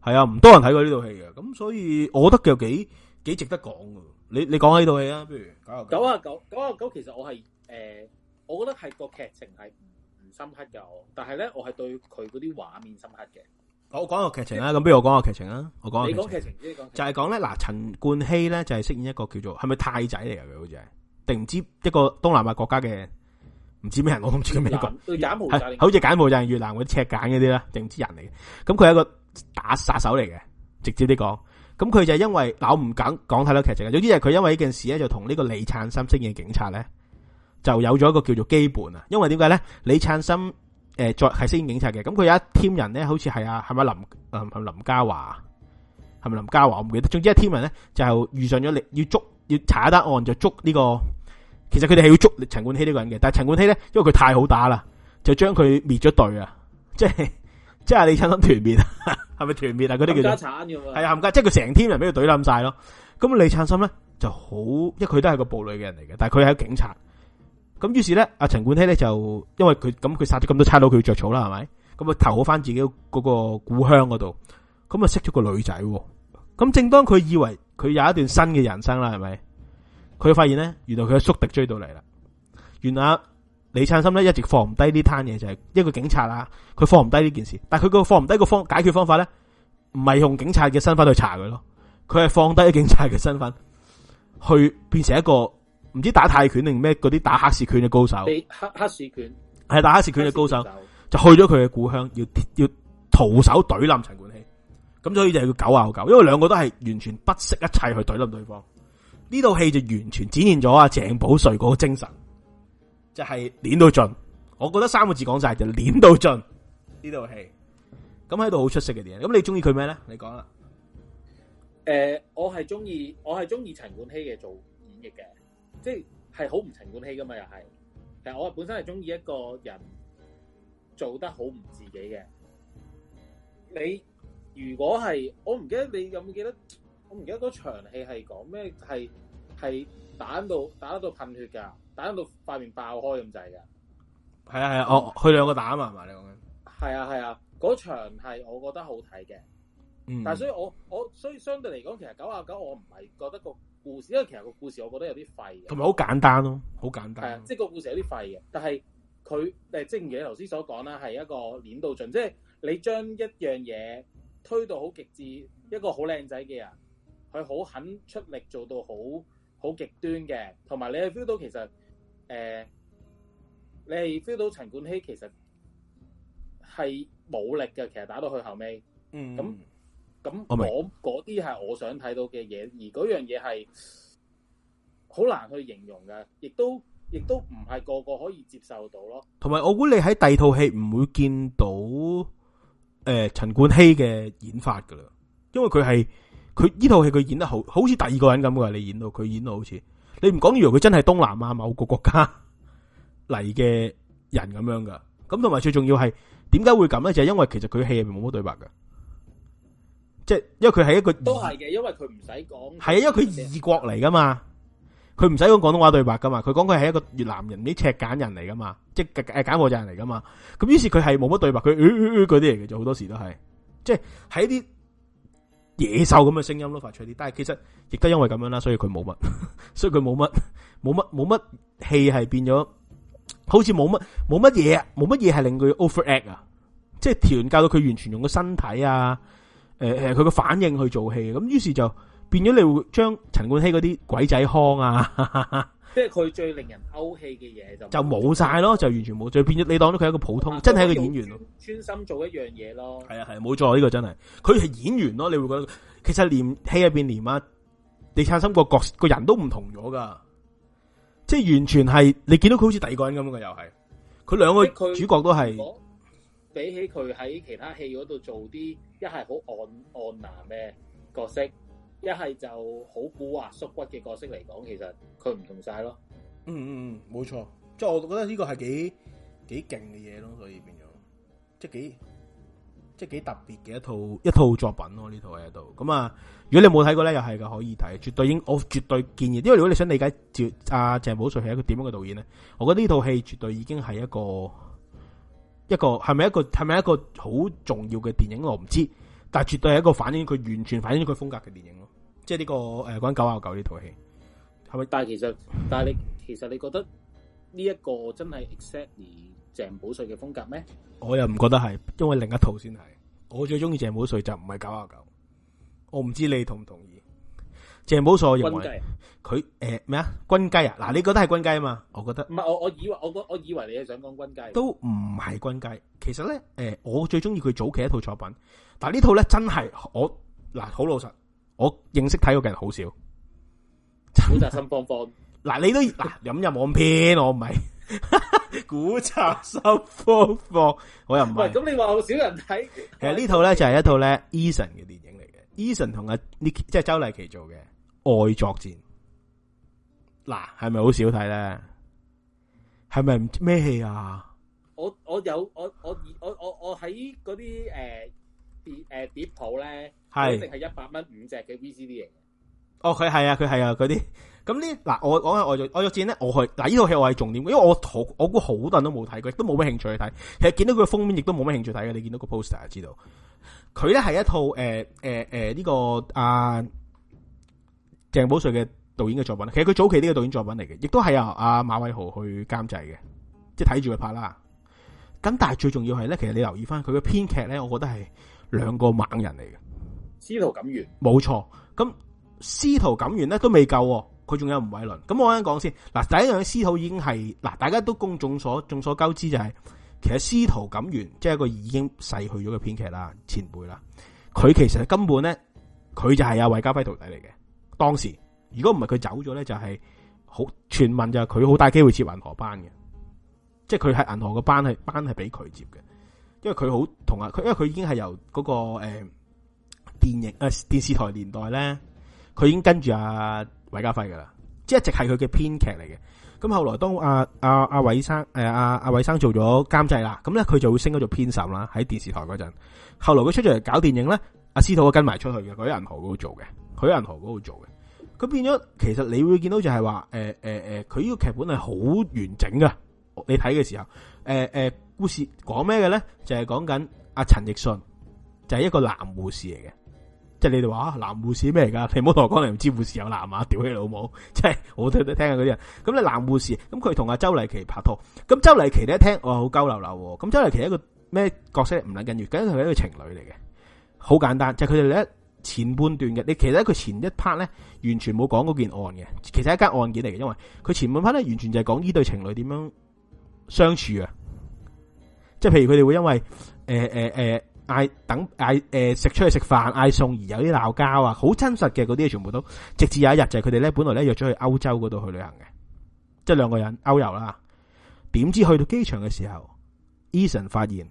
係啊，唔多人睇過呢套戲嘅。咁所以我覺得又幾幾值得講嘅。你你講下呢套戲啊，不如九廿九九廿九九廿九其實我係誒、呃，我覺得係個劇情係唔深刻嘅，但係咧我係對佢嗰啲畫面深刻嘅。我講個劇情啦，咁不如我講個劇情啦。我講你講劇情講，就係講咧嗱，陳冠希咧就係飾演一個叫做係咪泰仔嚟嘅？佢好似係定唔知一個東南亞國家嘅唔知咩人，我唔知佢美國。好似柬埔寨越南嗰啲赤柬嗰啲啦，定唔知人嚟嘅。咁佢係一個打殺手嚟嘅，直接啲講。咁佢就因為我唔敢講太多劇情。Ical, 總之係佢因為呢件事咧，就同呢個李燦森飾演警察咧，就有咗一個叫做羈絆啊。因為點解咧？李燦森。誒，再係飾演警察嘅，咁佢有一 team 人咧，好似係啊，係咪林誒，係林家華，係咪林家華？我唔記得，總之一 team 人咧就遇上咗，你要捉要查一單案就捉呢個，其實佢哋係要捉陳冠，冠希呢個人嘅，但係陳冠希咧，因為佢太好打啦，就將佢滅咗隊啊，即係即係李燦森團滅啊，係咪團滅啊？嗰啲叫做冚家鏟嘅嘛，係啊冚家，即係佢成 team 人俾佢懟冧晒，咯，咁李燦森咧就好，因為佢都係個暴女嘅人嚟嘅，但係佢係警察。咁於是咧，阿陳冠希咧就因為佢咁，佢殺咗咁多差佬，佢要着草啦，係咪？咁啊投好翻自己嗰個故鄉嗰度，咁啊識咗個女仔。咁正當佢以為佢有一段新嘅人生啦，係咪？佢發現咧，原來佢嘅宿敵追到嚟啦。原來李燦森咧一直放唔低呢攤嘢，就係、是、一個警察啦，佢放唔低呢件事。但係佢個放唔低個方解決方法咧，唔係用警察嘅身份去查佢咯，佢係放低警察嘅身份去變成一個。唔知打泰拳定咩嗰啲打黑市拳嘅高手，黑黑市拳係打黑市拳嘅高手，就去咗佢嘅故鄉，要要徒手懟冧陳冠希，咁所以就係叫狗咬狗，因為兩個都係完全不惜一切去懟冧對方。呢套戲就完全展現咗阿鄭保瑞嗰個精神，就係、是、捻到盡。我覺得三個字講晒就捻到盡呢套戲。咁喺度好出色嘅電影，咁你中意佢咩咧？你講啦。誒、呃，我係中意我係中意陳冠希嘅做演繹嘅。即係好唔情願氣噶嘛又係，其實我本身係中意一個人做得好唔自己嘅。你如果係我唔記得你有冇記得？我唔記得嗰場戲係講咩？係係打到打到噴血噶，打到塊面爆開咁滯噶。係啊係啊，我佢兩個打啊嘛，係咪你講緊？係啊係啊，嗰、啊、場係我覺得好睇嘅。嗯、但係所以我我所以相對嚟講，其實九啊九我唔係覺得個。故事，因為其實個故事我覺得有啲廢，同埋好簡單咯、啊，好簡單。係啊，即係、就是、個故事有啲廢嘅，但係佢誒正如你頭先所講啦，係一個鏈到盡，即、就、係、是、你將一樣嘢推到好極致，一個好靚仔嘅人，佢好肯出力做到好好極端嘅，同埋你係 feel 到其實誒、呃，你係 feel 到陳冠希其實係冇力嘅，其實打到佢後尾，嗯咁。咁嗰嗰啲係我想睇到嘅嘢，而嗰樣嘢係好難去形容㗎，亦都亦都唔係個個可以接受到咯。同埋，我估你喺第二套戲唔會見到誒陳冠希嘅演法噶啦，因為佢係佢呢套戲佢演得好好似第二個人咁㗎。你演到佢演到好似你唔講以為佢真係東南亞某個國家嚟嘅人咁樣噶。咁同埋最重要係點解會咁咧？就係因為其實佢戲入面冇乜對白噶。即係，因為佢係一個都係嘅，因為佢唔使講係啊，因為佢異國嚟噶嘛，佢唔使講廣東話對白噶嘛，佢講佢係一個越南人，啲赤柬人嚟噶嘛，即係誒柬埔寨人嚟噶嘛，咁於是佢係冇乜對白，佢嗰啲嚟嘅，就好多時都係，即係喺啲野獸咁嘅聲音咯，發出啲，但係其實亦都因為咁樣啦，所以佢冇乜，所以佢冇乜，冇乜，冇乜戲係變咗，好似冇乜，冇乜嘢，冇乜嘢係令佢 over act 啊，即係調教到佢完全用個身體啊。誒誒，佢個、呃、反應去做戲，咁於是就變咗你會將陳冠希嗰啲鬼仔腔啊，哈哈即係佢最令人勾氣嘅嘢就沒有就冇晒，咯，就完全冇，就變咗你當咗佢係一個普通，啊、真係一個演員咯，專心做一樣嘢咯，係啊係啊，冇錯，呢個真係，佢係演員咯，你會覺得其實連戲入邊連乜你產生個角個人都唔同咗噶，即係完全係你見到佢好似第二個人咁嘅，又係佢兩個主角都係。比起佢喺其他戲嗰度做啲一係好按按男嘅角色，一係就好古惑縮骨嘅角色嚟講，其實佢唔同晒咯，嗯。嗯嗯嗯，冇錯，即係我覺得呢個係幾幾勁嘅嘢咯，所以變咗即係幾即係幾特別嘅一套一套作品咯。呢套喺度咁啊，如果你冇睇過咧，又係嘅可以睇，絕對已經我絕對建議。因為如果你想理解趙阿鄭保瑞係一個點樣嘅導演咧，我覺得呢套戲絕對已經係一個。一個係咪一個係咪一個好重要嘅電影我唔知，但係絕對係一個反映佢完全反映佢風格嘅電影咯，即係呢、呢個誒講九啊九呢套戲，係、呃、咪？但係其實但係你其實你覺得呢一個真係 exactly 鄭保瑞嘅風格咩？我又唔覺得係，因為另一套先係，我最中意鄭保瑞就唔係九啊九，我唔知你同唔同意。鄭保瑞認為佢誒咩啊？軍雞啊！嗱，你覺得係軍雞啊嘛？我覺得唔係，我我以為我我以為你係想講軍雞，都唔係軍雞。其實咧，誒、欸，我最中意佢早期一套作品，但係呢套咧真係我嗱好、啊、老實，我認識睇過嘅人好少。古宅心慌慌，嗱、啊、你都嗱飲入網片，我唔係 [laughs] 古宅心慌慌，我又唔係。咁你話好少人睇？其實呢套咧就係、是、一套咧 Eason 嘅電影嚟嘅，Eason 同阿 Niki 即係周麗淇做嘅。愛作戰嗱，係咪好少睇咧？係咪唔知咩戲啊？我我有我我我我、呃呃、是我喺嗰啲誒碟誒碟鋪咧，係淨係一百蚊五隻嘅 VCD 嚟嘅。哦，佢係啊，佢係啊，嗰啲咁呢嗱。我講下愛作愛作戰咧，我去。嗱呢套戲我係重點，因為我我估好多人都冇睇佢，都冇咩興趣去睇。其實見到佢嘅封面亦都冇咩興趣睇嘅，你見到個 poster 就知道。佢咧係一套誒誒誒呢個啊。呃鄭保瑞嘅導演嘅作品，其實佢早期呢個導演作品嚟嘅，亦都係由阿馬偉豪去監製嘅，即係睇住佢拍啦。咁但係最重要係咧，其實你留意返佢嘅編劇咧，我覺得係兩個猛人嚟嘅。司徒錦源，冇錯。咁司徒錦源咧都未夠，佢仲有吳偉倫。咁我先講先嗱，第一樣司徒已經係嗱，大家都公眾所眾所周知就係、是，其實司徒錦源即係一個已經逝去咗嘅編劇啦，前輩啦。佢其實根本咧，佢就係阿韋家輝徒弟嚟嘅。當時如果唔係佢走咗咧，就係好傳聞就係佢好大機會接銀河班嘅，即係佢喺銀河個班係班係俾佢接嘅，因為佢好同啊，佢因為佢已經係由嗰、那個誒、欸、電影誒、呃、電視台年代咧，佢已經跟住阿韋家輝噶啦，即係一直係佢嘅編劇嚟嘅。咁後來當阿阿阿韋生誒阿阿韋生做咗監製啦，咁咧佢就會升咗做編審啦，喺電視台嗰陣。後來佢出咗嚟搞電影咧，阿司徒跟埋出去嘅，喺銀河嗰度做嘅。佢銀河嗰度做嘅，咁變咗，其實你會見到就係話，誒誒誒，佢、呃、呢、呃、個劇本係好完整噶。你睇嘅時候，誒、呃、誒、呃，故事講咩嘅咧？就係講緊阿陳奕迅，就係一個男護士嚟嘅，即、就、係、是、你哋話啊，男護士咩嚟噶？你唔好同我講你唔知護士有男啊，屌你老母！即係 [laughs] 我都都聽下嗰啲啊。咁你男護士，咁佢同阿周麗淇拍拖，咁周麗淇咧一聽，我好勾流流。咁周麗淇一個咩角色？唔撚跟住，梗係一個情侶嚟嘅，好簡單，就係佢哋咧。前半段嘅，你其實佢前一 part 咧，完全冇講嗰件案嘅。其實係一間案，案件嚟嘅，因為佢前半 part 咧，完全就係講呢對情侶點樣相處啊。即係譬如佢哋會因為誒誒誒，嗌、欸欸欸、等嗌誒、欸欸、食出去食飯，嗌餸而有啲鬧交啊，好真實嘅嗰啲全部都。直至有一日就係佢哋咧，本來咧約咗去歐洲嗰度去旅行嘅，即係兩個人歐遊啦。點知去到機場嘅時候，Eason 發現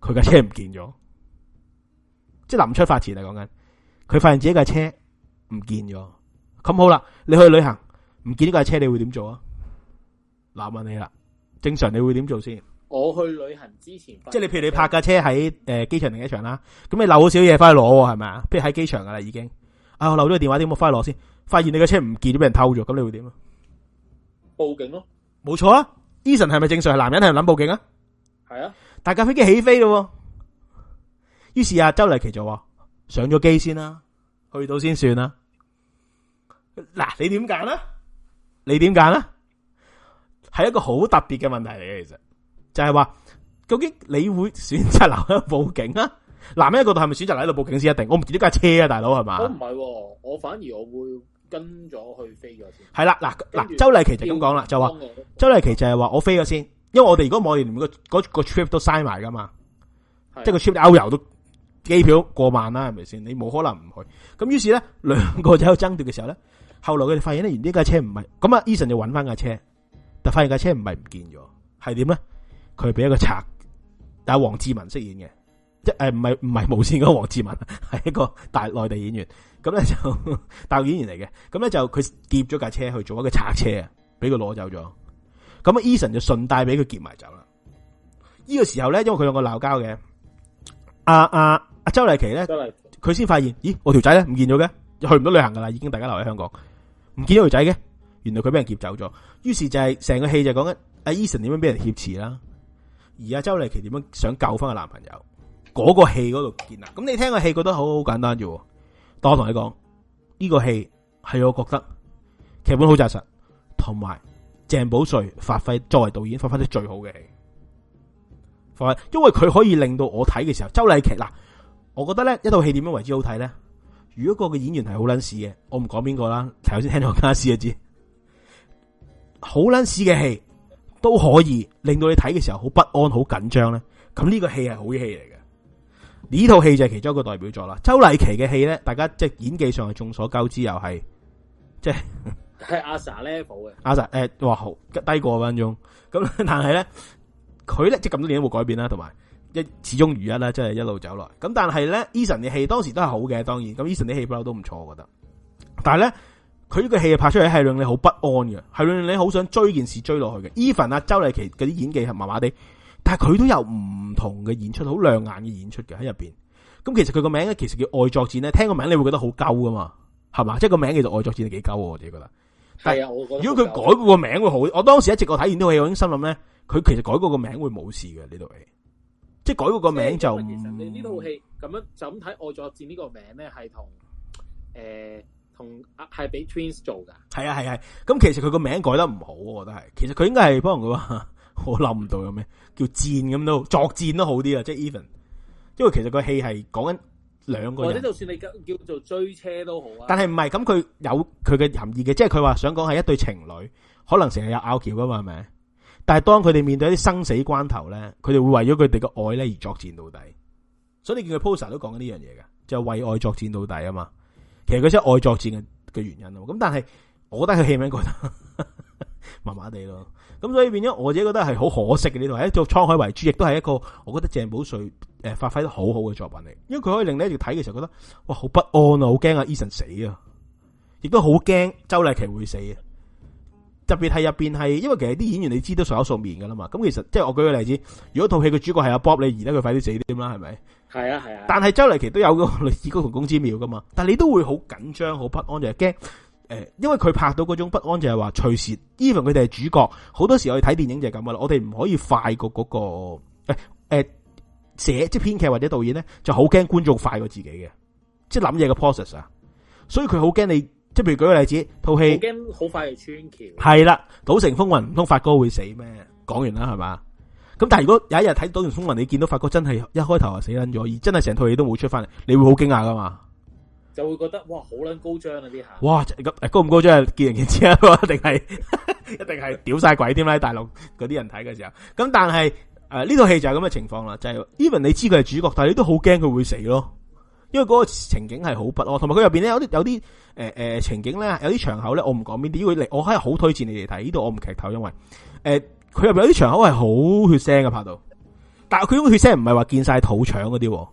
佢架車唔見咗。即係臨出發前嚟講緊，佢發現自己架車唔見咗，咁好啦，你去旅行唔見呢架車，你會點做啊？嗱，問你啦，正常你會點做先？我去旅行之前行，即係你譬如你泊架車喺誒機場停車場啦，咁你留好少嘢翻去攞係咪啊？譬如喺機場噶啦已經，啊、哎、我留咗個電話點冇翻去攞先？發現你個車唔見，俾人偷咗，咁你會點啊？報警咯，冇、e、錯啊！Eason 係咪正常？男人係諗報警啊？係啊，大架飛機起飛咯、啊。於是麗啊，周麗淇就話上咗機先啦，去到先算啦。嗱，你點揀咧？你點揀咧？係一個好特別嘅問題嚟嘅，其實就係話，究竟你會選擇留喺度報警啊？男人嗰度係咪選擇喺度報警先一定？我唔見咗架車啊，大佬係嘛？我唔係，我反而我會跟咗去飛咗先。係啦，嗱、啊、嗱著、啊，周麗淇就咁講啦，就話周麗淇就係話我飛咗先，因為我哋如果我哋每、嗰個嗰、嗰個 trip 都嘥埋噶嘛，的即係個 trip 歐遊都。機票過萬啦，係咪先？你冇可能唔去。咁於是咧，兩個仔喺度爭奪嘅時候咧，後來佢哋發現咧，原來呢架車唔係咁啊。Eason 就搵翻架車，但發現架車唔係唔見咗，係點咧？佢俾一個賊，但係黃志文飾演嘅，即係誒唔係唔係無綫黃志文，係一個大內地演員，咁咧就大陸演員嚟嘅，咁咧就佢劫咗架車去做一個賊車啊，俾佢攞走咗。咁 Eason 就順帶俾佢劫埋走啦。呢個時候咧，因為佢兩個鬧交嘅。阿阿阿周麗淇咧，佢先理發現，咦，我條仔咧唔見咗嘅，去唔到旅行噶啦，已經大家留喺香港，唔見咗條仔嘅，原來佢俾人劫走咗，於是就係成個戲就講緊阿 Eason 點樣俾人挾持啦，而阿周麗淇點樣想救翻個男朋友，嗰、嗰個戲嗰度見啦。咁你聽個戲覺得好好簡單啫，但係我同你講，呢、呢個戲係我覺得劇本好紮實，同埋鄭保瑞發揮作為導演發揮得最好嘅戲。因為佢可以令到我睇嘅時候，周麗淇嗱，我覺得咧，一套戲點樣為之好睇咧？如果個個演員係好撚屎嘅，我唔講邊個啦，頭先聽到我嘉師就知，好撚屎嘅戲都可以令到你睇嘅時候好不安、好緊張咧。咁呢個戲係好嘅戲嚟嘅，呢套戲就係其中一個代表作啦。周麗淇嘅戲咧，大家即係演技上係眾所周知，又係即係係阿 sa 咧好嘅，阿 sa 誒，哇好低過分鐘，咁但係咧。佢咧即咁多年都冇改變啦，同埋一始終如一啦，即係一路走來。咁但係咧，Eason 嘅戲當時都係好嘅，當然咁 Eason 啲戲不嬲都唔錯，我覺得。但係咧，佢呢個戲拍出嚟係令你好不安嘅，係令你好想追件事追落去嘅。Even 阿周麗琪嗰啲演技係麻麻地，但係佢都有唔同嘅演出，好亮眼嘅演出嘅喺入邊。咁其實佢個名咧，其實叫《愛作戰》咧，聽個名你會覺得好鳩噶嘛，係嘛？即係個名其實《愛作戰》係幾鳩喎，我自己覺得？係啊，我覺得，如果佢改嗰個名會好，我當時一直個睇完套戲，我已經心諗咧，佢其實改嗰個名會冇事嘅呢套戲，即係改嗰個名就。你呢套戲咁樣就咁睇《愛作戰》呢個名咧，係同誒同阿係俾 Twins 做噶係啊係啊，咁其實佢個名改得唔好，我覺得係，其實佢應該係可能佢話，我諗唔到有咩叫戰咁都作戰都好啲啊！即係 Even，因為其實個戲係講緊。或者就算你叫做追車都好啊，但係唔係咁，佢有佢嘅含義嘅，即係佢話想講係一對情侶，可能成日有拗撬啊嘛，係咪？但係當佢哋面對一啲生死關頭咧，佢哋會為咗佢哋嘅愛咧而作戰到底。所以你見佢 poster 都講緊呢樣嘢嘅，就係為愛作戰到底啊嘛。其實佢真係愛作戰嘅嘅原因咯。咁但係我覺得佢戲名覺得。 [laughs] 麻麻地咯，咁所以變咗，我自己覺得係好可惜嘅呢套，係一套滄海遺珠，亦都係一個我覺得鄭保瑞誒發揮得好好嘅作品嚟，因為佢可以令你喺度睇嘅時候覺得，哇，好不安啊，好驚啊 Eason 死啊，亦都好驚周麗淇會死啊，特別係入邊係，因為其實啲演員你知都熟口熟面噶啦嘛，咁其實即係、就是、我舉個例子，如果套戲嘅主角係阿 Bob，你而家佢快啲死啲啦，係咪？係啊係啊，啊但係周麗淇都有個類似，嗰同工之妙噶嘛，但係你都會好緊張，好不安，就係驚。誒，因為佢拍到嗰種不安就係話隨時，even 佢哋係主角，好多時我哋睇電影就係咁啦。我哋唔可以快過嗰、嗰個，誒誒、呃，寫即係編劇或者導演咧，就好驚觀眾快過自己嘅，即係諗嘢嘅 process 啊。所以佢好驚你，即係譬如舉個例子，套戲驚好快就穿橋，係啦，《賭城風雲》唔通發哥會死咩？講完啦，係嘛？咁但係如果有一日睇《賭城風雲》，你見到發哥真係一開頭就死撚咗，而真係成套戲都冇出翻嚟，你會好驚訝噶嘛？就會覺得哇，好撚高張啊！啲鞋哇，咁高唔高張啊？見仁見智啊，一定係一定係屌晒鬼添啦！ [laughs] 大陸嗰啲人睇嘅時候，咁但係誒呢套戲就係咁嘅情況啦。就係 even，你知佢係主角，但係你都好驚佢會死咯，因為嗰個情景係好不咯。同埋佢入邊咧有啲有啲誒誒情景咧，有啲場口咧，我唔講邊啲。因為我係好推薦你哋睇呢度，我唔劇透，因為誒佢入邊有啲場口係好血腥嘅拍到，但係佢種血腥唔係話見晒肚腸嗰啲，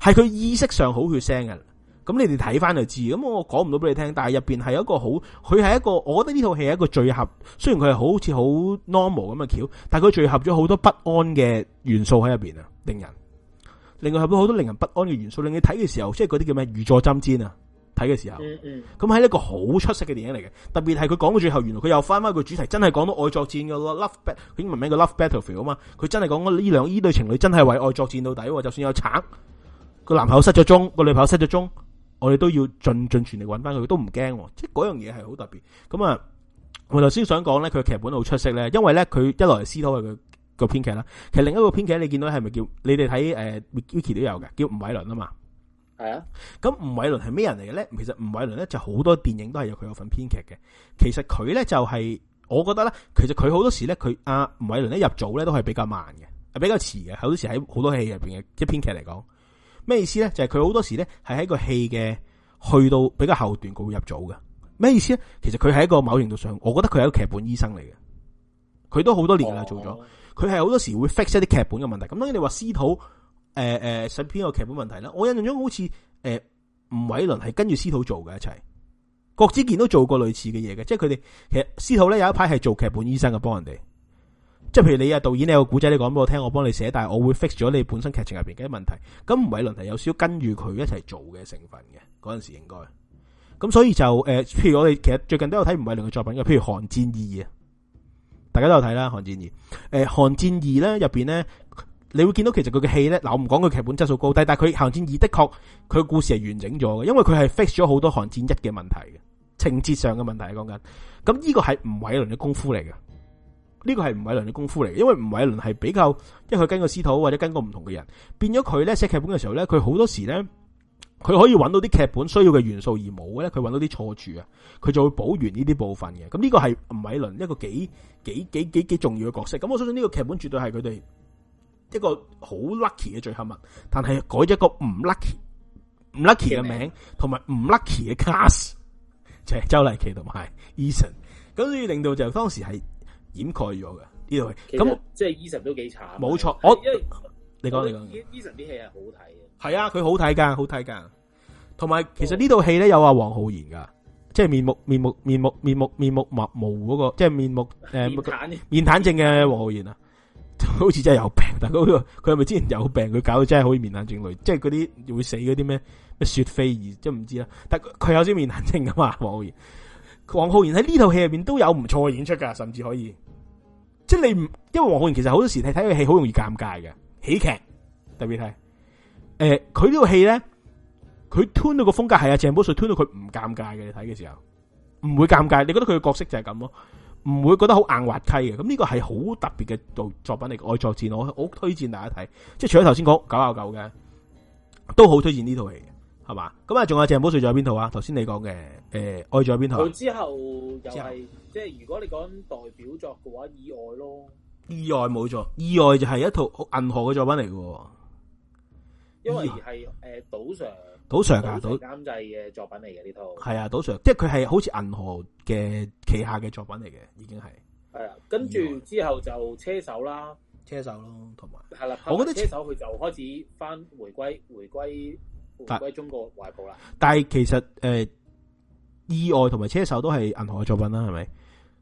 係佢意識上好血腥嘅。咁你哋睇翻就知，咁我講唔到俾你聽，但係入邊係一個好，佢係一個，我覺得呢套戲係一個聚合，雖然佢係好似好 normal 咁嘅橋，但係佢聚合咗好多不安嘅元素喺入邊啊，令人，另外係好多令人不安嘅元素，令你睇嘅時候即係嗰啲叫咩？如坐針氈啊！睇嘅時候，咁係、嗯嗯、一個好出色嘅電影嚟嘅，特別係佢講到最後，原來佢又翻翻個主題，真係講到愛作戰嘅咯，Love Battle 佢英文名叫 Love Battlefield 啊嘛，佢真係講呢兩呢對情侶真係為愛作戰到底，就算有賊，個男朋友失咗蹤，個女朋友失咗蹤。我哋都要盡盡全力揾翻佢，都唔驚，即係嗰樣嘢係好特別。咁啊，我頭先想講咧，佢嘅劇本好出色咧，因為咧佢一來係司徒係佢個編劇啦，其實另一個編劇你見到係咪叫你哋睇，誒，Wiki 都有嘅，叫吳偉倫啊嘛。係啊的，咁吳偉倫係咩人嚟嘅咧？其實吳偉倫咧就好多電影都係有佢有份編劇嘅。其實佢咧就係、是，我覺得咧，其實佢好多時咧，佢阿吳偉倫一入組咧都係比較慢嘅，比較遲嘅，好多時喺好多戲入邊嘅，即係編劇嚟講。咩意思咧？就係佢好多時咧係喺個戲嘅去到比較後段，佢會入組嘅。咩意思咧？其實佢係一個某程度上，我覺得佢係一個劇本醫生嚟嘅。佢都好多年啦、哦，做咗。佢係好多時會 fix 一啲劇本嘅問題。咁當然你話司徒，誒、呃、誒，寫編個劇本問題啦。我印象中好似誒，吳偉倫係跟住司徒做嘅一齊。郭子健都做過類似嘅嘢嘅，即係佢哋其實司徒咧有一排係做劇本醫生嘅，幫人哋。即係譬如你啊導演，你有個古仔，你講俾我聽，我幫你寫，但係我會 fix 咗你本身劇情入邊嘅問題。咁吳偉倫係有少少跟住佢一齊做嘅成分嘅嗰陣時應該，咁所以就誒、呃，譬如我哋其實最近都有睇吳偉倫嘅作品嘅，譬如《寒戰二》啊，大家都有睇啦，《寒戰二》，呃《寒戰二》誒，《寒戰二》咧入邊咧，你會見到其實佢嘅戲咧，嗱我唔講佢劇本質素高低，但係佢《寒戰二》的確佢嘅故事係完整咗嘅，因為佢係 fix 咗好多《寒戰一》嘅問題嘅情節上嘅問題係講緊，咁呢個係吳偉倫嘅功夫嚟嘅。呢個係吳偉倫嘅功夫嚟，因為吳偉倫係比較，因為佢跟個師徒或者跟個唔同嘅人，變咗佢咧寫劇本嘅時候咧，佢好多時咧，佢可以揾到啲劇本需要嘅元素而冇嘅咧，佢揾到啲錯處啊，佢就會補完呢啲部分嘅。咁呢個係吳偉倫一個幾幾幾幾幾重要嘅角色。咁我相信呢個劇本絕對係佢哋一個好 lucky 嘅最後物，但係改咗一個唔 lucky 唔 lucky 嘅名同埋唔 lucky 嘅 c l a s 名 s class, 就係周麗琪同埋 Eason，咁所以令到就當時係。掩蓋咗嘅呢套戲，咁實我即係 Eason 都幾慘。冇錯錯，哦、我、e、你講你講，Eason 啲戲係好睇嘅。係啊，佢好睇噶，好睇噶。同埋其實呢套戲咧有阿黃浩然噶，即係面目面目面目面目面目面目模糊嗰，那個，即係面目誒、呃、面癱坦症嘅黃浩然啊， [laughs] 好似真係有病。但佢佢係咪之前有病佢搞到真係可以面癱症類，即係嗰啲會死嗰啲咩咩雪飛兒，即係唔知啦。但佢有啲面癱症噶嘛，黃浩然。黃浩然喺呢套戲入邊都有唔錯嘅演出噶，甚至可以。即係你唔，因為黃浩然其實好多時睇睇佢戲好容易尷尬嘅喜劇，特別係，誒、呃，佢呢套戲咧，佢吞到個風格係啊，鄭保瑞吞到佢唔尷尬嘅，你睇嘅時候唔會尷尬，你覺得佢嘅角色就係咁咯，唔會覺得好硬滑稽嘅，咁呢個係好特別嘅部作品嚟，嘅，愛作戰我好推薦大家睇，即係除咗頭先講九九九嘅，都好推薦呢套戲。係嘛？咁啊，仲有鄭保瑞仲有邊套啊？頭先你講嘅誒，愛咗邊套？佢之後又係後即係，如果你講代表作嘅話，意外咯。意外冇錯，意外就係一套銀河嘅作品嚟喎，因為係誒，杜 Sir 杜 Sir 啊，杜監製嘅作品嚟嘅呢套。係啊，杜 Sir 即係佢係好似銀河嘅旗下嘅作品嚟嘅，已經係。係啊，跟住之後就車手啦，車手咯，同埋係啦。啊、我覺得車手佢就開始翻回歸，回歸。但中國懷抱啦。但係其實誒、呃，意外同埋車手都係銀行嘅作品啦，係咪？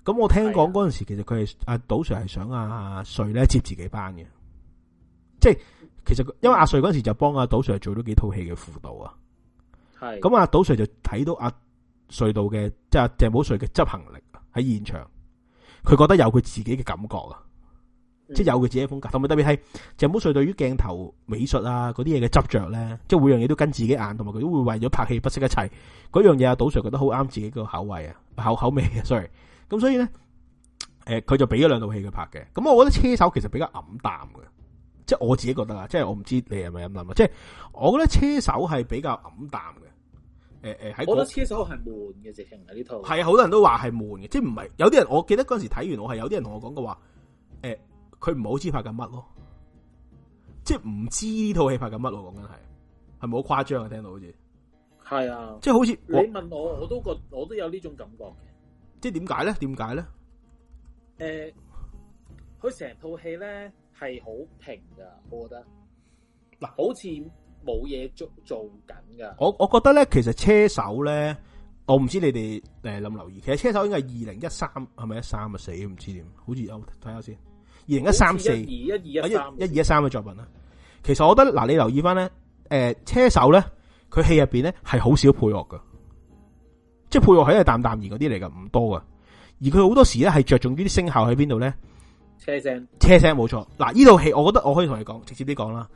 咁我聽講嗰陣時，其實佢係阿賭 Sir 係想阿瑞咧接自己班嘅。即係其實因為阿瑞嗰陣時就幫阿賭 Sir 做咗幾套戲嘅輔導是的 啊。係。咁阿賭 Sir 就睇到阿瑞導嘅即係鄭寶瑞嘅執行力喺現場，佢覺得有佢自己嘅感覺啊。即係有佢自己風格，同埋特別係鄭保瑞對於鏡頭美術啊嗰啲嘢嘅執着咧，即係每樣嘢都跟自己眼，同埋佢都會爲咗拍戲不惜一切。嗰樣嘢啊，杜 Sir 覺得好啱自己個口，口，口味啊，口口味啊，sorry。咁所以咧，誒、呃，佢就俾咗兩套戲佢拍嘅。咁我覺得車手其實比較暗淡嘅，即係我自己覺得啊，即係我唔知你係咪咁諗啊。即係我覺得車手係比較暗淡嘅。誒、呃、誒，喺、呃那個，我覺得車手係悶嘅，直情係呢套。係啊，好多人都話係悶嘅，即係唔係有啲人。我記得嗰陣時睇完，我係有啲人同我講過話。佢唔好知拍緊乜咯，即係唔知套戲拍緊乜咯，講緊係係咪好誇張啊？聽到好似係啊，即係好似你問我，我都覺得我都有呢種感覺嘅。即係點解咧？點解咧？誒、呃，佢成套戲咧係好平噶，我覺得嗱，啊、好似冇嘢做做緊噶。我我覺得咧，其實車手咧，我唔知你哋誒諗留意，其實車手應該係二零一三係咪一三啊死唔知點，好似有睇下先。一、二,一二一三，啊、一、一二、一三，一、二、一三嘅作品啦。其實我覺得嗱、啊，你留意翻咧，誒、呃、車手咧，佢戲入面咧係好少配樂㗎，即係配樂係一淡淡然嗰啲嚟嘅，唔多㗎。而佢好多時咧係着重於啲聲效喺邊度咧，車聲，車聲冇錯。嗱、啊，呢套戲我覺得我可以同你講直接啲講啦，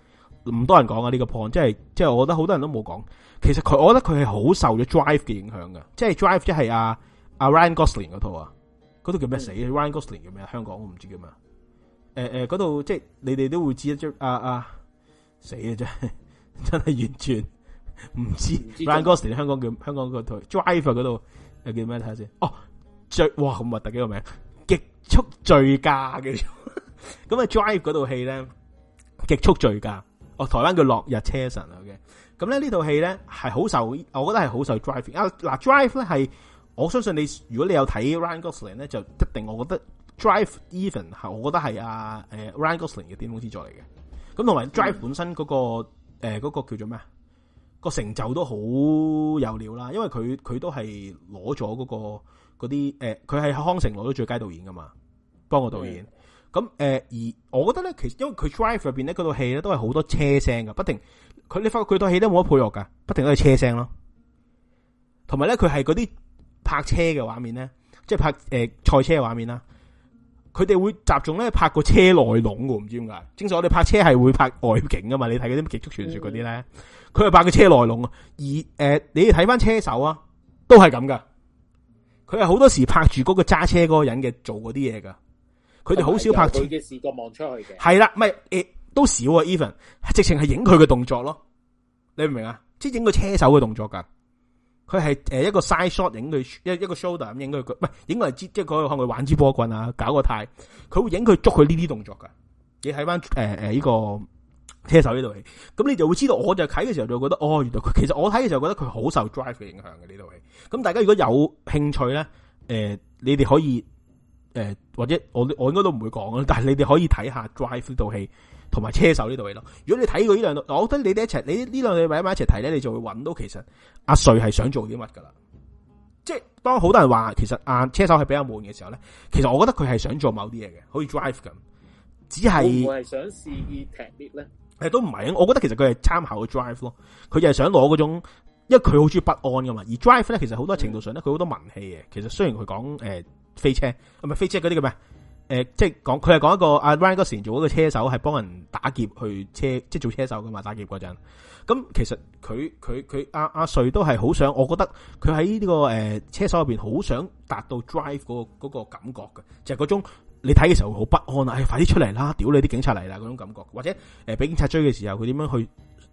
唔多人講啊呢個 point，即係即係我覺得好多人都冇講。其實佢，我覺得佢係好受咗 Drive 嘅影響㗎。即係 Drive 即係啊阿 Ryan Gosling 嗰套啊，嗰、啊、套，套叫咩死、嗯、？Ryan Gosling 叫咩？香港我唔知叫咩。誒誒，嗰度，呃、即係你哋都會知一張啊啊死啊真係真係完全唔知。知 Ryan Gosling 香港叫香港嗰台 driver 嗰度又叫咩？睇下先。哦，最，哇，咁核突嘅名，極速罪駕嘅。咁啊 drive 嗰套戲咧，極速罪駕，哦，那那台灣叫落日車神嚟嘅。咁、okay，咧呢套戲咧係好受，我覺得係好受 driving 啊。嗱、啊、drive 咧係我相信你，如果你有睇 Ryan Gosling 咧，就一定我覺得。Drive even 係，我覺得係阿誒 Ryan Gosling 嘅巔峰之作嚟嘅。咁同埋 Drive、嗯、本身嗰、嗰個誒、呃嗰個、叫做咩？嗰個成就都好有料啦。因為佢佢都係攞咗嗰啲誒，佢喺、呃、康城攞咗最佳導演噶嘛，幫個導演。咁誒、嗯嗯呃、而我覺得咧，其實因為佢 Drive 入邊咧嗰套戲咧都係好多車聲噶，不停。佢你發覺佢套戲都冇得配樂噶，不停都係車聲咯。同埋咧，佢係嗰啲拍車嘅畫面咧，即係拍誒、呃、賽車嘅畫面啦。佢哋會集中咧拍個車內籠噶，唔知點解。正常我哋拍車係會拍外景噶嘛？你睇嗰啲極速傳說嗰啲咧，佢係拍個車內籠啊。而誒、呃，你要睇翻車手啊，都係咁噶。佢係好多時拍住嗰個揸車嗰個人嘅做嗰啲嘢噶。佢哋好少拍車嘅視角望出去嘅。係啦，咪誒、呃、都少啊。Even 直情係影佢嘅動作咯，你不明唔明啊？即係影個車手嘅動作噶。佢係誒一個 size shot 影佢一一個 shoulder 咁影佢佢，唔係影佢，係即係佢看佢玩支波棍啊，搞個態，佢會影佢捉佢呢啲動作噶。你睇翻誒誒呢個車手呢套戲，咁你就會知道，我就睇嘅時候就覺得哦，原來其實我睇嘅時候覺得佢好受 drive 嘅影響嘅呢套戲。咁大家如果有興趣咧，誒、呃、你哋可以誒、呃、或者我我應該都唔會講啦，但係你哋可以睇下 drive 呢套戲。同埋車手呢度嘢咯，如果你睇過呢兩，我覺得你哋一齊，你呢兩你咪一班一齊睇咧，你就會揾到其實阿瑞係想做啲乜噶啦。即係當好多人話其實阿車手係比較悶嘅時候咧，其實我覺得佢係想做某啲嘢嘅，好似 drive 咁，只係我係想試劈裂咧。誒，都唔係，我覺得其實佢係參考個 drive 咯，佢就係想攞嗰種，因為佢好中意不安噶嘛。而 drive 咧，其實好多程度上咧，佢好多文氣嘅。其實雖然佢講誒飛車，唔係飛車嗰啲叫咩？誒、呃，即係講佢係講一個阿、啊、Ryan Gosling 做一個車手，係幫人打劫去車，即係做車手噶嘛，打劫嗰陣。咁、嗯、其實佢佢佢阿阿瑞都係好想，我覺得佢喺呢個誒、呃、車手入邊好想達到 drive 嗰、那個、那個感覺嘅，就係、是、嗰種你睇嘅時候好不安啊！哎，快啲出嚟啦，屌你啲警察嚟啦嗰種感覺，或者誒俾、呃、警察追嘅時候，佢點樣去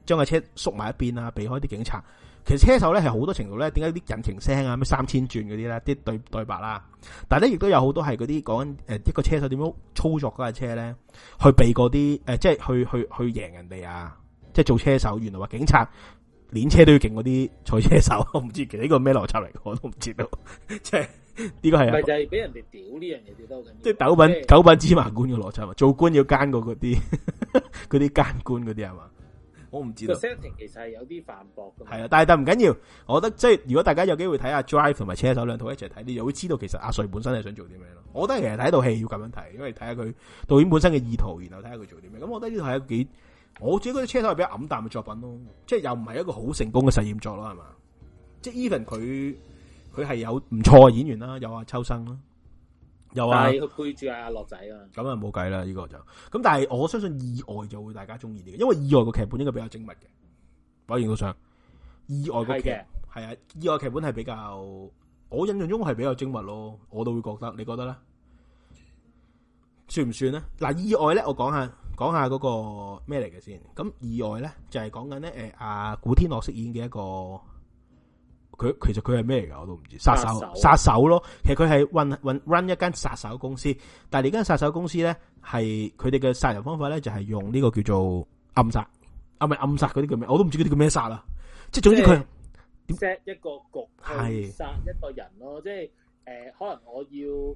將架車縮埋一邊啊，避開啲警察。其實車手咧係好多程度咧。點解啲引擎聲啊、咩三千轉嗰啲咧啲對對白啦。但係咧亦都有好多係嗰啲講緊誒一個車手點樣操作嗰架車咧，去避嗰啲誒，即係去去去贏人哋啊。即係做車手，原來話警察練車都要勁嗰啲賽車手，我唔知道其實呢個咩邏輯嚟，我都唔知道，即係呢個係啊。就係俾人哋屌呢樣嘢最即係九品九 Okay. 品芝麻官嘅邏輯啊。做官要奸過嗰啲嗰啲奸官嗰啲係嘛？我唔知道 setting 其實係有啲反駁嘅，係啊，但係就唔緊要。我覺得即係如果大家有機會睇下 Drive 同埋車手兩套一齊睇，你就會知道其實阿瑞本身係想做啲咩咯。我覺得其實睇一套戲要咁樣睇，因為睇下佢導演本身嘅意圖，然後睇下佢做啲咩。咁我覺得呢套係幾，我覺得嗰啲車手係比較暗淡嘅作品咯，即係又唔係一個好成功嘅實驗作咯，係嘛？即係 even 佢佢係有唔錯嘅演員啦，有阿秋生啦。又啊，佢配住阿樂仔啊嘛，咁啊冇計啦，呢個就咁。但係我相信意外就會大家中意啲，因為意外個劇本應該比較精密嘅。我完好場，意外個劇係啊，意外劇本係比較，我印象中係比較精密咯，我都會覺得，你覺得咧？算唔算咧？嗱，意外咧，我講下講下嗰個咩嚟嘅先。咁意外咧，就係講緊咧，誒，阿古天樂飾演嘅一個。佢其實佢係咩嚟噶？我都唔知，殺手殺手、啊、殺手咯。其實佢係運運 run 一間殺手公司，但係呢間殺手公司咧係佢哋嘅殺人方法咧就係用呢個叫做暗殺，啊唔係暗殺嗰啲叫咩？我都唔知嗰啲叫咩殺啦。即、就、係、是就是、總之佢點 set 一個局係殺一個人咯，是即係誒、呃、可能我要。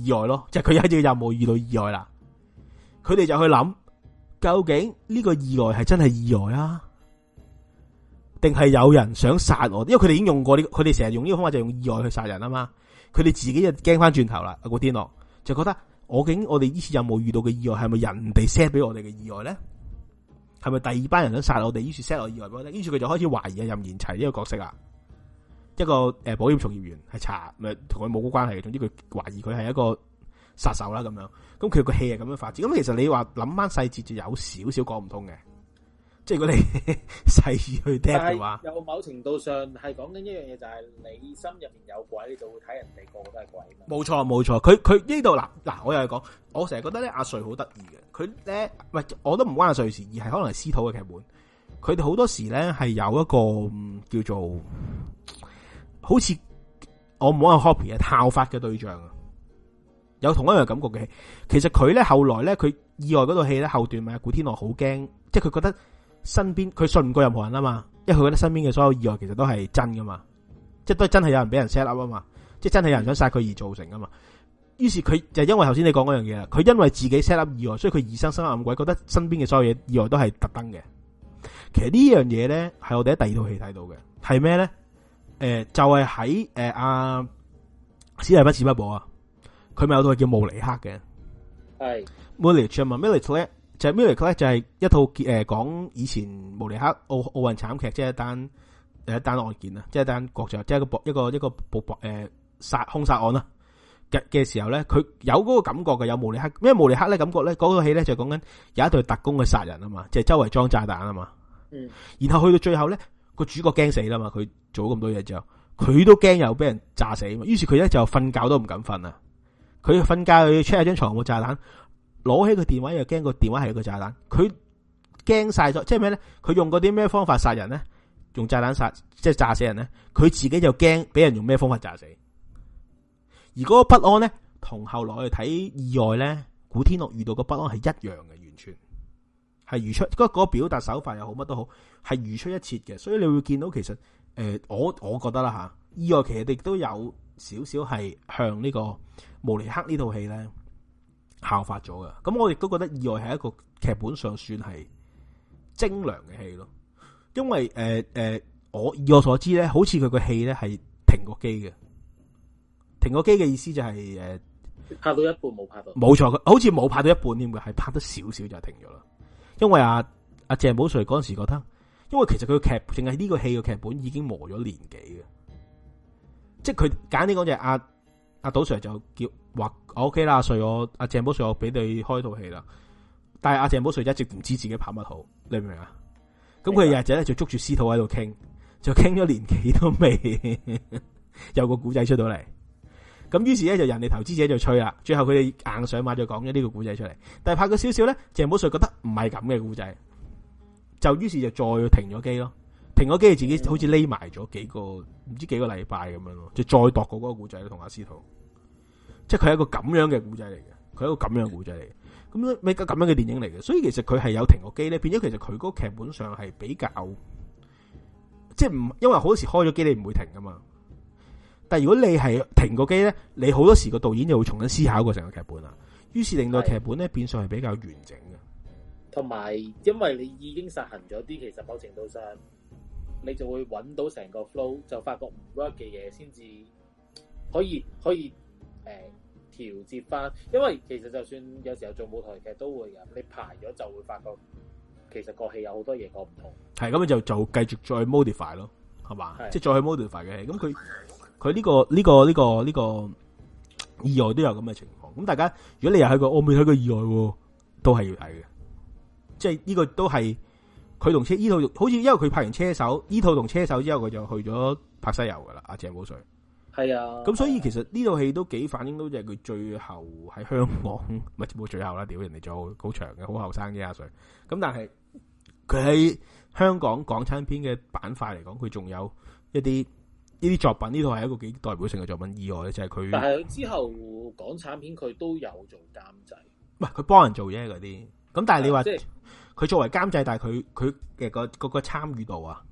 意外咯，即係佢一隻任務遇到意外啦。佢哋就去諗究竟呢個意外係真係意外啊，定係有人想殺我？因為佢哋已經用過呢、呢個，佢哋成日用呢個方法就用意外去殺人啊嘛。佢哋自己就驚翻轉頭啦。古天樂、啊、就覺得我竟我哋呢次任務遇到嘅意外係咪人哋 set 俾我哋嘅意外咧？係咪第二班人想殺我哋？於是 set 我意外俾我，於是佢就開始懷疑任賢齊呢個角色啊。一個誒，保險從業員係查咪同佢冇關係嘅，總之佢懷疑佢係一個殺手啦咁樣。咁佢個戲係咁樣發展。咁其實你話諗翻細節，想細節就有少少講唔通嘅。嗯、即係如果你細 [laughs] 去聽嘅話，有某程度上係講緊一樣嘢，就係你心入面有鬼，你就會睇人哋個個都係鬼。冇錯，冇錯。佢佢呢度嗱嗱，我又係講，我成日覺得咧阿瑞好得意嘅。佢咧，唔我都唔關阿瑞事，而係可能係司徒嘅劇本。佢哋好多時咧係有一個叫做。好似我唔好以 copy 啊！效法嘅對象啊，有同一樣感覺嘅。其實佢咧後來咧，佢意外嗰套戲咧後段咪古天樂好驚，即係佢覺得身邊佢信唔過任何人啊嘛。因為佢覺得身邊嘅所有意外其實都係真噶嘛，即係都真係有人俾人 set up 啊嘛，即係真係有人想殺佢而造成噶嘛。於是佢就是、因為頭先你講嗰樣嘢啦，佢因為自己 set up 意外，所以佢疑心生暗鬼，覺得身邊嘅所有嘢意外都係特登嘅。其實呢樣嘢咧，係我哋喺第二套戲睇到嘅，係咩咧？誒、呃，就係喺誒阿史不時不保啊，佢咪有套叫克《慕尼黑》嘅，係、呃。慕尼黑啊嘛，慕尼黑咧就係慕尼黑咧就係一套誒講以前慕尼黑奧奧運慘劇，即係、就是、一單第、呃、一單案件啊，即、就、係、是、一單國狀，即、就、係、是、一個一個一個誒殺、呃、凶殺案啦。嘅嘅時候咧，佢有嗰個感覺嘅，有慕尼黑。咩慕尼黑咧？感覺咧，嗰套戲咧就講、是、緊有一隊特工去殺人啊嘛，即係、就是、周圍裝炸彈啊嘛。嗯。然後去到最後咧。個主角驚死啦嘛，佢做咁多嘢之後，佢都驚又俾人炸死嘛。於是佢咧就瞓覺都唔敢瞓啊！佢瞓覺佢 check 下張床有冇炸彈，攞起個電話又驚個電話係個炸彈，佢驚晒咗。即係咩咧？佢用嗰啲咩方法殺人咧？用炸彈殺，即係炸死人咧？佢自己就驚俾人用咩方法炸死。而嗰個不安咧，同後來去睇意外咧，古天樂遇到個不安係一樣嘅，完全。係如出嗰、那個表達手法又好乜都好，係如出一轍嘅。所以你會見到其實，誒、呃，我我覺得啦吓、啊，意外其實亦都有少少係向、這個、這呢個慕尼克呢套戲咧效法咗嘅。咁我亦都覺得意外係一個劇本上算係精良嘅戲咯。因為誒誒、呃呃，我以我所知咧，好似佢個戲咧係停過機嘅。停過機嘅意思就係、是、誒，啊、拍到一半冇拍到，冇錯。佢好似冇拍到一半添嘅，係拍得少少就停咗啦。因為阿阿鄭保瑞嗰陣時覺得，因為其實佢嘅劇淨係呢個戲嘅劇本已經磨咗年幾嘅，即係佢揀呢講，就阿阿杜 Sir 就叫話我 OK 啦，阿、啊、瑞我阿鄭保瑞我俾你開套戲啦。但係阿鄭保瑞一直唔知自己拍乜好，你明唔明啊？咁佢是的 日仔咧就捉住司徒喺度傾，就傾咗年幾都未 [laughs] 有個古仔出到嚟。咁於是咧就人哋投資者就吹啦，最後佢哋硬上馬就講咗呢個古仔出嚟，但係拍咗少少咧，鄭保瑞覺得唔係咁嘅古仔，就於是就再停咗機咯。停咗機自己好似匿埋咗幾個唔知幾個禮拜咁樣咯，就再度過嗰個古仔同阿司徒，即係佢係一個咁樣嘅古仔嚟嘅，佢係一個咁樣嘅古仔嚟嘅，咁呢咁樣嘅電影嚟嘅。所以其實佢係有停過機咧，變咗其實佢嗰個劇本上係比較，即係唔因為好多時開咗機你唔會停噶嘛。但如果你係停個機咧，你好多時個導演就會重新思考過個成個劇本啦。於是令到劇本咧是變相係比較完整嘅，同埋因為你已經實行咗啲，其實某程度上你就會揾到成個 flow，就發覺唔 work 嘅嘢，先至可以可以誒調節翻。因為其實就算有時候做舞台劇都會啊，你排咗就會發覺其實個戲有好多嘢個唔同。係咁啊，就就繼續再 modify 咯，係嘛？是即係再去 modify 嘅咁佢。佢呢、呢個呢、呢個呢、呢個呢、呢個意外都有咁嘅情況，咁大家如果你又喺個，我未喺個意外，都係要睇嘅，即係呢個都係佢同車呢套，好似因為佢拍完車手，呢套同車手之後，佢就去咗拍西遊噶啦，阿鄭保瑞，係啊的，咁所以其實呢套戲都幾反映到就係佢最後喺香港，唔係冇最後啦，屌人哋做好長嘅，好後生啲阿瑞，咁但係佢喺香港港產片嘅板塊嚟講，佢仲有一啲。呢啲作品呢度係一個幾代表性嘅作品，意外咧就係佢。但之後港產片佢都有做監製，唔係佢幫人做嘢嗰啲。咁但係你話，即係佢作為監製，但係佢佢嘅個嗰個參與度啊，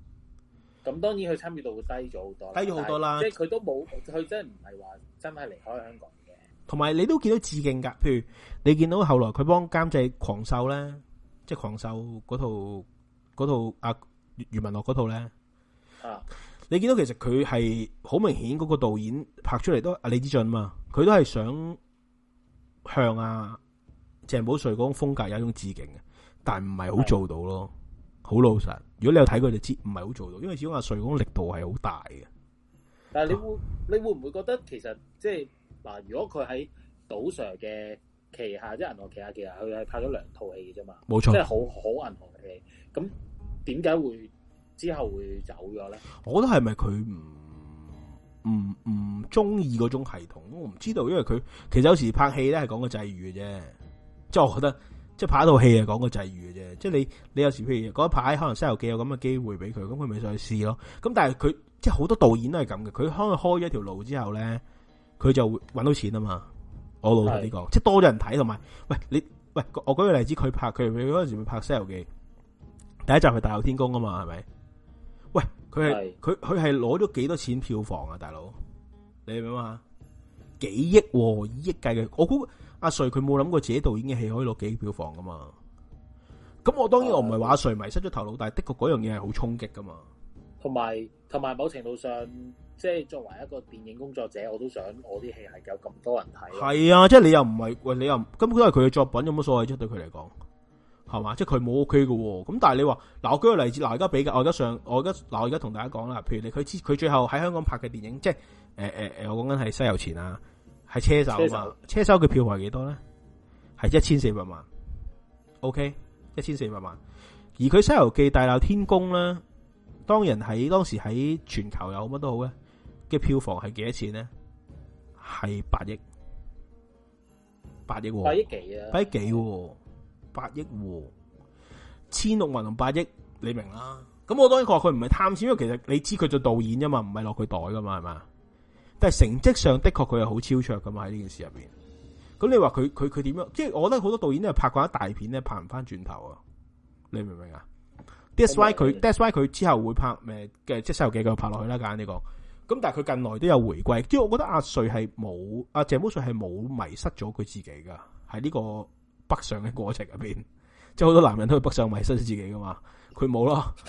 咁當然佢參與度會低咗好多，低咗好多啦。是啊、即係佢都冇，佢真係唔係話真係離開香港嘅。同埋你都見到致敬噶，譬如你見到後來佢幫監製狂秀狂獸咧，即係狂獸嗰套嗰套，套啊，余文樂嗰套咧啊。你見到其實佢係好明顯，嗰個導演拍出嚟都阿李子俊嘛，佢都係想向阿、啊、鄭保瑞嗰種風格有一種致敬嘅，但唔係好做到咯，好的老實。如果你有睇佢就知唔係好做到，因為始終阿瑞嗰種力度係好大嘅。但係你會你會唔會覺得其實即係嗱？如果佢喺杜 Sir 嘅旗下，即係銀河旗下旗下，佢係拍咗兩套戲嘅啫嘛，冇錯，即係好好銀河嘅戲。咁點解會？之後會走咗咧？我覺得係咪佢唔唔唔中意嗰種系統？我唔知道，因為佢其實有時拍戲咧係講個際遇嘅啫。即係我覺得，即係拍一套戲係講個際遇嘅啫。即係你你有時譬如嗰一排可能《西遊記》有咁嘅機會俾佢，咁佢咪再試咯。咁但係佢即係好多導演都係咁嘅，佢可能開咗一條路之後咧，佢就會揾到錢啊嘛。我老實啲講，是的 即係多咗人睇，同埋喂你喂我舉個例子，佢拍佢陣時拍《西遊記》第一集係大鬧天宮啊嘛，係咪？喂，佢係佢佢係攞咗幾多錢票房啊，大佬，你明嘛？幾億億計嘅，我估阿瑞佢冇諗過自己導演嘅戲可以攞幾億票房噶嘛？咁我當然我唔係話阿瑞迷失咗頭腦，但係的確嗰樣嘢係好衝擊噶嘛。同埋同埋，某程度上即係作為一個電影工作者，我都想我啲戲係有咁多人睇。係啊，即係你又唔係喂，你又根本都係佢嘅作品有冇所謂啫，對佢嚟講。係嘛，即係佢冇 O K 嘅，咁但係你話嗱，我舉個例子，嗱，而家比較我而家上，我而家嗱，我而家同大家講啦，譬如你佢佢最後喺香港拍嘅電影，即係誒誒誒，我講緊係《西遊前》啊，《係車手》啊，《車手》嘅票房係幾多咧？係一千四百萬，O K，一千四百萬。而佢《西遊記》《大鬧天宮》咧，當然喺當時喺全球有乜都好咧嘅票房係幾多錢咧？係八億，八億、哦，八億幾啊？八億幾？八億、啊、千六萬同八億，你明啦？咁我當然話佢唔係貪錢，因為其實你知佢做導演啫嘛，唔係落佢袋噶嘛，係嘛？但係成績上的確佢係好超卓噶嘛，喺呢件事入邊。咁你話佢佢佢點樣？即係我覺得好多導演都係拍過一大片咧，拍唔翻轉頭啊！你明唔明啊？That's why 佢 That's why 佢之後會拍咩嘅？即係《西遊記》佢拍落去啦，揀呢個。咁但係佢近來都有回歸，即係我覺得阿瑞係冇阿鄭保瑞係冇迷失咗佢自己噶，喺呢、這個北上嘅過程入邊，即係好多男人都去北上迷失自己噶嘛，佢冇咯， [laughs]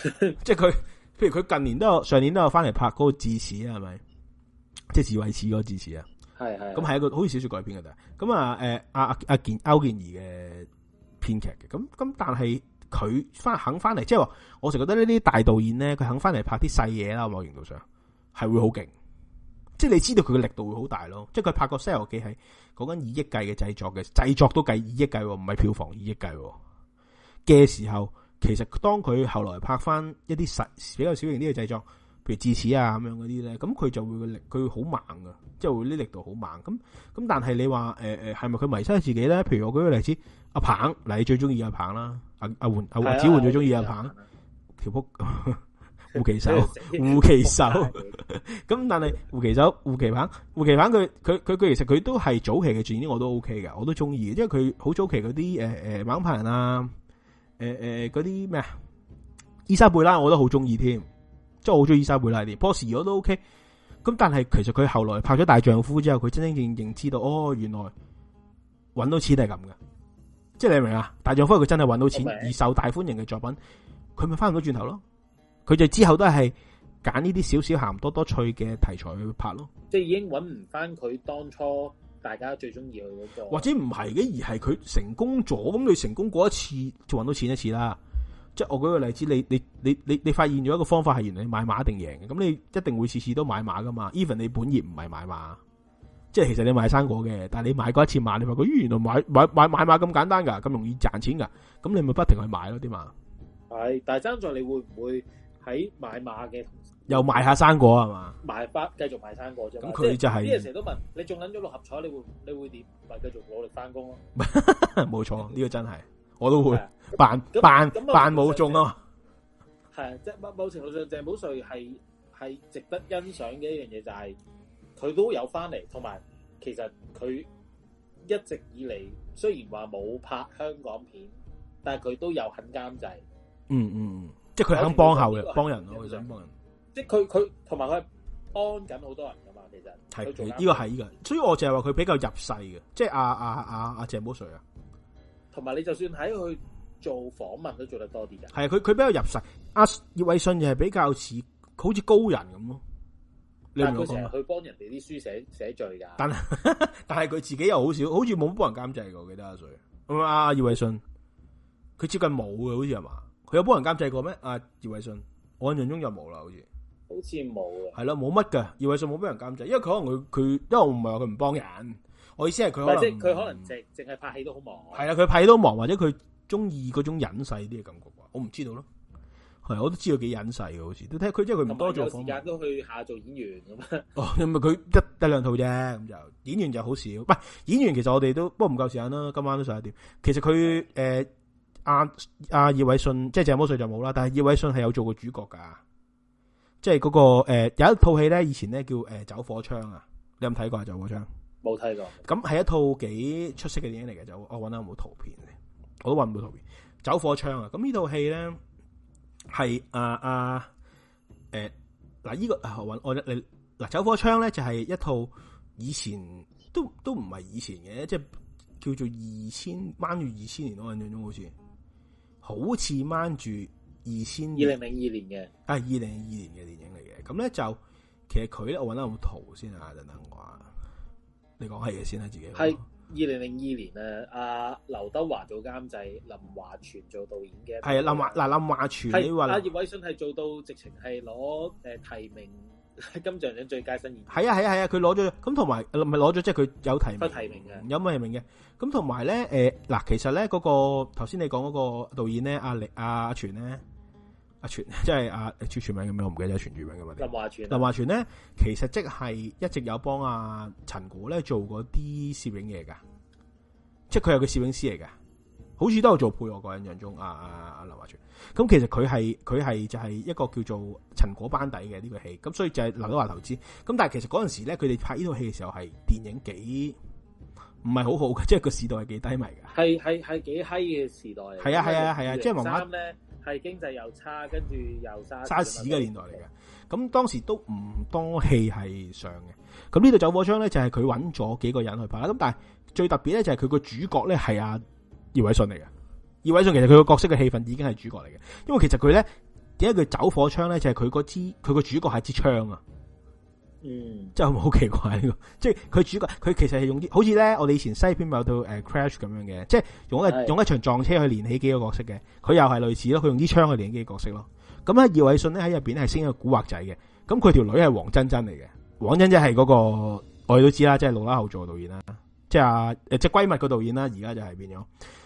即係佢，譬如佢近年都有上年都有翻嚟拍嗰個智齒啊，係咪？即係智慧齒個智齒啊，係係，咁 [noise] 係樂一個好似小說改編嘅，咁、呃、啊，誒阿阿健歐健儀嘅編劇嘅，咁咁但係佢翻肯翻嚟，即係話，我成日覺得呢啲大導演咧，佢肯翻嚟拍啲細嘢啦，某程度上係會好勁。即係你知道佢嘅力度會好大咯，即係佢拍個《西遊記》係講緊二億計嘅製作嘅，製作都計二億計喎，唔係票房二億計嘅時候，其實當佢後來拍翻一啲實比較小型啲嘅製作，譬如智，啊《智齒》啊咁樣嗰啲咧，咁佢就會個力佢好猛㗎，即係會啲力度好猛。咁咁但係你話誒誒係咪佢迷失咗自己咧？譬如我舉個例子，阿彭嗱，你最中意阿彭啦，阿阿換的、啊、阿換子最中意阿彭，條幅。護旗手，護旗 [laughs] 手，咁 [laughs] 但係護旗手、護旗 [laughs] 棒、護旗棒，佢佢佢佢其實佢都係早期嘅電影，我都 O K 嘅，我都中意，因為佢好早期嗰啲誒誒猛拍人啊，誒誒嗰啲咩啊，伊莎貝拉我都好中意添，即係我好中意伊莎貝拉啲， [laughs] 波士我都 O K，咁但係其實佢後來拍咗大丈夫之後，佢真真正正知道哦，原來揾到錢係咁㗎。即係你明唔明啊？大丈夫佢真係揾到錢 Okay. 而受大歡迎嘅作品，佢咪翻唔到轉頭咯？佢就之後都係揀呢啲少少咸多多趣嘅題材去拍咯，即係已經揾唔翻佢當初大家最中意去嗰個，或者唔係嘅，而係佢成功咗，咁佢成功過一次就揾到錢一次啦。即係我舉個例子，你你你你你發現咗一個方法係原來你買馬一定贏嘅，咁你一定會次次都買馬噶嘛？Even 你本業唔係買馬，即係其實你買生果嘅，但係你買過一次馬，你話佢原來買買買買馬咁簡單噶，咁容易賺錢噶，咁你咪不,不停去買咯啲嘛？係，但係爭在你會唔會？喺買馬嘅，同時又賣一下生果係嘛？賣翻繼續賣生果啫。咁佢就係呢個成日都問你，中撚咗六合彩，你會你會點？咪繼續努力翻工咯？冇錯， [laughs] 呢、這個真係我都會扮扮扮冇中啊！係即係某某程度上，鄭保瑞係係值得欣賞嘅一樣嘢，就係、是、佢都有翻嚟，同埋其實佢一直以嚟雖然話冇拍香港片，但係佢都有肯監製、嗯。嗯嗯。即係佢肯幫下嘅，幫人咯，佢想幫人。人幫人即係佢佢同埋佢幫緊好多人噶嘛，其實係呢、呢個係呢、呢個。所以我淨係話佢比較入世嘅。即係阿阿阿阿鄭保瑞啊，同、啊、埋、啊啊、你就算喺佢做訪問都做得多啲噶。係啊，佢佢比較入世。阿葉偉信又係比較似好似高人咁咯。你但佢成日去幫人哋啲書寫寫序噶。罪但係 [laughs] 但係佢自己又好少，好似冇乜幫人監製噶。我記得阿瑞，阿阿葉偉信，佢接近冇嘅，好似係嘛？佢有幫人監製過咩？阿葉偉信，我印象中又冇啦，好似，好似冇啊。係咯，冇乜嘅。葉偉信冇幫人監製，因為佢可能佢佢，因為我唔係話佢唔幫人，我意思係佢可能，即係佢可能淨淨係拍戲都好忙。係啊，佢拍戲都忙，或者佢中意嗰種隱世啲嘅感覺，我唔知道咯。係的，我都知道幾隱世嘅，好似都睇佢，即係佢唔多做。有有時間都去下做演員咁。 [laughs] 哦，因為有咪佢得兩套啫，咁就演員就好少。喂，演員，其實我哋都不過唔夠時間啦。今晚都十一點，其實佢誒。嗯呃阿阿葉偉信，即係鄭保瑞就冇啦，但係葉偉信係有做過主角噶即係嗰、那個誒、呃、有一套戲咧，以前咧叫誒、呃、走火槍啊，你有冇睇過？走火槍冇睇過，咁係、嗯、一套幾出色嘅電影嚟嘅，就我搵有冇圖片，我都搵唔到圖片。走火槍啊，咁呢套戲咧係阿阿誒嗱呢個我覺得你嗱走火槍咧就係、是、一套以前都都唔係以前嘅，即係叫做二千掹住二千年多陣鐘好似。好似掹住二千二零零二年嘅，係二零零二年嘅，啊、電影嚟嘅。咁咧就其實佢咧，我搵下部圖先啊，等等我。你講下嘢先啊，自己。係二零零二年啊，阿劉德華做監製，林華全做導演嘅。係啊，林華嗱，林華全，係阿葉偉信係做到直情係攞誒提名。金像獎最佳新演員，係啊係啊係啊，佢攞咗，咁同埋唔係攞咗，即係佢有提名，有提名嘅，有提名嘅。咁同埋咧，誒、呃、嗱，其實咧嗰、那個頭先你講嗰個導演咧，阿力阿阿全咧，阿全即係阿全全名咁樣，我唔記、啊、記得全、啊、全名咁啊。林華全，林華全咧，其實即係一直有幫阿陳果咧做嗰啲攝影嘢噶，即係佢係個攝影師嚟噶，好似都有做配合，我個印象中阿阿阿林華全。咁其實佢係佢係就係一個叫做陳果班底嘅呢部戲，咁所以就係劉德華投資。咁但係其實嗰陣時咧，佢哋拍呢套戲嘅時候係電影幾唔係好好嘅，即係個時代係幾低迷嘅，係係係幾嗨嘅時代嚟。係啊係啊係啊，即係黃衫咧係經濟又差，跟住又沙沙士嘅年代嚟嘅。咁、嗯、當時都唔多戲係上嘅。咁呢度《走火槍》咧就係佢揾咗幾個人去拍。咁但係最特別咧就係佢個主角咧係阿葉偉信嚟嘅。葉偉信其實佢個角色嘅戲份已經係主角嚟嘅，因為其實佢咧點解叫走火槍咧，就係佢嗰支佢個主角係支槍啊，嗯，真係好奇怪呢嘅，即係佢主角佢其實係用啲好似咧，我哋以前西片咪有套誒、呃、Crash 咁樣嘅，即係用一的用一場撞車去連起幾個角色嘅，佢又係類似咯，佢用啲槍去連起幾個角色咯。咁、嗯、啊，葉偉信咧喺入邊係升一個古惑仔嘅，咁佢條女係黃真真嚟嘅，黃真真係嗰、那個我哋都知啦，即係六樓後座導演啦，即係啊即係閨蜜個導演啦，而家就係變咗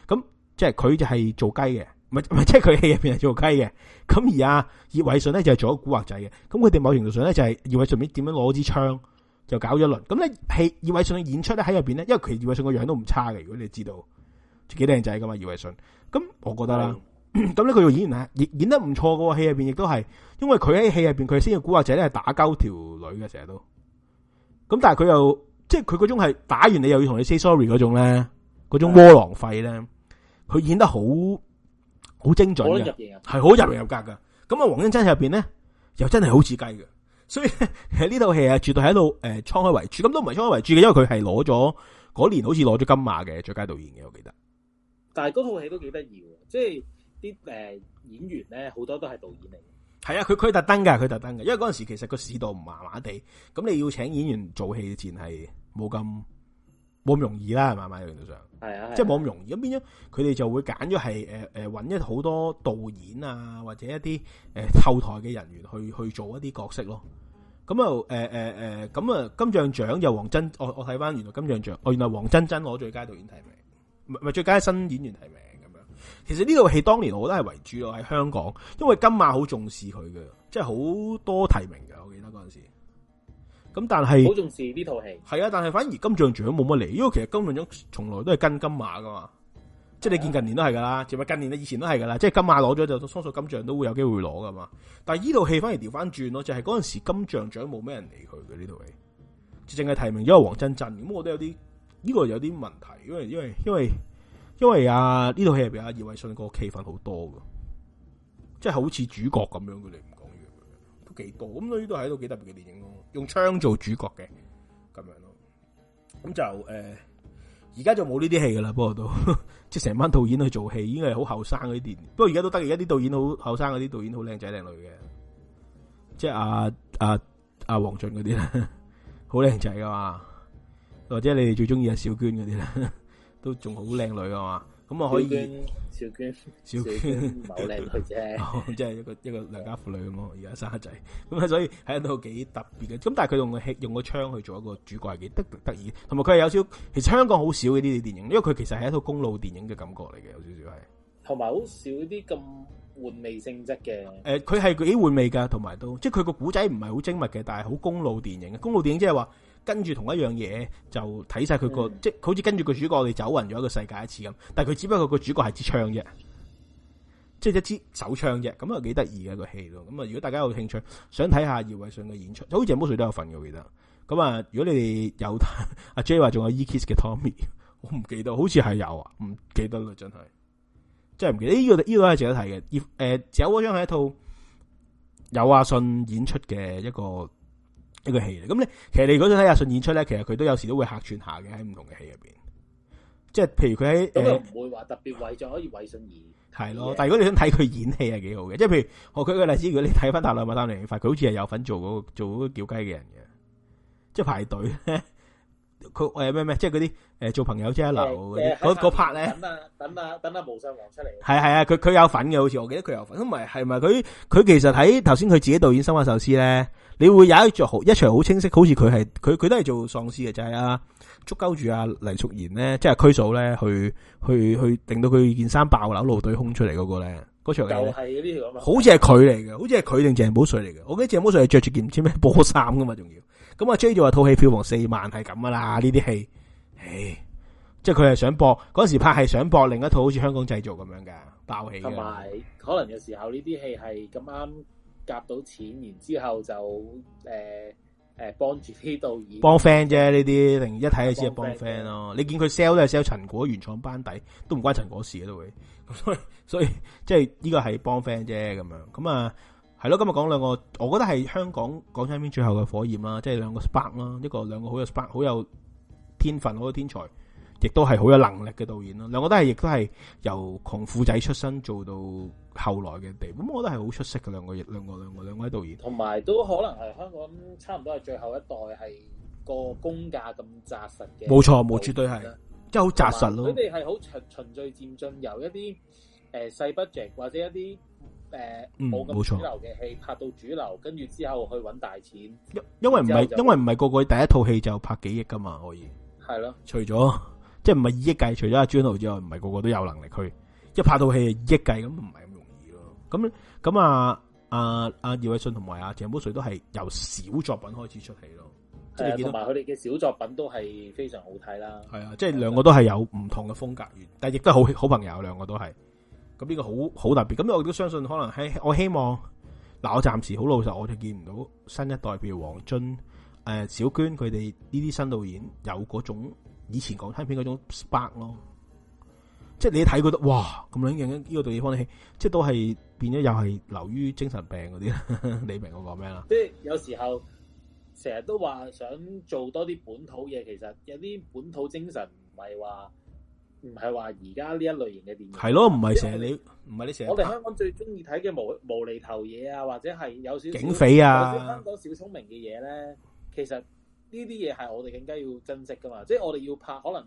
咁。嗯即係佢就係做雞嘅，唔係唔係，即係佢喺戲入邊係做雞嘅。咁而阿葉偉信咧就係做咗蠱惑仔嘅。咁佢哋某程度上咧就係葉偉信邊點樣攞支槍就搞咗一輪。咁咧戲葉偉信嘅演出咧喺入邊咧，因為佢葉偉信個樣都唔差嘅。如果你知道，幾靚仔噶嘛葉偉信。咁我覺得啦，咁呢佢做演員啊，亦演得唔錯嘅。戲入邊亦都係，因為佢喺戲入邊佢先至蠱惑仔咧，係打交條女嘅成日都。咁但係佢又即係佢嗰種係打完你又要同你 say sorry 嗰種咧，嗰種窩囊廢咧。佢演得好好精準入，係好入木入格噶。咁啊，黃英真入邊咧，又真係好似雞嘅。所以喺呢套戲啊， [laughs] 戲絕對喺度誒，滄海遺珠。咁都唔係滄海遺珠嘅，因為佢係攞咗嗰年，好似攞咗金馬嘅最佳導演嘅，我記得。但係嗰套戲都幾得意嘅，即係啲誒演員咧，好多都係導演嚟。係啊，佢佢特登噶，佢特登噶，因為嗰陣時其實個市道唔麻麻地，咁你要請演員做戲嘅前係冇咁冇咁容易啦，慢慢上上。係啊，是啊即係冇咁容易咁，變咗佢哋就會揀咗係誒誒，搵一好多導演啊，或者一啲誒、呃、後台嘅人員去去做一啲角色咯。咁啊，誒誒誒，咁、呃、啊、呃、金像獎又黃真，我我睇返原來金像獎，哦原來黃真真攞最佳導演提名，唔係最佳新演員提名咁樣。其實呢套戲當年我都係為主咯喺香港，因為金馬好重視佢嘅，即係好多提名嘅，我記得嗰陣時。咁但係好重視呢套戲，係啊！但係反而金像獎冇乜嚟，因為其實金像獎從來都係跟金馬噶嘛，是的即係你見近年都係噶啦，甚咪近年以前都係噶啦，即係金馬攞咗就雙數金像都會有機會攞噶嘛。但係呢套戲反而調翻轉咯，就係嗰陣時金像獎冇咩人理佢嘅呢套戲，淨係提名咗王珍珍，咁我都有啲呢、這個有啲問題，因為因為因為因為阿呢套戲入面阿葉偉信個戲份好多噶，即係好似主角咁樣嘅嚟。幾多咁呢？都係一個幾特別嘅電影咯，用槍做主角嘅咁樣咯。咁就誒，而、呃、家就冇呢啲戲噶啦。不過都呵呵即係成班導演去做戲，已經係好後生嗰啲電。不過而家都得，而家啲導演好後生嗰啲導演好靚仔靚女嘅，即係阿阿阿黃俊嗰啲啦，好靚仔噶嘛。或者你哋最中意阿小娟嗰啲啦，都仲好靚女噶嘛。咁啊可以，小娟，小娟，小娟冇靚娟娟女啫、 [laughs] 哦，即係一個一個良家婦女咁咯，而家生仔，咁所以係一度幾特別嘅，咁但係佢用個用個槍去做一個主角係幾得得意，同埋佢係有少，其實香港好少呢啲電影，因為佢其實係一套公路電影嘅感覺嚟嘅，有少有少係，同埋好少啲咁玩味性質嘅，誒、呃，佢係幾玩味噶，同埋都，即係佢個古仔唔係好精密嘅，但係好公路電影嘅，公路電影即係話。跟住同一樣嘢就睇晒佢個即係，好似跟住個主角，我哋走匀咗一個世界一次咁。但係佢只不過個主角係支槍啫，即係一支手槍啫。咁、那、啊、個，幾得意嘅個戲咯。咁啊，如果大家有興趣想睇下葉偉信嘅演出，好似阿摩都有份嘅，我記得。咁啊，如果你哋有阿、啊、J 話仲有 E Kiss 嘅 Tommy，我唔記得，好似係有啊，唔記得啦，真係，真係唔記得。呢、這個呢、這個係值得睇嘅。葉誒，只有嗰張係一套有阿信演出嘅一個。一個戲咧，咁你其實你如果想睇阿信演出咧，其實佢都有時都會客串下嘅，喺唔同嘅戲入邊。即係譬如佢喺，咁又唔會話特別為咗可以為信演。係咯，但係如果你想睇佢演戲係幾好嘅，即係譬如我舉個例子，如果你睇翻《大兩百三零零》，佢好似係有份做嗰做嗰叫雞嘅人嘅，即係排隊咧。佢誒咩咩，即係嗰啲誒做朋友真一流嗰嗰 part 咧。等啊等啊等啊，無上皇出嚟。係啊係啊，佢佢有份嘅，好似我記得佢有份。唔係係咪？佢佢其實喺頭先佢自己導演《生化壽屍》咧。你會有一場好一場好清晰，好似佢係佢佢都係做喪屍嘅，就係阿捉鳩住阿黎淑賢呢，即係驅嫂咧去去去，令到佢件衫爆紐露對空出嚟嗰、嗰個咧，嗰場又係咁好似係佢嚟嘅，好似係佢定鄭保瑞嚟嘅。我記得鄭保瑞係着住件唔知咩波衫噶嘛，仲要咁啊追住話套戲票房四萬係咁噶啦，呢啲戲唉，即係佢係想博嗰時拍係想博另一套好似香港製造咁樣嘅爆戲，同埋可能有時候呢啲戲係咁啱。夾到錢，然之後就誒誒、呃呃、幫住呢啲導演幫 friend 啫，呢啲，一睇就知係幫 friend 咯、啊。啊、你見佢 sell 都係 sell 陳果原創班底，都唔關陳果事嘅都會，所以所以即係呢、這個係幫 friend 啫咁樣。咁啊係咯，今日講兩個，我覺得係香港港產片最後嘅火焰啦，即係兩個 spark 啦，一個兩個好有 spark，好有天分，好有天才，亦都係好有能力嘅導演啦。兩個都係，亦都係由窮富仔出身做到。後來嘅地，咁我覺得係好出色嘅兩個，兩個兩個兩個導演，同埋都可能係香港差唔多係最後一代係個功架咁紮實嘅，冇錯，冇絕對係，即係好紮實咯。佢哋係好循序漸進，由一啲誒細 budget 或者一啲誒冇咁主流嘅戲錯拍到主流，跟住之後去搵大錢。因因為唔係，因為唔係個個第一套戲就拍幾億噶嘛，可以係咯的。除咗即係唔係二億計，除咗阿 Jun 導之外，唔係個個都有能力去一拍套戲億計咁，唔係。咁咁啊，阿阿葉偉信同埋阿鄭保瑞都係由小作品開始出戲咯，即係同埋佢哋嘅小作品都係非常好睇啦。係啊，即係兩個都係有唔同嘅風格，的但亦都係好好朋友，兩個都係。咁呢個好好特別。咁我亦都相信，可能喺我希望嗱，我暫時好老實，我哋見唔到新一代，譬如黃進、誒、呃、小娟佢哋呢啲新導演有嗰種以前港片嗰種 spark 咯。即係你睇覺得哇咁樣樣呢個地方呢，即係都係變咗又係流於精神病嗰啲啦。你明我講咩啦？即係有時候成日都話想做多啲本土嘢，其實有啲本土精神唔係話唔係話而家呢一類型嘅電影。係咯，唔係成日你唔係是你成日。我哋香港最中意睇嘅無、啊、無厘頭嘢，啊，或者係有少少警匪啊，香港小聰明嘅嘢咧，其實呢啲嘢係我哋更加要珍惜噶嘛。即係我哋要拍可能。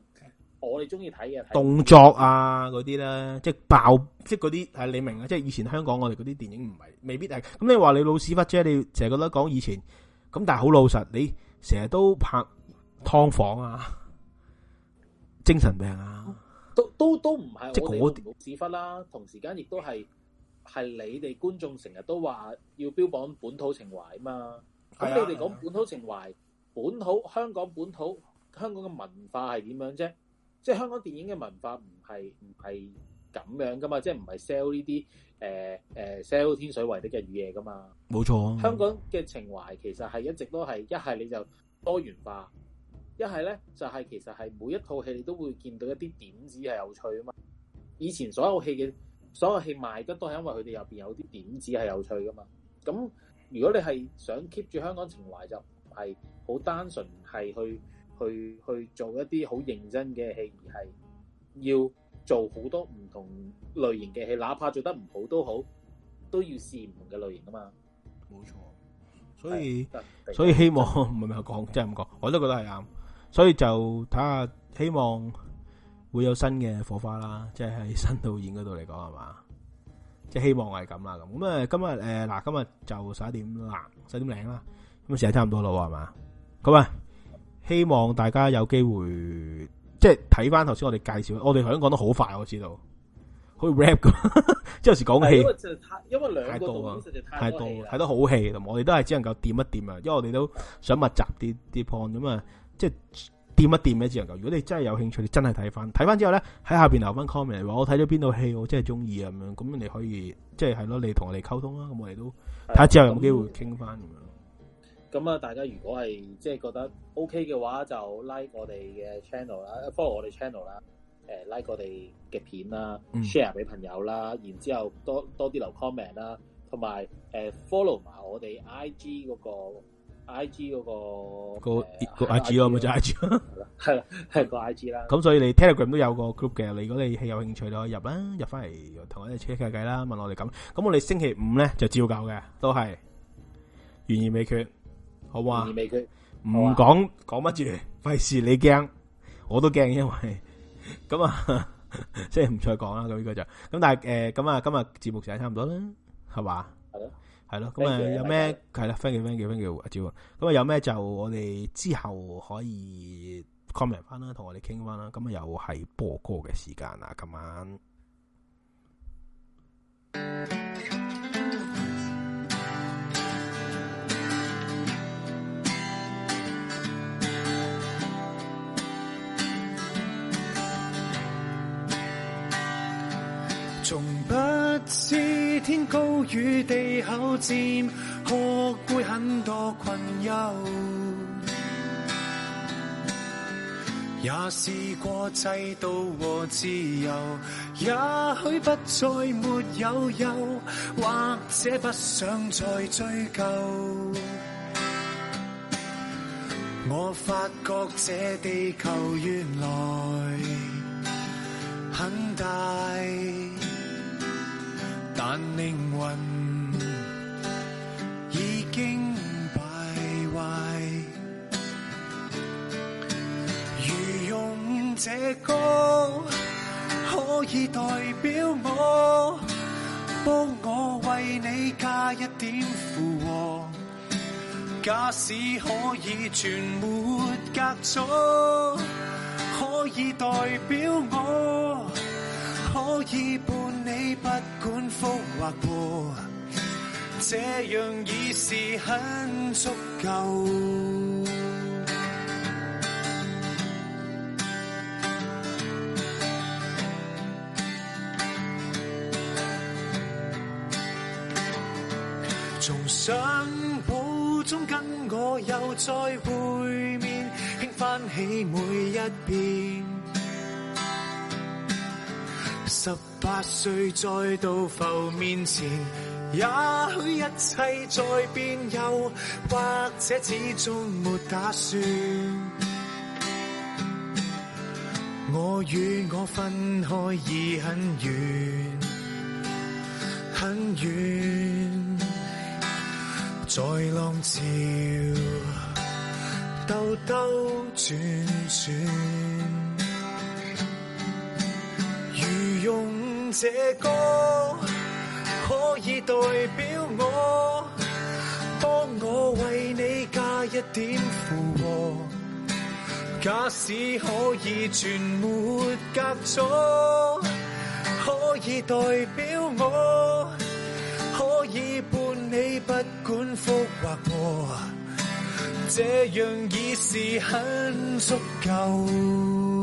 我哋中意睇嘅動作啊，嗰啲啦，即係爆，即係嗰啲係你明啊！即係以前香港我哋嗰啲電影唔係，未必係。咁你話你老屎忽啫，你成日覺得講以前咁，但係好老實，你成日都拍劏房啊，精神病啊，都都都唔係我哋老屎忽啦。咁同時間亦都係係你哋觀眾成日都話要標榜本土情懷啊嘛。咁、啊、你哋講本土情懷，啊、本土香港本土香港嘅文化係點樣啫？即係香港電影嘅文化唔係唔係咁樣噶嘛，即係唔係 sell 呢啲、呃呃、sell 天水圍的嘅雨夜噶嘛。冇錯啊！香港嘅情懷其實係一直都係一係你就多元化，一係咧就係、是、其實係每一套戲你都會見到一啲點子係有趣啊嘛。以前所有戲嘅所有戲賣得都係因為佢哋入面有啲點子係有趣噶嘛。咁如果你係想 keep 住香港情懷，就係好單純係去。去去做一啲好認真嘅戲，而係要做好多唔同類型嘅戲，哪怕做得唔好都好，都要試唔同嘅類型啊嘛。冇錯，所以、嗯、所以、所以希望唔係唔係講，真係唔講，我都覺得係啱。所以就睇下希望會有新嘅火花啦，即係喺新導演嗰度嚟講係嘛，即係、就是、希望係咁啦。咁咁啊，今日誒嗱，今日就十一點啦，十點零啦，咁時間差唔多啦，係嘛，咁啊。希望大家有機會，即係睇翻頭先我哋介紹，我哋講得好快，我知道，好 rap 㗎。即係有時講戲因，因為兩個太多，太多，太多，睇到好戲同埋、嗯、我哋都係只能夠掂一掂啊，因為我哋都想密集啲啲 point 咁啊，即係掂一掂嘅。只能夠如果你真係有興趣，你真係睇翻，睇翻之後咧，喺下面留翻 comment 話我睇咗邊套戲，我真係中意啊咁樣，咁你可以即係係咯，你同我哋溝通啦。咁我哋都睇下、嗯、之後有冇機會傾翻咁樣。咁啊，大家如果係即係覺得 OK 嘅話，就 like 我哋嘅 channel 啦，follow 我哋 channel 啦，誒，like 我哋嘅片啦，share 俾朋友啦，然之後多多啲留 comment 啦，同埋誒 follow 埋我哋 IG 嗰、嗰個、個 IG 嗰個個個 IG 啊，咪就 IG，係啦，係個 IG 啦。咁所以你 Telegram 都有個 group 嘅，你如果你係有興趣，就可以入啦，入翻嚟同我哋傾下計啦，問我哋咁，咁我哋星期五咧就照舊嘅，都係懸而未決。好啊，唔講講乜住，費事你驚，我都驚，因為咁啊，嗯嗯、 [laughs] 即係唔再講啦，咁依家就咁。但係誒，咁、呃、啊，今日節目時間差唔多啦，係嘛？係咯，係咯。咁啊，有咩係啦？thank you，thank you，thank you，阿招。咁啊謝，謝謝謝謝謝謝，有咩就我哋之後可以 comment 翻啦，同我哋傾翻啦。咁啊，又係播歌嘅時間啦，今晚。從不知天高與地厚，漸學會很多困擾，也試過制度和自由，也許不再沒有憂，或者不想再追究。我發覺這地球原來很大。但靈魂已經敗壞，如用這歌可以代表我，幫我為你加一點附和。假使可以全沒隔阻，可以代表我。可以伴你，不管福或禍，這樣已是很足夠。從 [music] 想古中跟我又再會面，輕翻起每一遍。八歲再度浮面前，也許一切在變舊，或者始終沒打算。我與我分開已很遠，很遠，在浪潮兜兜轉轉，如用。這歌可以代表我，幫我為你加一點負荷。假使可以全沒隔阻，可以代表我，可以伴你不管福或禍，這樣已是很足夠。